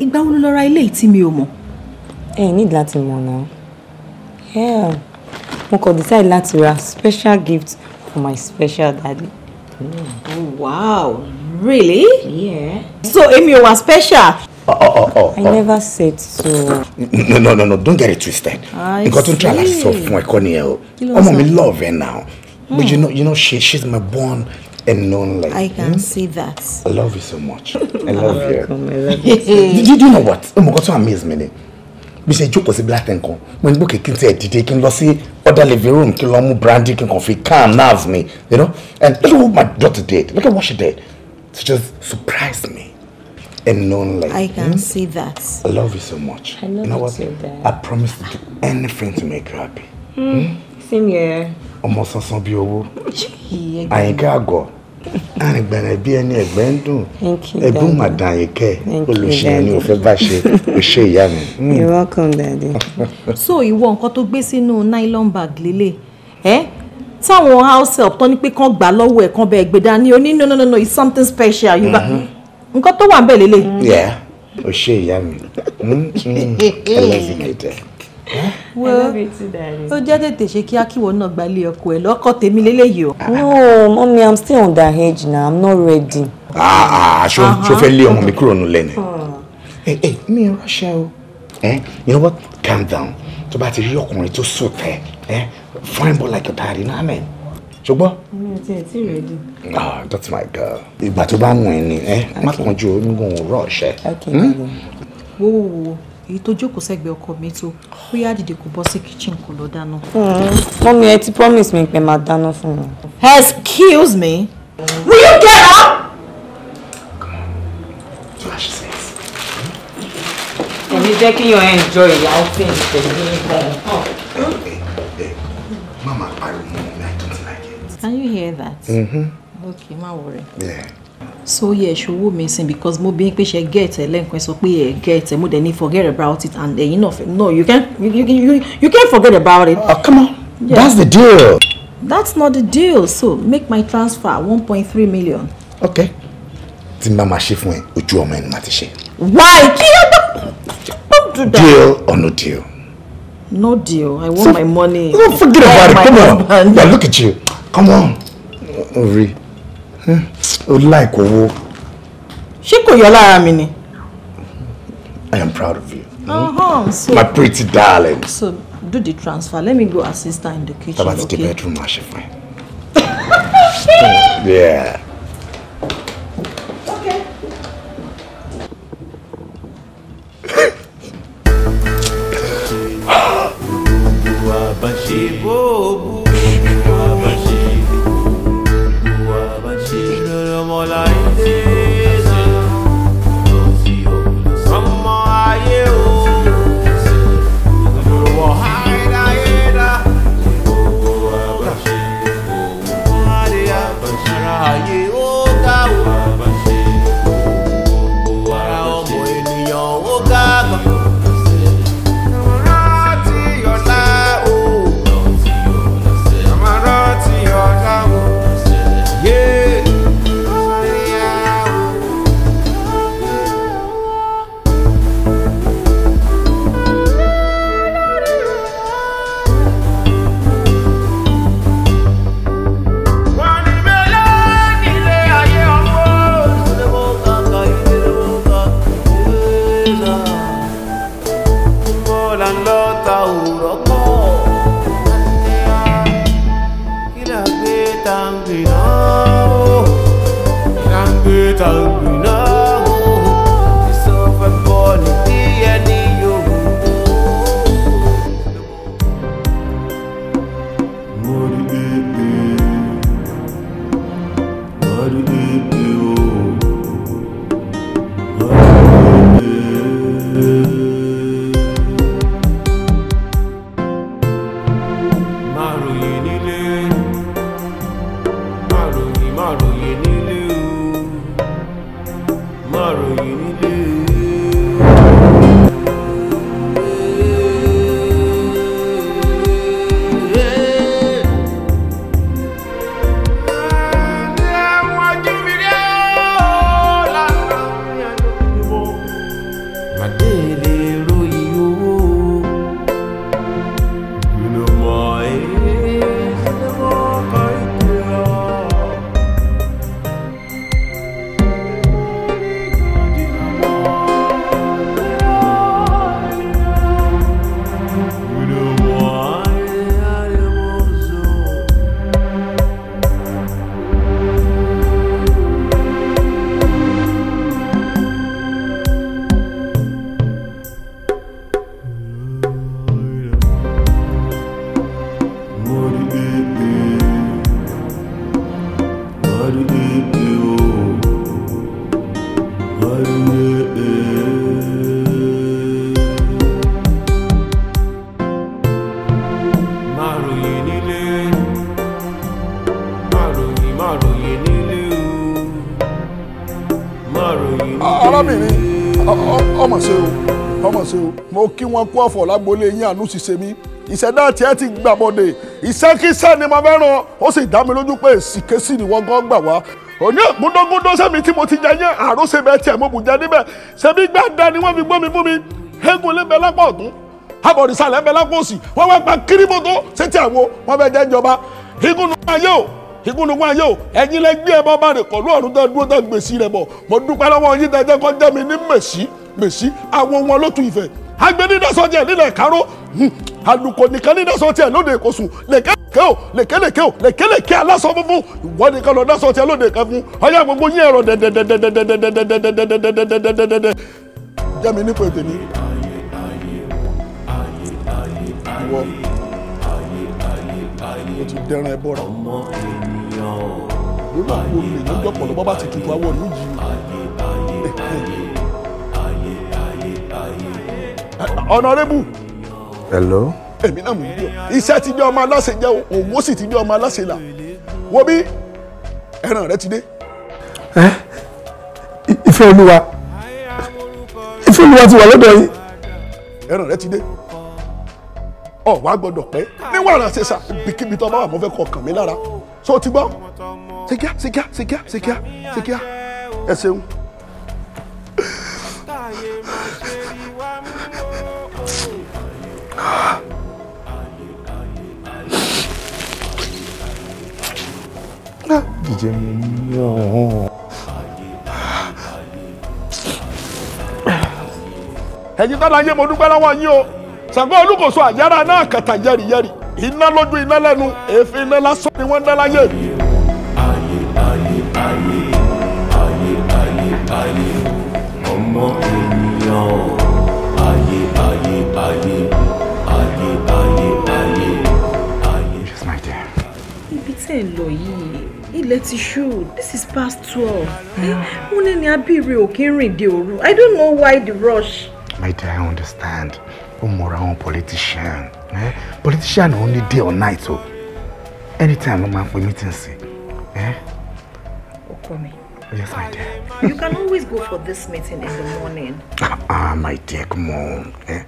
Ìgbà wo ló lọ ra ilé yìí tí mi ò mọ̀? Ẹ need láti mọ̀ náà. Yeah. Mo kàn decide láti ra special gift for my special daddy. Oh wow, really? Yeah. So Amy was special. Oh, oh, oh, oh! I oh. never said so. No, no, no, no, don't get it twisted. Nǹkan tó ń tra láti sọ fún ẹ̀kọ́ nìyẹn o. Ọmọ mi love ẹ now. Hmm. But you hmm. know, you know, she, she's my born and known like. I can hmm? see that. I love you so much. I love you. Did you know what? Ọmọ kan tó amaze me bí ṣe jókòó sí black ten kan mo ní gbókè kí n tiẹ̀ dìde kí n lọ sí other living room kí n lọ mú brandy kí n kàn fi calm nerves mi you know and look at what my daughter did look at what she did she just surprised me And enormously. I can hmm? see that. I love you so much. I love you, know you I promise to do anything to make you happy. Mm, hmm? Same here. ọmọ sansan bíi owó àyìnká àgọ́ àrìngbàrà bí ẹni ẹgbẹ́ ń dùn ẹbùn màdàn àyíkẹ́ olùṣèyàn ni ò bá ṣe ò ìyá mi. Hmm. you're welcome daddy. so ìwọ nǹkan tó gbé sínú nylon bag lélẹ̀ ẹ́ táwọn house help tó ní pé kán gbà lọ́wọ́ ẹ̀ kán bẹ́ẹ̀ gbé dání o ní no no no no it's something special you ba mm-hmm. nǹkan tó wà ń bẹ̀ lélẹ̀. ò ṣe ìyá mi hmm. hmm. elevated wo ó jẹ́ tètè ṣe kí akíwọ náà gba ilé ọkọ ẹ̀ lọ́kọ tèmi lélẹ́yìí o. no mommy i'm still on that underage now i'm not ready. Ah, ah, ṣo fẹ́ lé ọmọ mi kúrò nù lẹ́nu ẹ mi ò rọ́ṣẹ́ o eh, you know what calm down tó bá ti rí ọkùnrin tó sùn tẹ eh, fine boy like your daddy náà mẹ́rin ṣùgbọ́n. mi ò tiẹ̀ tí rẹ̀ dì. ah that's my girl. ìgbà tó bá wùn ẹ́ ni ẹ eh, má kánjú onígun òwúrọ̀ ṣẹ. ok wo wo wo èyí tó jókòó sẹ́gbẹ̀ẹ́ ọkọ mi tó ó yá dìde kó bọ́ sí kitchen kó lọ dáná. mọ́mí ẹ ti promise mi pé máa dáná fún mi. excuse me will you get up. èmi jẹ́ kí yan enjoy ìyàwó pin tẹ̀lé mama i don't like it. can you hear that. Mm -hmm. okay má worry. Yeah so yeah, ṣòwò mi missing because mo bí pé get a lẹ́nkàn sọ pé ẹ get ẹ mo dẹ̀ ní forget about it and ẹ̀yin náà no you can you, you, you, you can forget about it. Oh come on yeah. that's the deal. that's not the deal so make my transfer one point three million. okay tí n bá máa ṣe fún ẹ ojú ọmọ ẹni ti ṣe. why kí ló dé. deal or no deal. no deal i want so, my money. don't forget about it come on yeah, look at you come on. Ori. Huh? Hmm? ó láìkó owó. ṣé kò yọ mi ni. I am proud of you. Uh-huh, so, My pretty darling. So do the transfer. Let me go assist her in the kitchen. Tabat okay? the bedroom, I should yeah. Okay. Bashir mo kí wọn kú ọ̀fọ̀ lágboolé yín àánú ṣiṣẹ́ mi ìṣẹ̀dá tiẹ̀ ti gbàbọ̀dẹ̀ ìṣẹ́kíṣẹ́ ni mo fẹ́ràn ó sì dá mi lójú pé èsìkésì ni wọ́n gán gbà wá òní ògúndógúndó sẹ́mi tí mo ti jẹ yẹn àròsè bẹ́ẹ̀ tiẹ̀ mo bù jẹ níbẹ̀ ṣebí gbàdá ni wọ́n fi gbọ́ mi fún mi eégún lé bẹ́ẹ̀ lápá ọ̀tún abọ̀rìṣà lẹ́ bẹ́ẹ̀ lápá òsì wọ́n wá gba kírímọ́tò sétí àwo wọ́n fẹ́ jẹ́ ìjọba igúnnugún ayé o igúnnugún ayé o ẹ̀yin lẹ gbé ẹbọ bá rè kọ̀lú ọ̀run tó dúró tó gbèsè rẹ̀ bọ̀ mo dúpẹ́ lọ́wọ́ yín tẹ́jẹ́ kọ́ jẹ́ mi ní mèsì mèsì àwọn wọn ló tu agbe nídà sọ́jà nílà ìkáró àlùkò hmm. nìkan nídà sọ́jà lóde ìkosùn lèkèlèkè o lèkèlèkè o lèkèlèkè aláṣọ funfun ìwọ nìkan lọ dáṣọ tiẹ lóde ìkẹ́ fún ọyá gbogbo yín ẹ̀rọ dẹ̀dẹ̀dẹ̀dẹ̀dẹ̀dẹ̀dẹ̀dẹ̀dẹ̀dẹ̀dẹ̀dẹ̀dẹ̀ jẹ́ mi nípa ètè ní. ìwọ o ti dẹran ẹ bọ́ra nígbà wo lè ní dọ́pọ̀lọpọ̀ bá ti tutù awọ ìlú yìí. honorable. hello. èmi náà mú un jọ iṣẹ́ ti jẹ́ ọmọ aláṣẹ jẹ́ òwò sì ti jẹ́ ọmọ aláṣẹ là wo bí ẹran rẹ ti dé. ẹ ìfẹ́ olúwa ìfẹ́ olúwa ti wà lọ́dọ̀ yìí. ẹran rẹ ti dé ọ wá gbọ́dọ̀ pẹ́ níwọ̀n ara ṣe sà tó bá wà mo fẹ́ kọ kàn mí lára so ti gbọ́ ṣe kíá ṣe kíá ṣe ẹ ṣeun. Jíjẹ mi ní ọ̀hún. Ẹ̀yin tọ́lá yé mo dúpẹ́ lọ́wọ́ yín o. Ṣàngó Olúkòso àjára náà kàtà yẹ̀rìyẹ̀rì. Iná lójú iná lẹ́nu, èéfín iná lásán ni wọ́n ń dá Ayé ayé ayé ayé ayé ayé ọmọ ènìyàn. ń lọ yìí ilẹ̀ ti ṣú this is past twelve wọ́n eh, ní ní abíire òkè rìn dé òru i don't know why the rush. my dear i understand ó mọ̀ra àwọn politician eh? politician only day or night o oh. anytime ló máa ń pe meeting sí. Eh? ọkọ mi. Yes, my dear. you can always go for this meeting in the morning. Ah, ah my dear, come on. Eh?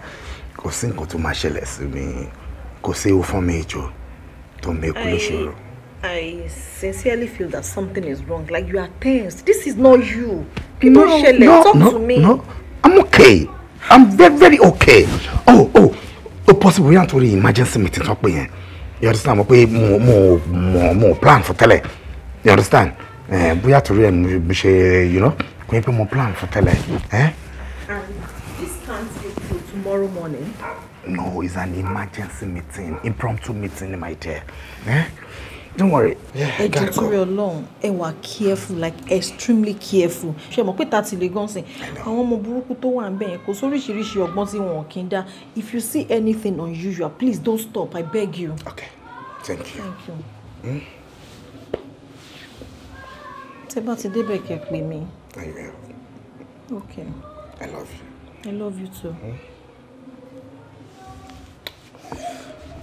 Kò sí nǹkan tó máa ṣẹlẹ̀ sí mi. Kò sí ewu fún mi ìjọ tó ń mẹ́kú lóṣòro. I sincerely feel that something is wrong. Like you are tense. This is not you. People no, Shelley, no, talk no, to me. No, I'm okay. I'm very, very okay. Oh, oh, oh, possible we to the emergency meeting talk with You You understand? We more, more, more, more plan for tele. You understand? Eh, bóyá torí ẹ̀ mo you know, we have pé mo plan for tele. Eh? And this can't be till tomorrow morning. No, it's an emergency meeting, impromptu meeting, my dear. Eh? don't worry. ẹ jẹ́ torí Ọlọ́run ẹ wà careful like extremely careful ṣe mọ̀ pé ta ti lè gan sìn àwọn ọmọ burúkú tó wà ń bẹ̀ yẹn kò sóríṣiríṣi ọgbọ́n tí wọn kì í dá if you see anything unusual please don't stop i beg you. okay thank you. thank you. Mm? tẹ bá ti débẹ̀ kẹ́ pè mí. I will. Okay. I love you. I love you too. Mm-hmm.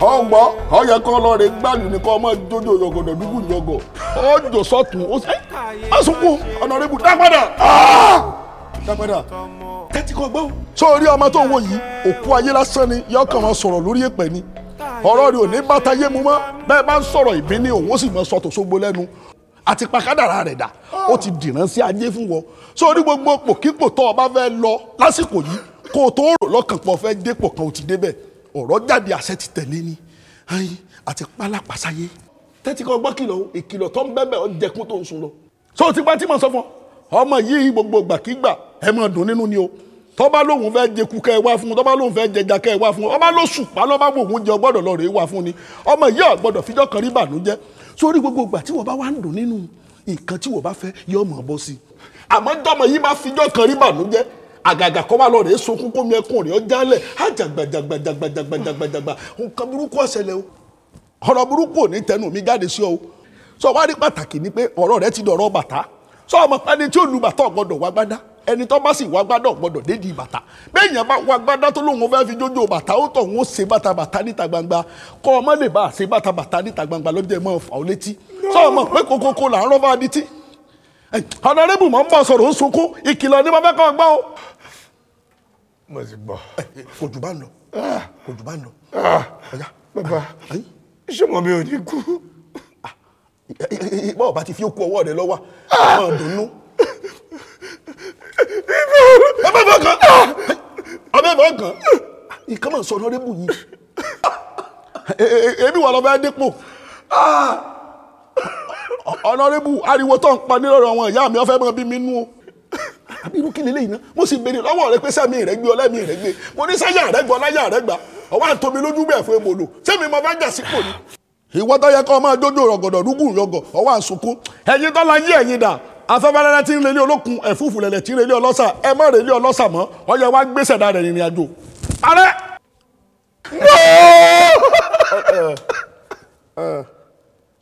ọgbọ ọyẹ kọ lọrẹ gbàlù ní kọ ọmọ jojo yọgọdọ dúkù yọgọ ọjọ sọtún ó sì ọsùnkún ọ̀nàrẹ́bù dápadà ah! dápadà tẹ́tí kan gbọ́. sórí ọmọ tó ń wò yìí òkú ayé lásán ni yọ kàn máa sọ̀rọ̀ lórí èpè ni ọ̀rọ̀ rẹ̀ ò ní bàtà yé mu mọ́ bẹ́ẹ̀ bá ń sọ̀rọ̀ ìbí ní òun ó sì mọ sọ̀tò sógbó lẹ́nu àti pàkádàrà rẹ̀ dà ó ti dìran sí ajé fún wọn sórí gbogbo pòkípò tó o bá lọ lásìkò yìí kó o tó rò lọ́kàn pọ̀ fẹ́ dépò kan ò ti débẹ̀ ọ̀rọ̀ jáde àṣẹ ti tẹ̀lé ni ayin àti pálápàsáyé. tẹ́tí kan gbọ́ kìlọ̀ ìkìlọ̀ tó ń bẹ́bẹ̀ ọ́ jẹkún tó ń sun lọ. so tipa tí mo sọ fún ọ ọmọ yìí gbogbo gbàkígbà ẹ máa dùn nínú ni o tọ́ba lòun fẹ́ jẹku kẹ́ ẹ wá fún un tọ́ba lòun fẹ́ jẹja kẹ́ ẹ wá fún un ọba ló ṣùpá lọ́ba wòun jẹ ọgbọ́dọ̀ lọ́ọ́ rẹ̀ wá fún ni ọmọ yìí ọ̀gbọ́dọ̀ fíjọ́ kan rí bànújẹ́ sórí gbogbo ìgbà tí wọ́n bá wá ń dùn nínú nǹkan tí wọ́n bá fẹ́ yọ ọmọ bọ́ sí i àmọ́ tọ́mọ yìí bá fíjọ́ kan rí bànújẹ́ àgàgà kọ́ wà lọ rèé sunkún kó mi ẹkún rèé ó jálẹ̀ àjàgbàjàgbàjàgbàjàgbàjàgbà nǹkan burúkú ọ̀sẹ̀lẹ̀ o ọ̀rọ̀ burúkú ò ní tẹnu mi jáde sí ọ o sọ wá rí pàtàkì ni pé ọ̀rọ̀ rẹ ti dọ̀rọ̀ bàtà sọ ọmọ pẹ́ni tí òlu bàtà ọ̀gbọ́dọ̀ wá gbádá ẹni tó bá sì wá gbádá ọ̀gbọ́dọ̀ dédìí bàtà bẹ́ẹ̀ yẹn bá wá gbádá tó lóun fẹ́ fi jójó bàtà ó tọ̀ ń ṣe bàtà bàtà níta gbangba kọ́ ọmọ lè bá ṣe bàtà bàtà níta gbangba lọ́jọ́ ẹ̀ mọ́ ọ̀fà ó létí sọ ọmọ pé kókókó là ń rọ́ bá a di tí ọ̀nà rẹ́bù mọ́ ń bọ̀ sọ̀rọ̀ ó sunkún ìkìlọ̀ mo ti gbọ́. kò jù bá ń lọ ah. kò jù bá ń lọ. Ah. bàbá ah. ṣọmọ mi ò ní kú. báwo bá ti fi okú ọwọ́ rẹ lọ́wọ́ àwọn ọ̀dùnnú. ọbẹ̀ bọ̀ kan ọbẹ̀ bọ̀ kan ìkan máa ń sọ ọ̀nàrẹ́bù yìí e, e, e, èmi wà lọ́bẹ̀ dípò ọ̀nàrẹ́bù ariwo tó ń pa nílọ̀rọ̀ àwọn ìyá mi ó fẹ́ mọ́ bí mi nú o àbí irú kí lélẹ́yìn náà mo sì béèrè lọ́wọ́ rẹ pé sẹ́mi rẹ gbé ọlẹ́mi rẹ gbé mo ní sáyà rẹ gbọ́ láyà rẹ gbà ọwọ́ àtọ́mi lójú bẹ́ẹ̀ fún emolo sẹ́mi mo bá jà sípò ni. ìwọ tó yẹ kó máa jójó rọgọdọ rúgù rọgọ ọwọ́ àsunkún ẹ̀yin tó la yí ẹ̀yin dà afẹ́fẹ́lẹ́lẹ́ tí ń relé olókun ẹ̀fúùfù lẹ̀lẹ̀ tí ń relé ọlọ́sà ẹ má relé ọlọ́sà mọ́ ọyẹ wa gbèsè dá rẹ̀ rìnrìn àjò. ààrẹ.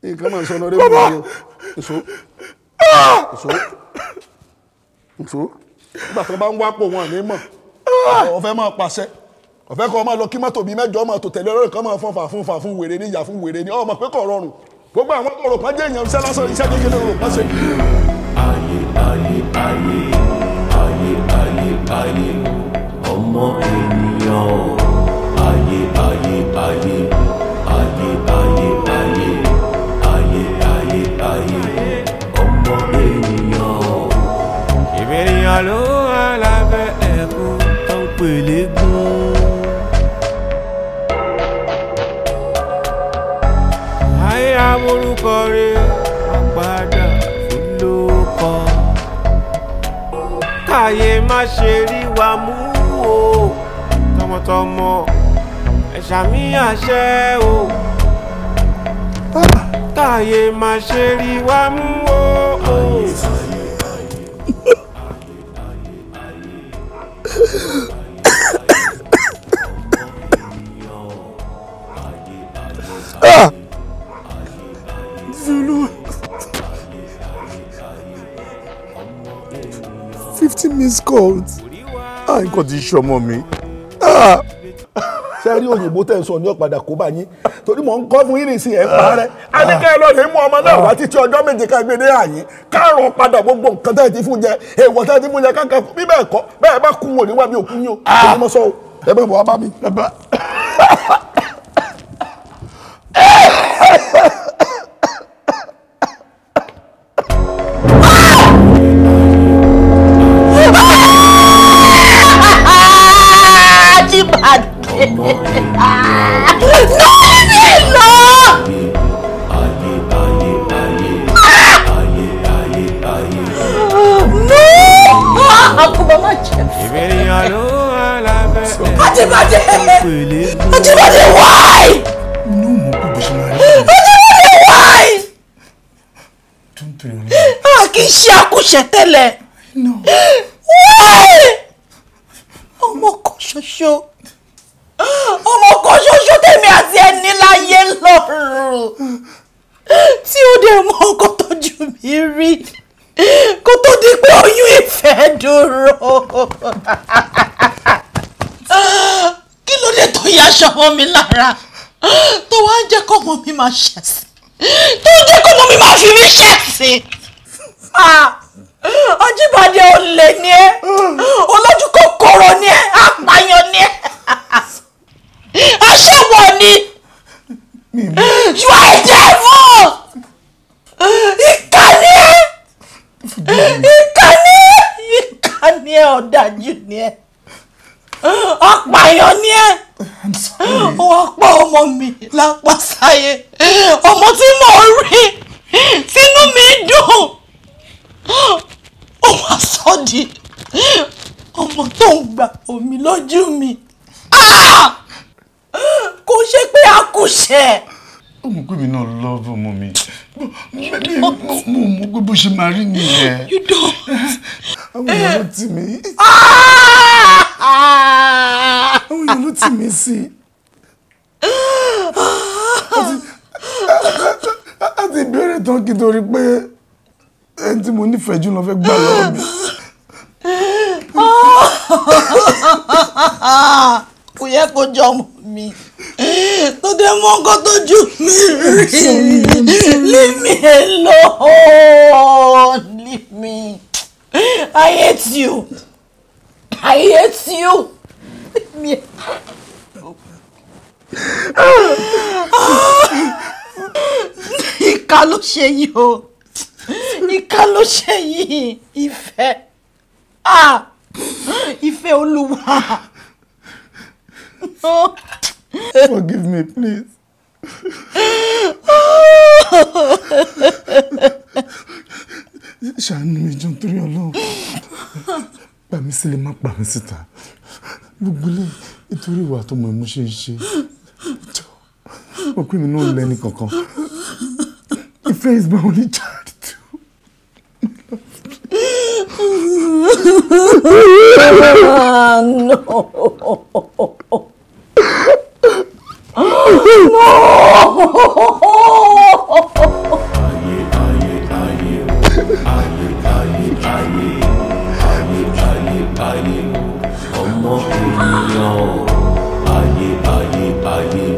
nǹkan máa ń sọ ọ́nà rẹ̀ mú mi nígbà tó bá ń wápò wọn ní mọ̀ ah! ó máa pàṣẹ ó fẹ́ kọ́ lọ kí mọ́tò bíi mẹ́jọ máa tò tẹ̀lé ọlọ́run kan máa fọ́n fà fún fà fún wèrè ní ìyà fún wèrè ní ọmọ pé kò rọrùn gbogbo àwọn ọ̀rọ̀ kan èèyàn iṣẹ́ lásán iṣẹ́ kékeré ọ̀rọ̀ kan ayé ayé ayé ayé ayé ayé ọmọ ènìyàn ayé ayé ayé. kọ́rí àpáàdà fúlùkọ. káyé má ṣe rí wa mú o tọmọtọmọ ẹ̀ṣà mi àṣẹ o. káyé má ṣe rí wa mú o. Ah! fifty missed calls ah nǹkan ti ṣọmọ mi. Ah. ṣé rí òyìnbó tẹ̀ ń sọ ní ọ̀padà kó bá yín torí mò ń kọ́ fún yín nìsín ẹ̀ pa rẹ̀ adékẹ́ ọlọ́run mú ọmọ náà wá ah. títí ọjọ́ méje ká gbédé àyín káàrọ̀ padà gbogbo nǹkan tẹ̀ ti fún jẹ èèwọ̀ tẹ̀ ti fún jẹ káàkiri bí bẹ́ẹ̀ kọ́ bẹ́ẹ̀ bá kú wọn níwájú òkú yín o ah. èyí mo sọ o ẹ bẹ́ẹ̀ bọ̀ wá bá mi. much tì mí òun yìí ló tì mí sí i àti ìbéèrè tán kí torí pé ẹni tí mo nífẹ̀ẹ́ jù lọ fẹ́ gbà lọ́wọ́ mi. kò yẹ kó jọ ọmọ mi tó dé mọ nǹkan tó jù mí rí leave me alone leave me. I hate you. I hate you. Leave me. Ìkà ló ṣe yìí o. Ìkà ló ṣe yìí. Ìfẹ́. Ah. Ìfẹ́ Olúwa. Forgive me, please. ṣàánú mi jọ nítorí ọlọ́run gbà mí sílẹ̀ má pa mí síta gbogbo ilé nítorí ìwà tó mọ̀ ẹ́ mú ṣe ń ṣe jọ òkú mi náà lẹ́ni kankan ìfẹ́ is my only child too. no. no! ayé ayé ayé ayé ayé ayé ọmọ ènìyàn ayé ayé ayé.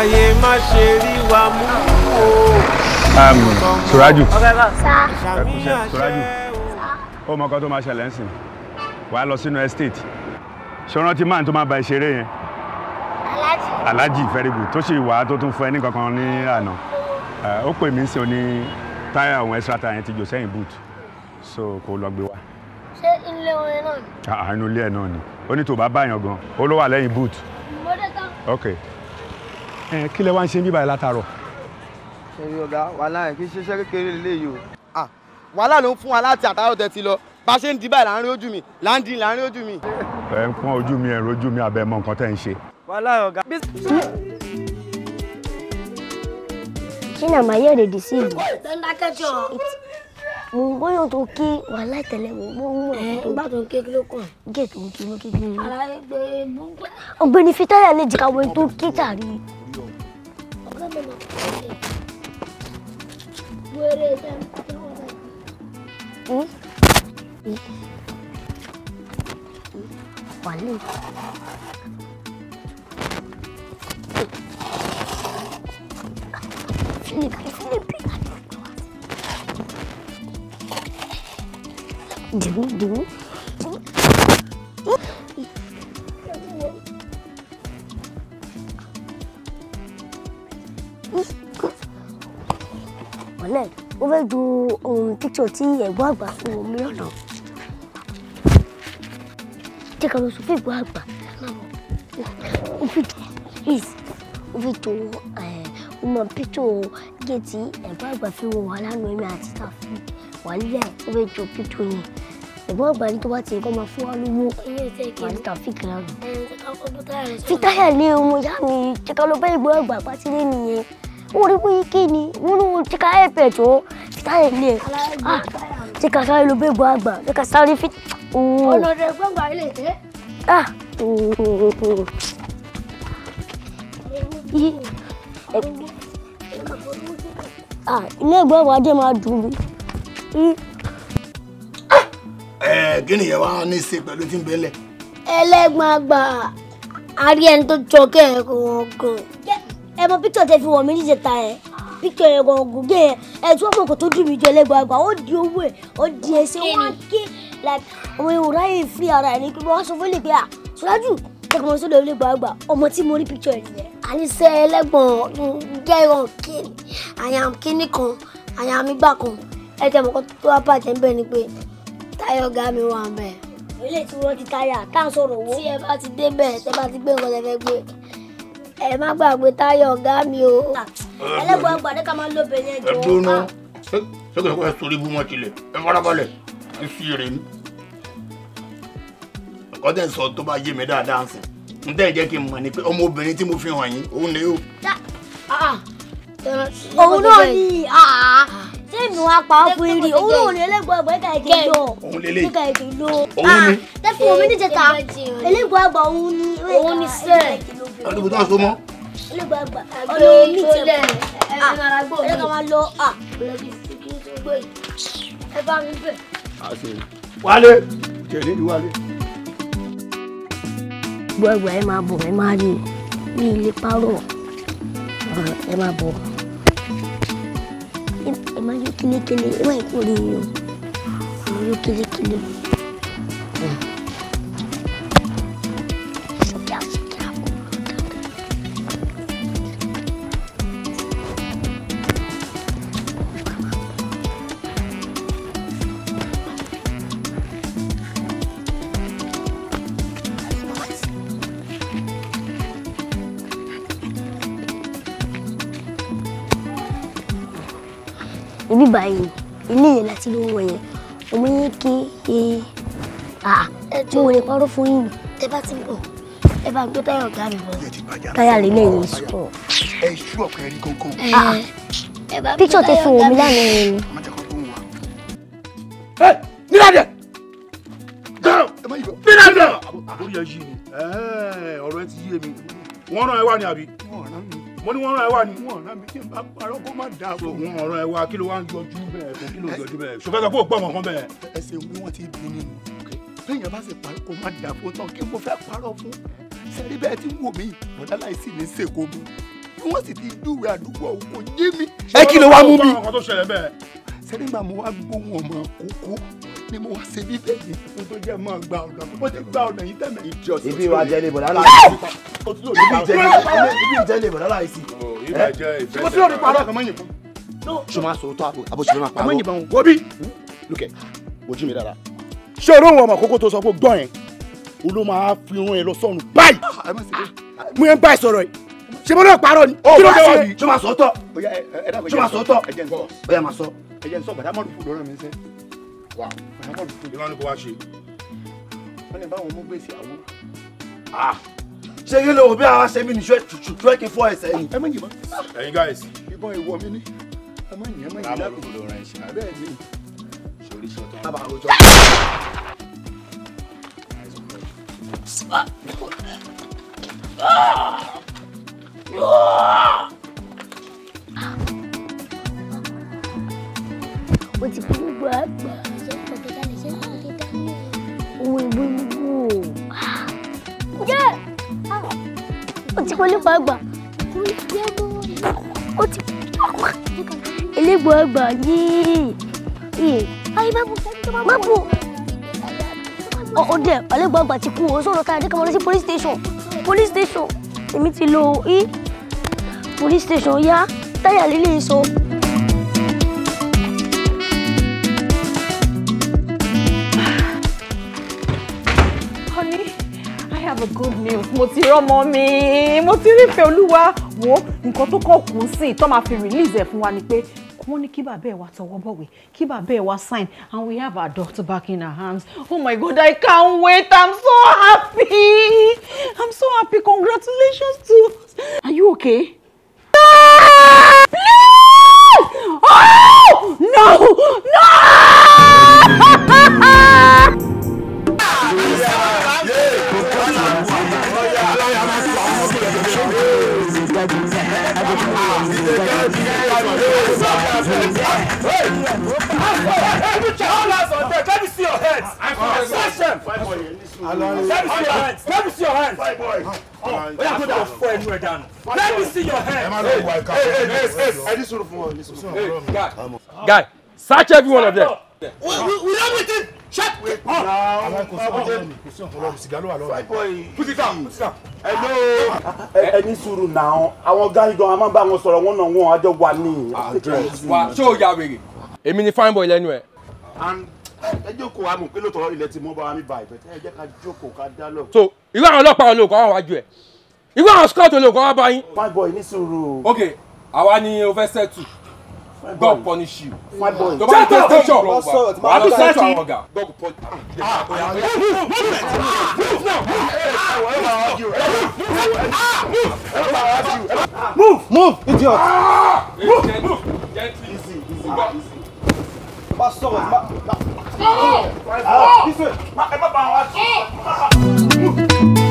káyé má ṣe rí wa mú o. Suraju Suraju ó mọ nǹkan tó máa ṣẹlẹ̀ ń sìn wàá lọ sínú estate ṣọ́nà tí máà tó máa ba ìṣeré yẹn Alhaji very good tó sì wà tó tún fún ẹ ní kankan ní àná ó pè mí sí o ní táyà òun extra táyà yẹn ti jò sẹ́yìn boot so kò lọ gbé wa. ṣé ilé orin náà ni. àánú ah, ilé ẹ náà ni ó ní tó bá báyàn gan ó ló wà lẹ́yìn boot. mo tán. okay kí lẹ wá ń ṣe bíbáyìí látàárọ̀. ṣèyí ọ̀gá wàhálà ẹ̀ kì í ṣiṣẹ́ kékeré lélẹ́yìí o. wàhálà ló ń fún wa láti àtàrọ̀ tẹ ti lọ bá ṣe ń di báyìí láàrin ojú mi láǹdì láàrin ojú mi. ẹ ń pọ́n ojú mi ẹ ń rojú mi àbẹ mọ nǹkan tẹ́ ń ṣe. wàhálà ọ̀gá. ṣínà máa yẹ̀ lè dì sí ìlú. tẹ́ńdákẹ́jọ́. mo ń bóyá tó kí wàhálà ìtẹ̀lẹ̀ mo ń bó ń mọ̀. nígbà tó ń ké kí ló kàn. géètì mo kí ló kí kí ló. ọ̀gbẹ́ni Fitayo lè jẹ́ káwọn tó kí tàrí. de la calle. Muere ya. ¿Eh? ¿Cuál es? 누구 누구? lẹ̀ mo fẹ́ ju ohun píkṣọ̀ tí ẹ̀gbọ́n àgbà fún omi ọ̀nà jẹ́ ká lọ sọ fún ẹ̀gbọ́n àgbà mo fi tó mo fi tó ọmọ píkṣọ̀ géètì ẹ̀gbọ́n àgbà fún wọn wà lánàá èmi àti tàfí wà nílẹ̀ mo fẹ́ ju píkṣọ̀ yẹn ẹ̀gbọ́n àgbà ní tó bá ti kọ́ máa fún wa lówó wà ní tàfí kìláàrù fi táyà lé ọmọ yá mi jẹ́ ká lọ bá ẹ̀gbọ́n àgbà pátí lé nìyẹn. 우리 끼니 우리 치카 에페 줘 치카 에네 아 치카 사이 로베 과바 치카 사리 핏 오. 오늘의 과바 이래 돼? 아. 이. Ah, ilé ìgbọ́ wa jẹ́ máa dùn mí. Ẹ kí nìyẹn wá ní ṣe pẹ̀lú tí ń bẹ́lẹ̀. Ẹlẹ́gbọ̀n ẹ mọ píkítọ̀ tẹ fi wọ̀n mí níjẹta yẹn píkítọ̀ yẹn gan gògé yẹn ẹ tí wọ́n mọ̀ kó tó dùn mí jẹ lẹ́gbàgbà ó di owó ẹ̀ ó di ẹsẹ̀ wọn ké like ọmọ ìwòrán yìí fi ara ẹ̀ ní pé wọ́n sọ fún lè pé à ṣọlájú tẹkùnmọ́ sọ́dọ̀ lẹ́gbàgbà ọmọ tí mo rí píkítọ̀ yẹn àníṣe ẹlẹ́gbọ̀n gẹ́rọ̀ kíni àyàm kíní kan àyàm igbá kan ẹ tẹ tó wá bàjẹ́ ńbẹ̀ ni pé táyọ̀ ọ̀gá mi wà ńbẹ̀. ilé tí ti táyà táà sọ̀rọ̀ owó. tí ẹ bá ti débẹ̀ tẹ bá ti gbé nǹkan tẹ fẹ́ gbé ẹ má gbàgbé táyọ̀ ọ̀gá mi o. Ah, ẹlẹ́gbọ̀n gbàdé ká máa ń lóbìnrin yẹn jọ. ẹ dúró ah. ṣé kò ẹ sórí ibú mọ́ tilẹ̀ ẹ farabalẹ̀ ẹ sí èrè mi. ẹ̀kọ́ tẹ̀ sọ tó bá yé mi dáadáa sìn n tẹ́ ẹ kí n mọ̀ ni pé ọmọbìnrin tí mo fi hàn yín òun ni o. Ah, òun náà ni sẹ́mi wa pa ọ́ fún irin òun ò ní ẹlẹ́gbọ̀n àgbà ẹ̀ka ẹ̀kẹ́ lọ òun lélẹ̀ ẹ̀ka ẹ̀kẹ́ lọ òun ni tẹ́fù omi níjẹta ẹlẹ́gbọ̀n àgbà òun ni òun ni sẹ́ẹ̀ ọdún bùtọ́ àtó mọ́. olówó mi tẹ ẹ ah, ẹ ká máa lọ ah, à ẹ bá mi bẹ. wálé jẹ̀lé ni wálé. gbọ́dọ̀ ẹ máa bọ̀ ẹ máa rí ní ilé párọ̀ ẹ máa bọ̀ ẹ máa yọ kílékílé ẹ máa yọ kílékílé. báyìí ilé yẹn láti ló ń wọ yẹn ọmọ yẹn ké ẹ tí mo lè parọ́ fún yín tẹ bá ti bọ̀ ẹ bá gbé táyà ọ̀gá mi bọ̀ táyà lè lè yín sùn. ẹ ṣú ọ̀pẹ rí gángan. píṣọ̀ tẹ fún omi lánàá yẹn ni. ẹ nílàdẹ nílàdẹ. àbórí ẹ yí ni ọ̀rọ̀ ẹ ti yé mi wọ́n rán ẹ wá ni àbí mo ní wọ́n rán ẹ ni. wọ́n rán mi kí n bá parọ́ kó má dáa bò. wọ́n rán ẹ kí ló wá ń yọjú bẹ́ẹ̀ kò kí ló yọjú bẹ́ẹ̀ ṣòfẹ́ sọ gbọ́ ọmọ bẹ́ẹ̀. ẹsẹ̀ wí wọ́n ti dun nínú téèyàn bá sì parọ́ kó má dáa fún tán kí mo fẹ́ parọ́ fún sẹ́rí bẹ́ẹ̀ tí ń wò mí bọ̀dá láìsí ní sèkó mi bí wọ́n sì ti dúwe àdúgbò kò yé mi. ẹ kí ló wá mú mi. sẹ́rí ni mo wá sí bíbẹ̀ yìí mo tó jẹ́ mọ́ gba ọ̀nà mo ti gba ọ̀nà yìí tẹ̀mẹ̀ yìí jọ sí. ibi wa jẹ lè bọ̀ lálá yìí ibi jẹ lè bọ̀ lálá yìí sí. mo ti lórí parọ́ kan mọ́yìn fún. ṣé máa sọ̀rọ̀ tó àbò àbò ṣe ló máa parọ́. àmọ́ ìyìnbọn wo bí. lókè ojú mi dára. ṣé oró wọn ọmọ kókó tó sọ pé gbọ́n yẹn olú máa fi irun ẹ lọ sọ́run báyìí. Ah, mo yẹn báyìí sọ̀rọ̀ yìí ṣe mo náà parọ́ ni oh, kí ló ṣe ṣe máa sọ tọ́ ṣe máa sọ tọ́ ṣe máa sọ. ẹ jẹ́ n sọ gbàdámọ́rù fún lọ́rọ̀ mi sẹ́ wa ọ̀yàpọ̀ ni kò wá ṣe. wọ́n ní báwọn mú gbèsè àwọn. ṣé kí ló wò bí àwa ṣe mí ní ṣúẹ́kì fọ́ ẹsẹ̀ yìí. ẹ má yìnbọn. ẹ̀yin guys. ìbọn ìwọ mi ní. ẹ má yìn ẹ má yìn lábẹ́. àmọ́ ló rán iṣẹ́ náà. bẹ́ẹ̀ ni. sori sọtọ. bàbá àròjọ. Ah! ah! ó ti kú gbogbo àgbà. òun ìbú ìbú o. yẹ ó ti kú nípa àgbà. ó ti elégbò àgbà ní mábù ọdẹ elégbò àgbà ti kú o sọ̀rọ̀ káyọ̀dé kan lọ sí police station police station èmi ti lọ police station yá táyà lílé sọ. So. have a good news mo ti rọ́mọ mi mo ti rífẹ́ olúwa wo nǹkan tó kọ̀ kù sí tó máa fi release ẹ̀ fún wa ni pé wọ́n ní kí bàbá ẹ̀ wá tọwọ́ bọ̀wé kí bàbá ẹ̀ wá sign and we have our daughter back in our hands oh my god i can't wait i'm so happy i'm so happy congratulations to us are you okay. please oh no no. Let me see your hands. Let me see your hands. Five boy. Ó yà kó dà fọ ẹnu ẹ̀ Let me see your hands. Ẹ má lọ wá ẹ̀ka. Ẹ ní sùúrù fún wọn ní sùúrù. Guy, search every one of them. We we don wait till shut up. Put it down. Put it down, Hello. Any suru now? I want guys go an máa ń bá wọn sọ̀rọ̀ wọn náà wọn àjọ wà ní. Ṣé o yà wèrè? Èmi fine boy lẹ́nu And ẹ jókòó àmọ̀ pé lóòótọ́ ilẹ̀ ti mọ́ bá wa mi báyìí bẹ́ẹ̀ ẹ jẹ́ ká jókòó ká dá lọ. so irú àwọn ọlọ́pàá olóòkọ́ wà wájú ẹ̀ irú àwọn scout olóòkọ́ wà báyìí. fine boy ní sùúrù. ok àwa ni o fẹ́ settle God punish you. fine boy tó bá tẹ station wà á tún sẹ́tù àwọn ọ̀gá. God punish you. move move idiot. move move. gently easy easy easy. Passou, mas... Ei! Ah, isso! Mas é pra baixo! Ei!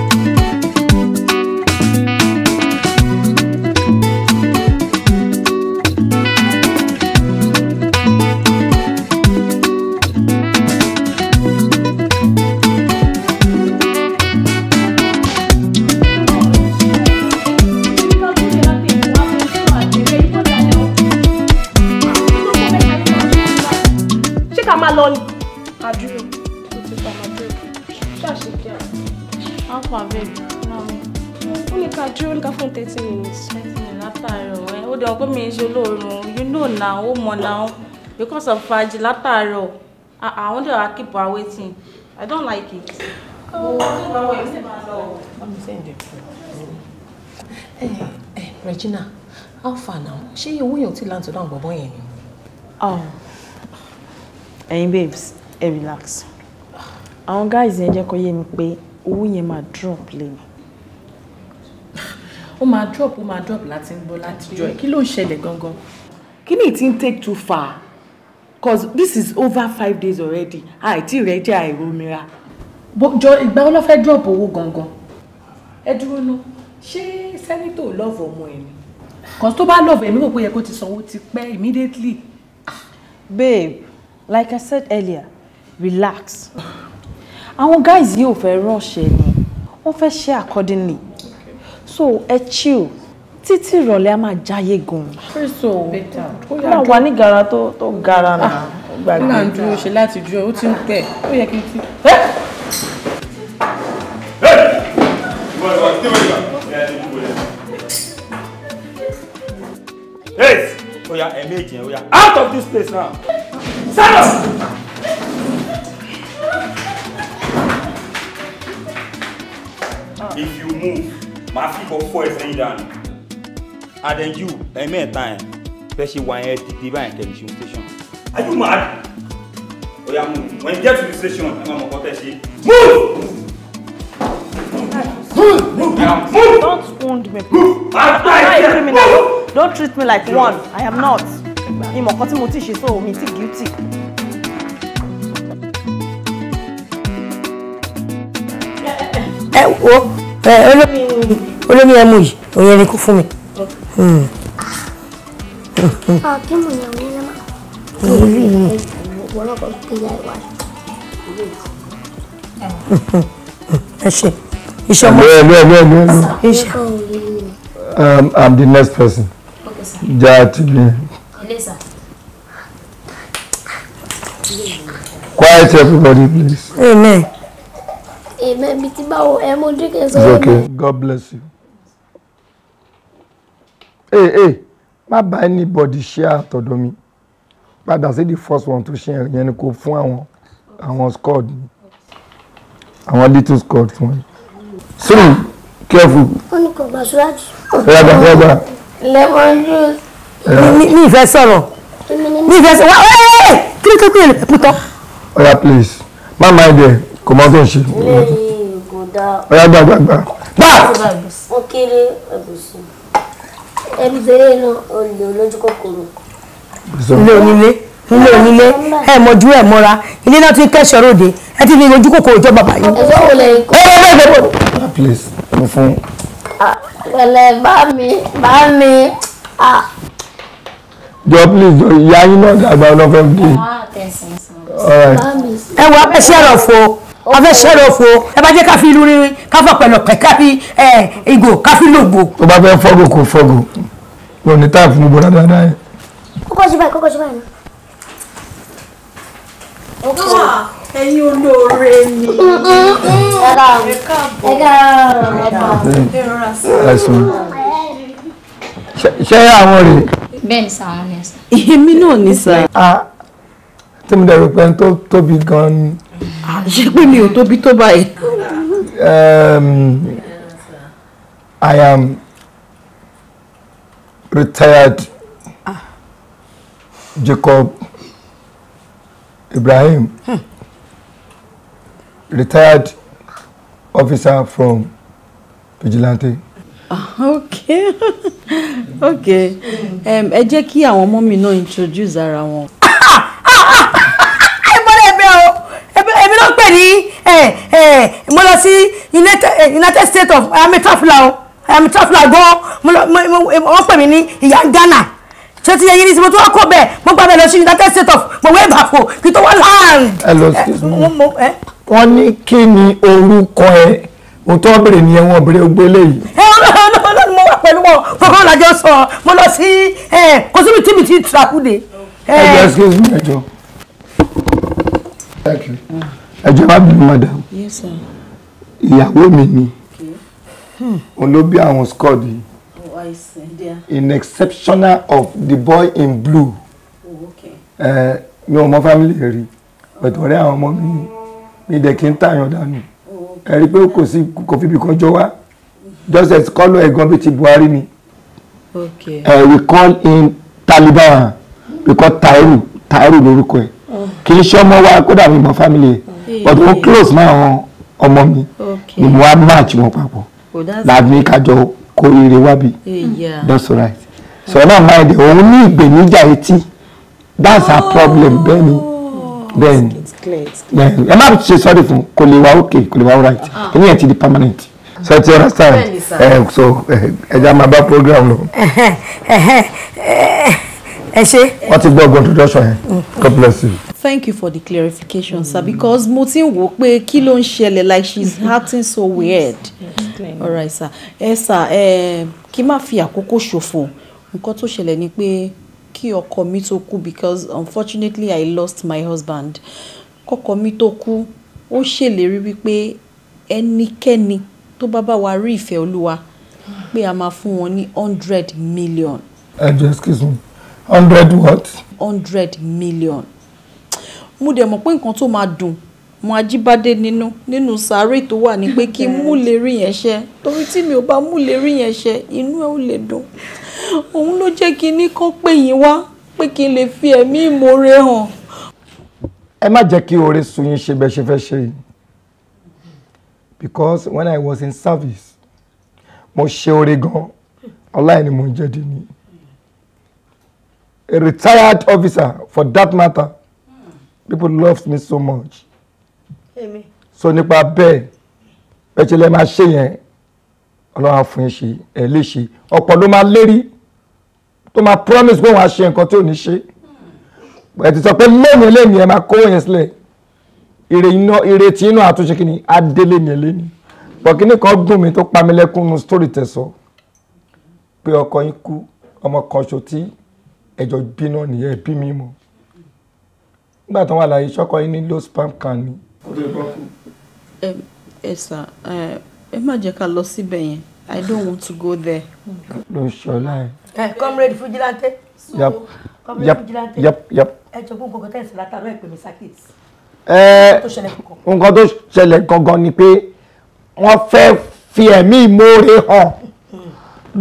máa lọ ni. àdúró tó ti pa àdúró ṣáṣe kí a. alpha babe náà mi. ó ní ká dúró ní ká látàárọ̀ ẹ eh? ó dẹ̀ mi ṣe olóòórùn you know now. ó mọ̀ na because of fàájì látàárọ̀ ah, I wonder I keep her waiting I don't like it. Oh, eh, eh, Regina, how far now? Ṣé owó yẹn ò tí láǹtọ̀ náà gbọ̀gbọ́n yẹn ni? Oh ẹ̀yin babes ẹ relax àwọn guys yẹn jẹ́ kó yé mi pé owó yẹn máa drop lẹ́nu. ó máa drop ó máa drop láti ń gbọ́ látijọ́ ẹ̀ kí ló ń ṣẹlẹ̀ gangan. kí ni ìtí ń take too far cause this is over five days already àìtí rẹ jẹ́ àìrómira. jọ ìgbà wo ló fẹ́ drop owó gangan. ẹ dúró ná ṣé sẹ́nitọ̀ lọ́ọ̀fù ọmọ ẹ̀ ni. cause tó bá lọ́ọ̀fù ẹ̀mí kò pé yẹ kó ti sanwó ti pẹ́ immediately. babe like I said earlier relax àwọn guys yìí ò fẹ́ rush ẹ ni wọ́n fẹ́ ṣe accordingly so ẹ chill títí ìrọ̀lẹ́ a máa jáyé gan-an. kristo máa wà ní gara tó tó gara náà. Ah, ó náà ń dúró ṣe láti dúró ó ti ń pẹ́ ó yẹ kí n ti. Yes! Oya, ẹ̀ méjì yẹn, oya, out of this place now! Silence! If you move, my feet will fall sẹ́yìn dànù. And then you, ẹ̀mẹ́ẹ̀ta ẹ̀ bẹ́ẹ̀ ṣe wà yẹn dìde báyìí tẹ̀lifíṣàn station. Are you mad? Oh yeah, move. When you get to the station, I'm máa mọ̀ kọ́ tẹ̀ Move! Move! Move! Move! Don't wound me. Move! I'm not a criminal. Don't treat me like one. I am not ìmọ̀ hmm. ah, um, I'm the next person. Okay, sir. Jaa Tibi. Quiet everybody, please. Amen. Amen. It's okay. God bless you. Hey, hey, ma, buy anybody share tọ̀dọ̀ me. But that's the first one to share yẹn ni kò fún àwọn àwọn squad. Àwọn little squad fún ẹ. So, careful. Wọ́n ní kò gbà síwájú. Rárá, rárá. Lemon juice ní ìfẹ́ sọ̀rọ̀ ní ìfẹ́ sọ̀rọ̀ wá ẹ́ẹ́ kí ló tó kúrò lẹ́pẹ́ please má má ẹ̀ dẹ̀ kò mọ́ tó ń ṣe. ọ̀yà gbà gbà gbà. bá ó kéré ẹ̀bùsùn ẹbí bèrè náà olè olójú kòkòrò. ilé onílé ilé onílé ẹ mọjú ẹ mọra ilé náà tún kẹsàn-án ròde ẹ ti fi ojú kòkòrò jọ bàbá yìí. ẹ̀fọ́ wo lẹ́yìn kọ́. ẹ bẹ́ẹ̀ bẹ́ẹ̀ bẹ́ẹ̀. please mo fún. Ah, pẹ̀lẹ́ bá mi bá mi. Ah jọ please ìyá yín náà dàgbà ọlọ́fẹ́ bí. Ah, ẹ wọ abẹ́ ṣẹ́rọ̀ fo abẹ́ ṣẹ́rọ̀ fo ẹ bá jẹ́ ká fi ìlú rírin ká fọ pẹ̀lọpẹ̀ ká fi ìgò ká fi lògbò. tó bá fẹ́ fọ́gò kò fọ́gò lọ ní táà fún gbogbo dáadáa yẹn. kókó ṣe báyìí kókó ṣe báyìí. ọkọ ẹ̀yin olóore ni. ẹ káàbọ̀ ẹ káàbọ̀ ẹ káàbọ̀ ẹ rọra sí. ṣé àwọn rèé bẹ́ẹ̀ ni sà àwọn ni sà. èmi náà ni sà. a ah, tí mo dẹ̀rù pé tó tóbi gan ni. ṣé pé mi ò tóbi tó báyìí. I am retired Jacob Ibrahim hmm. retired officer from Vigilante. Ah, okay, ok ẹ jẹ́ kí àwọn ọmọ mi náà introduce ara wọn. ẹ mọ́lẹ̀ ẹ̀bẹ̀ o èmi ló pè ní mo lọ sí United States of I am a traveller o a traveller gan wọ́n pè mí ní ìyá Ghana ṣé ti yẹ yín ní sinmi tí wọ́n kọ́ bẹ́ẹ̀ mo gbà bẹ́ẹ̀ lọ sí United States of mo wé ìbàfọ̀ land. ẹ lọ sí mi wọ́n ní kí ni orúkọ ẹ òun tó bèrè ni ẹ̀wọ̀n bèrè ogbó eléyìí. ẹ ọlọ́run mo wà pẹ̀lú wọn kọ́kọ́ làjọ sọ mo lọ sí kò síbi tíbi tí tìràkúdè. ẹ jẹ́ excuse me ẹ jọ̀ọ́ ẹ jọ̀ọ́ bá bẹ̀rẹ̀ madam ìyàwó mi ni òun àwọn squad yìí oh, in exceptional of the boy in blue oh, mi ò mọ family rí pẹ̀tọ́rẹ́ àwọn ọmọ mi ní ìdẹ̀kí ń tàyàn dànù ẹ rí i pé kò sí kò fi ibi jọ wá just as kọ́lọ̀ bíi ti Buhari ni eh, we call him Taliban because Tairu Tairu lórúkọ ẹ̀ oh. kì í ṣọmọ wa kódà mi mọ family ẹ̀ but mo close mọ́ àwọn ọmọ mi ni mo wá match wọn papọ̀ oh, làbí kájọ kórìíre wábi that's right so náà máa dẹ̀ òun ní ìgbèníjà etí that's her problem bẹ́ẹ̀ ni oh, ẹ Yeah. I'm sọ́ọ̀dì fún kò lè wá òkè kò lè wá right ẹni ah. ẹ̀ ti permanent so eh, eh, ẹ ti understand so ẹ já máa bá program now. What is wọ́n ti gbọ́ ọgbọ́n tó mm. God bless you. Thank you for the clarification, mm. sir. Because mo ti ń wò pé like she's mm-hmm. acting so mm-hmm. weird. Yes, All right, sir. Ẹ sà ẹ kí koko fi àkókò ṣòfò. Nǹkan tó ṣẹlẹ̀ ni pé kí because unfortunately I lost my husband ọkọ mi tó kú ó ṣèlérí wípé ẹnikẹ́ni tó bá bá wa rí ìfẹ́ olúwa pé a máa fún wọn ní hundred million. ẹ jẹ́ excuse me hundred what. hundred million. mo dẹ̀ mọ̀ pé nǹkan tó máa dùn mo ajíbádé nínú nínú sàárè tó wà ní pé kí n mú lè rí yẹn ṣe torí tí mi ò bá mú rí yẹn ṣe inú ẹ ò lè dùn òun ló jẹ́ kí n ní kán pè yín wá pé kí n lè fi ẹ̀mí ìmoore hàn ẹ má jẹ́ kí oore sú yín ṣe bẹ́ẹ̀ ṣe fẹ́ ṣe because when I was in service mo ṣe oore gan ọláì ni mo ń jẹ̀dí ni a retired officer for that matter people loved me so much Amen. so nípa bẹ́ẹ̀ bẹ́ẹ̀ ṣe lẹ́ máa ṣe yẹn ọlọ́run á fún yín ṣe ẹ̀ lè ọ̀pọ̀ ló máa lérí tó máa promise pé òun á ṣe nǹkan tí ò ní ṣe ẹ ti sọ pé lẹ́yìn lẹ́yìn ẹ máa kó yẹn sílẹ̀ ìrètí inú àtúnṣe kìíní adélé ni ẹlẹ́ni bọ̀kínì kan dùn mí tó pa mí lẹ́kún nu sítórì tẹ̀sọ́ pé ọkọ yín kú ọmọ kan ṣo tí ẹ̀jọ̀ bí náà nìyẹn bí mi mọ̀ nígbà tó wà láyé ṣọ́kọ yín ní low spam can ni. ẹ sà ẹ má jẹ́ ká lọ síbẹ̀ yẹn I don't want to go there. ló ń ṣọlá ẹ. ẹ comrade fujilante. yap yap yap ẹ jọ gbogbo nǹkan tẹ̀sí látàrọ ìpè mi sákìtì. ẹ nǹkan tó ṣẹlẹ̀ gangan ni pé wọ́n fẹ́ fi ẹ̀mí ìmoore hàn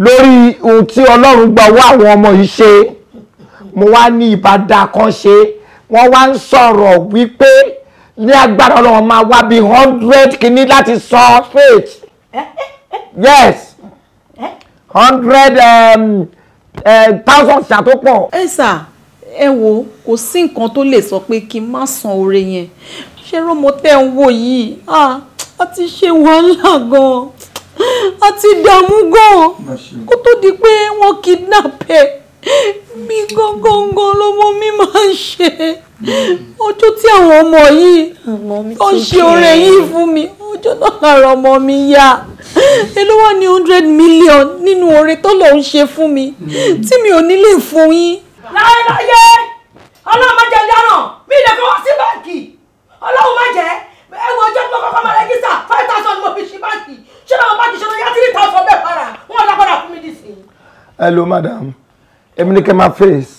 lórí ohun tí ọlọ́run gba owó àwọn ọmọ yìí ṣe mo wá ní ìbàdàn kan ṣe wọ́n wá ń sọ̀rọ̀ wípé ní agbára ọlọ́run máa wá bí hundred kìíní láti sọ faith eh, eh, eh. yes hundred um, thousand ṣàtúpọ̀. ẹ sà ẹ wo kò sí nǹkan tó lè sọ pé kí n má san oore yẹn ṣé rọmọ tẹ́ ń wò yìí a ti ṣe wàhálà gan a ti dààmú gan kó tó di pé wọ́n kidnap ẹ mi gangan lọmọ mi máa ń ṣe ọjọ́ tí àwọn ọmọ yìí tó ṣe oore yìí fún mi ọjọ́ náà lára ọmọ mi yá èló wà ní hundred million nínú oore tó lọ́ọ́ ń ṣe fún mi hmm. tí mi ò ní lè fún yín láyé ọlọ́run má jẹ́ ìdáràn mi lè fọwọ́ sí báǹkì ọlọ́run má jẹ́ ẹwọ ọjọ́ tí mo kọ́kọ́ máa rẹ́gísà five thousand mo fi ṣí báǹkì ṣé làwọn báǹkì ṣe lóyún àti ìta ọ̀sán bẹ́ẹ̀ para wọn dá padà fún mi dì sí. hello madam èmi ni kẹ́ máa face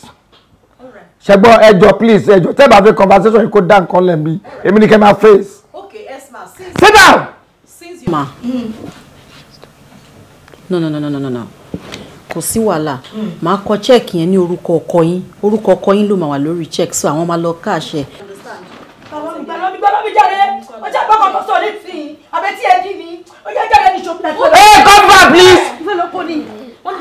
ṣẹgbọn ẹjọ please ẹjọ tẹ́ bá fẹ́ conversation yìí kó dá nǹkan lẹ̀ mí èmi ni kẹ́ face. okay yes since. sit down. since you. ma mm. no no no no no no kò sí wàhálà màá kọ check yẹn ní orúkọ ọkọ yín orúkọ ọkọ yín ló máa wà lórí check so àwọn máa lọ káàṣẹ. ẹ come back please. wo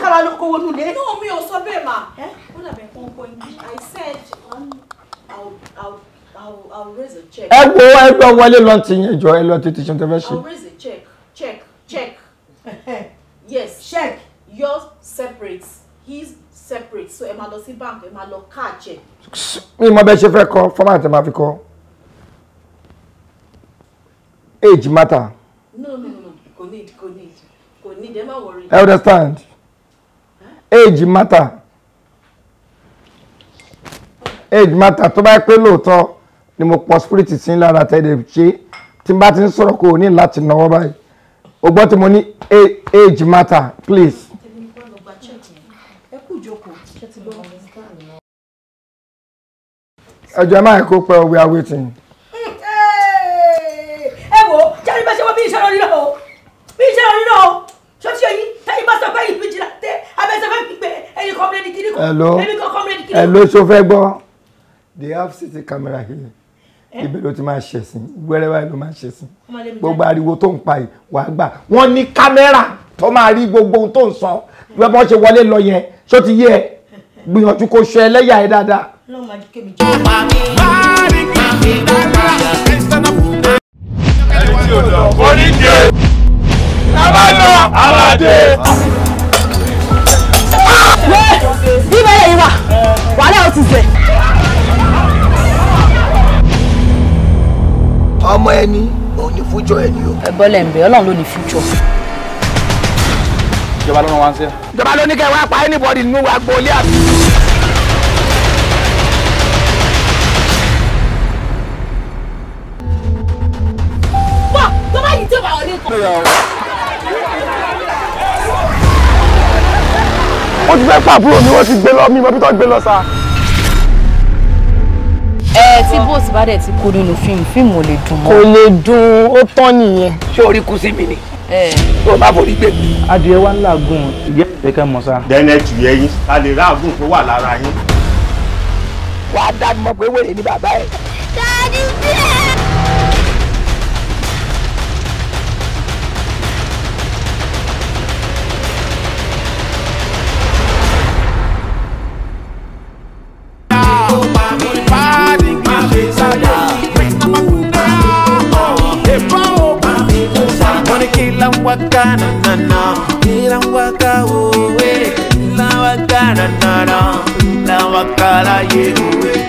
um, ẹ lọ wọlé lọ ti yẹn jọ ẹ lọ tètè ṣe ń tẹ fẹ́ ṣe. yes check yours separate He's separate so ẹ lọ sí bank ẹ máa lọ káàjẹ. mi mọ bẹ ṣe fẹ́ kọ format ẹ máa fi kọ age matter. no no no kò need kò need kò need ẹ má worry. I understand age matter age matter tó bá pé lóòótọ́ ni mo pọ spirit sí lára tẹ́lẹ̀ ṣe tí n bá ti ń sọ̀rọ̀ kò ní láti náwó báyìí o gbọ́ tí mo ní age matter please. ẹjọ́ ẹ má yẹ kó pẹ́ we are ẹ wo jáde bá ṣe wọ́n bí iṣẹ́ lórí náà o bí iṣẹ́ lórí náà o ṣọ́ọ́ṣì ẹ̀yìn tẹ́yìn bá sọ pé ìlú jìnnà tẹ pípẹ́ ẹni kọ́mílẹ̀ ní kíríkọ́ ẹni kọ́ ṣó fẹ́ gbọ́ they have city camera here eh? ibẹ̀ ló ti máa ṣẹ̀sìn wẹ́rẹ́wẹ́ ló máa ṣẹ̀sìn gbogbo ariwo tó ń pa yìí wàá gbà wọ́n ní kámẹ́rà tó máa rí gbogbo ohun tó ń sọ bí wọ́n ṣe wọlé lọ yẹn ṣó ti yé ẹ gbìyànjú kó ṣe ẹlẹ́yà ẹ dáadáa ọlọ́run ọmọ ẹni òun fújọ ẹni o. ẹ bọ́lẹ̀ ń bẹ ọlọ́run ló ní fújọ ìjọba ló ń wá ń sẹ́. ìjọba ló ní kẹ́ wá pa anybody nínú agboolé àbí. lẹ́yìn tí ó bá wọlé kan. wọ́n ti fẹ́ pàbúrò ni wọ́n ti gbé lọ mi mọ́bí tó gbé lọ sa. ẹ tí bóòsì bá dẹ̀ ti kú nínú fíìmù fíìmù ò lè dùn mọ́. kò lè dùn ó tán nìyẹn. ṣé orí kú sí mi ni tó bá forí gbé. adìẹ wa ń làágùn ìyá ìdẹ́kẹ́ mọ́sá. dẹ́nẹ́tì yẹyin a lè ráàgùn tó wà lára yín. wàá dá mi mọ̀ pé wèrè ni bàbá ẹ̀. dáadé bí kila waka na na na kila waka uwe kila waka na na na kila waka la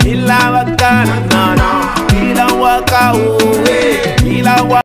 kila waka na na na kila waka uwe kila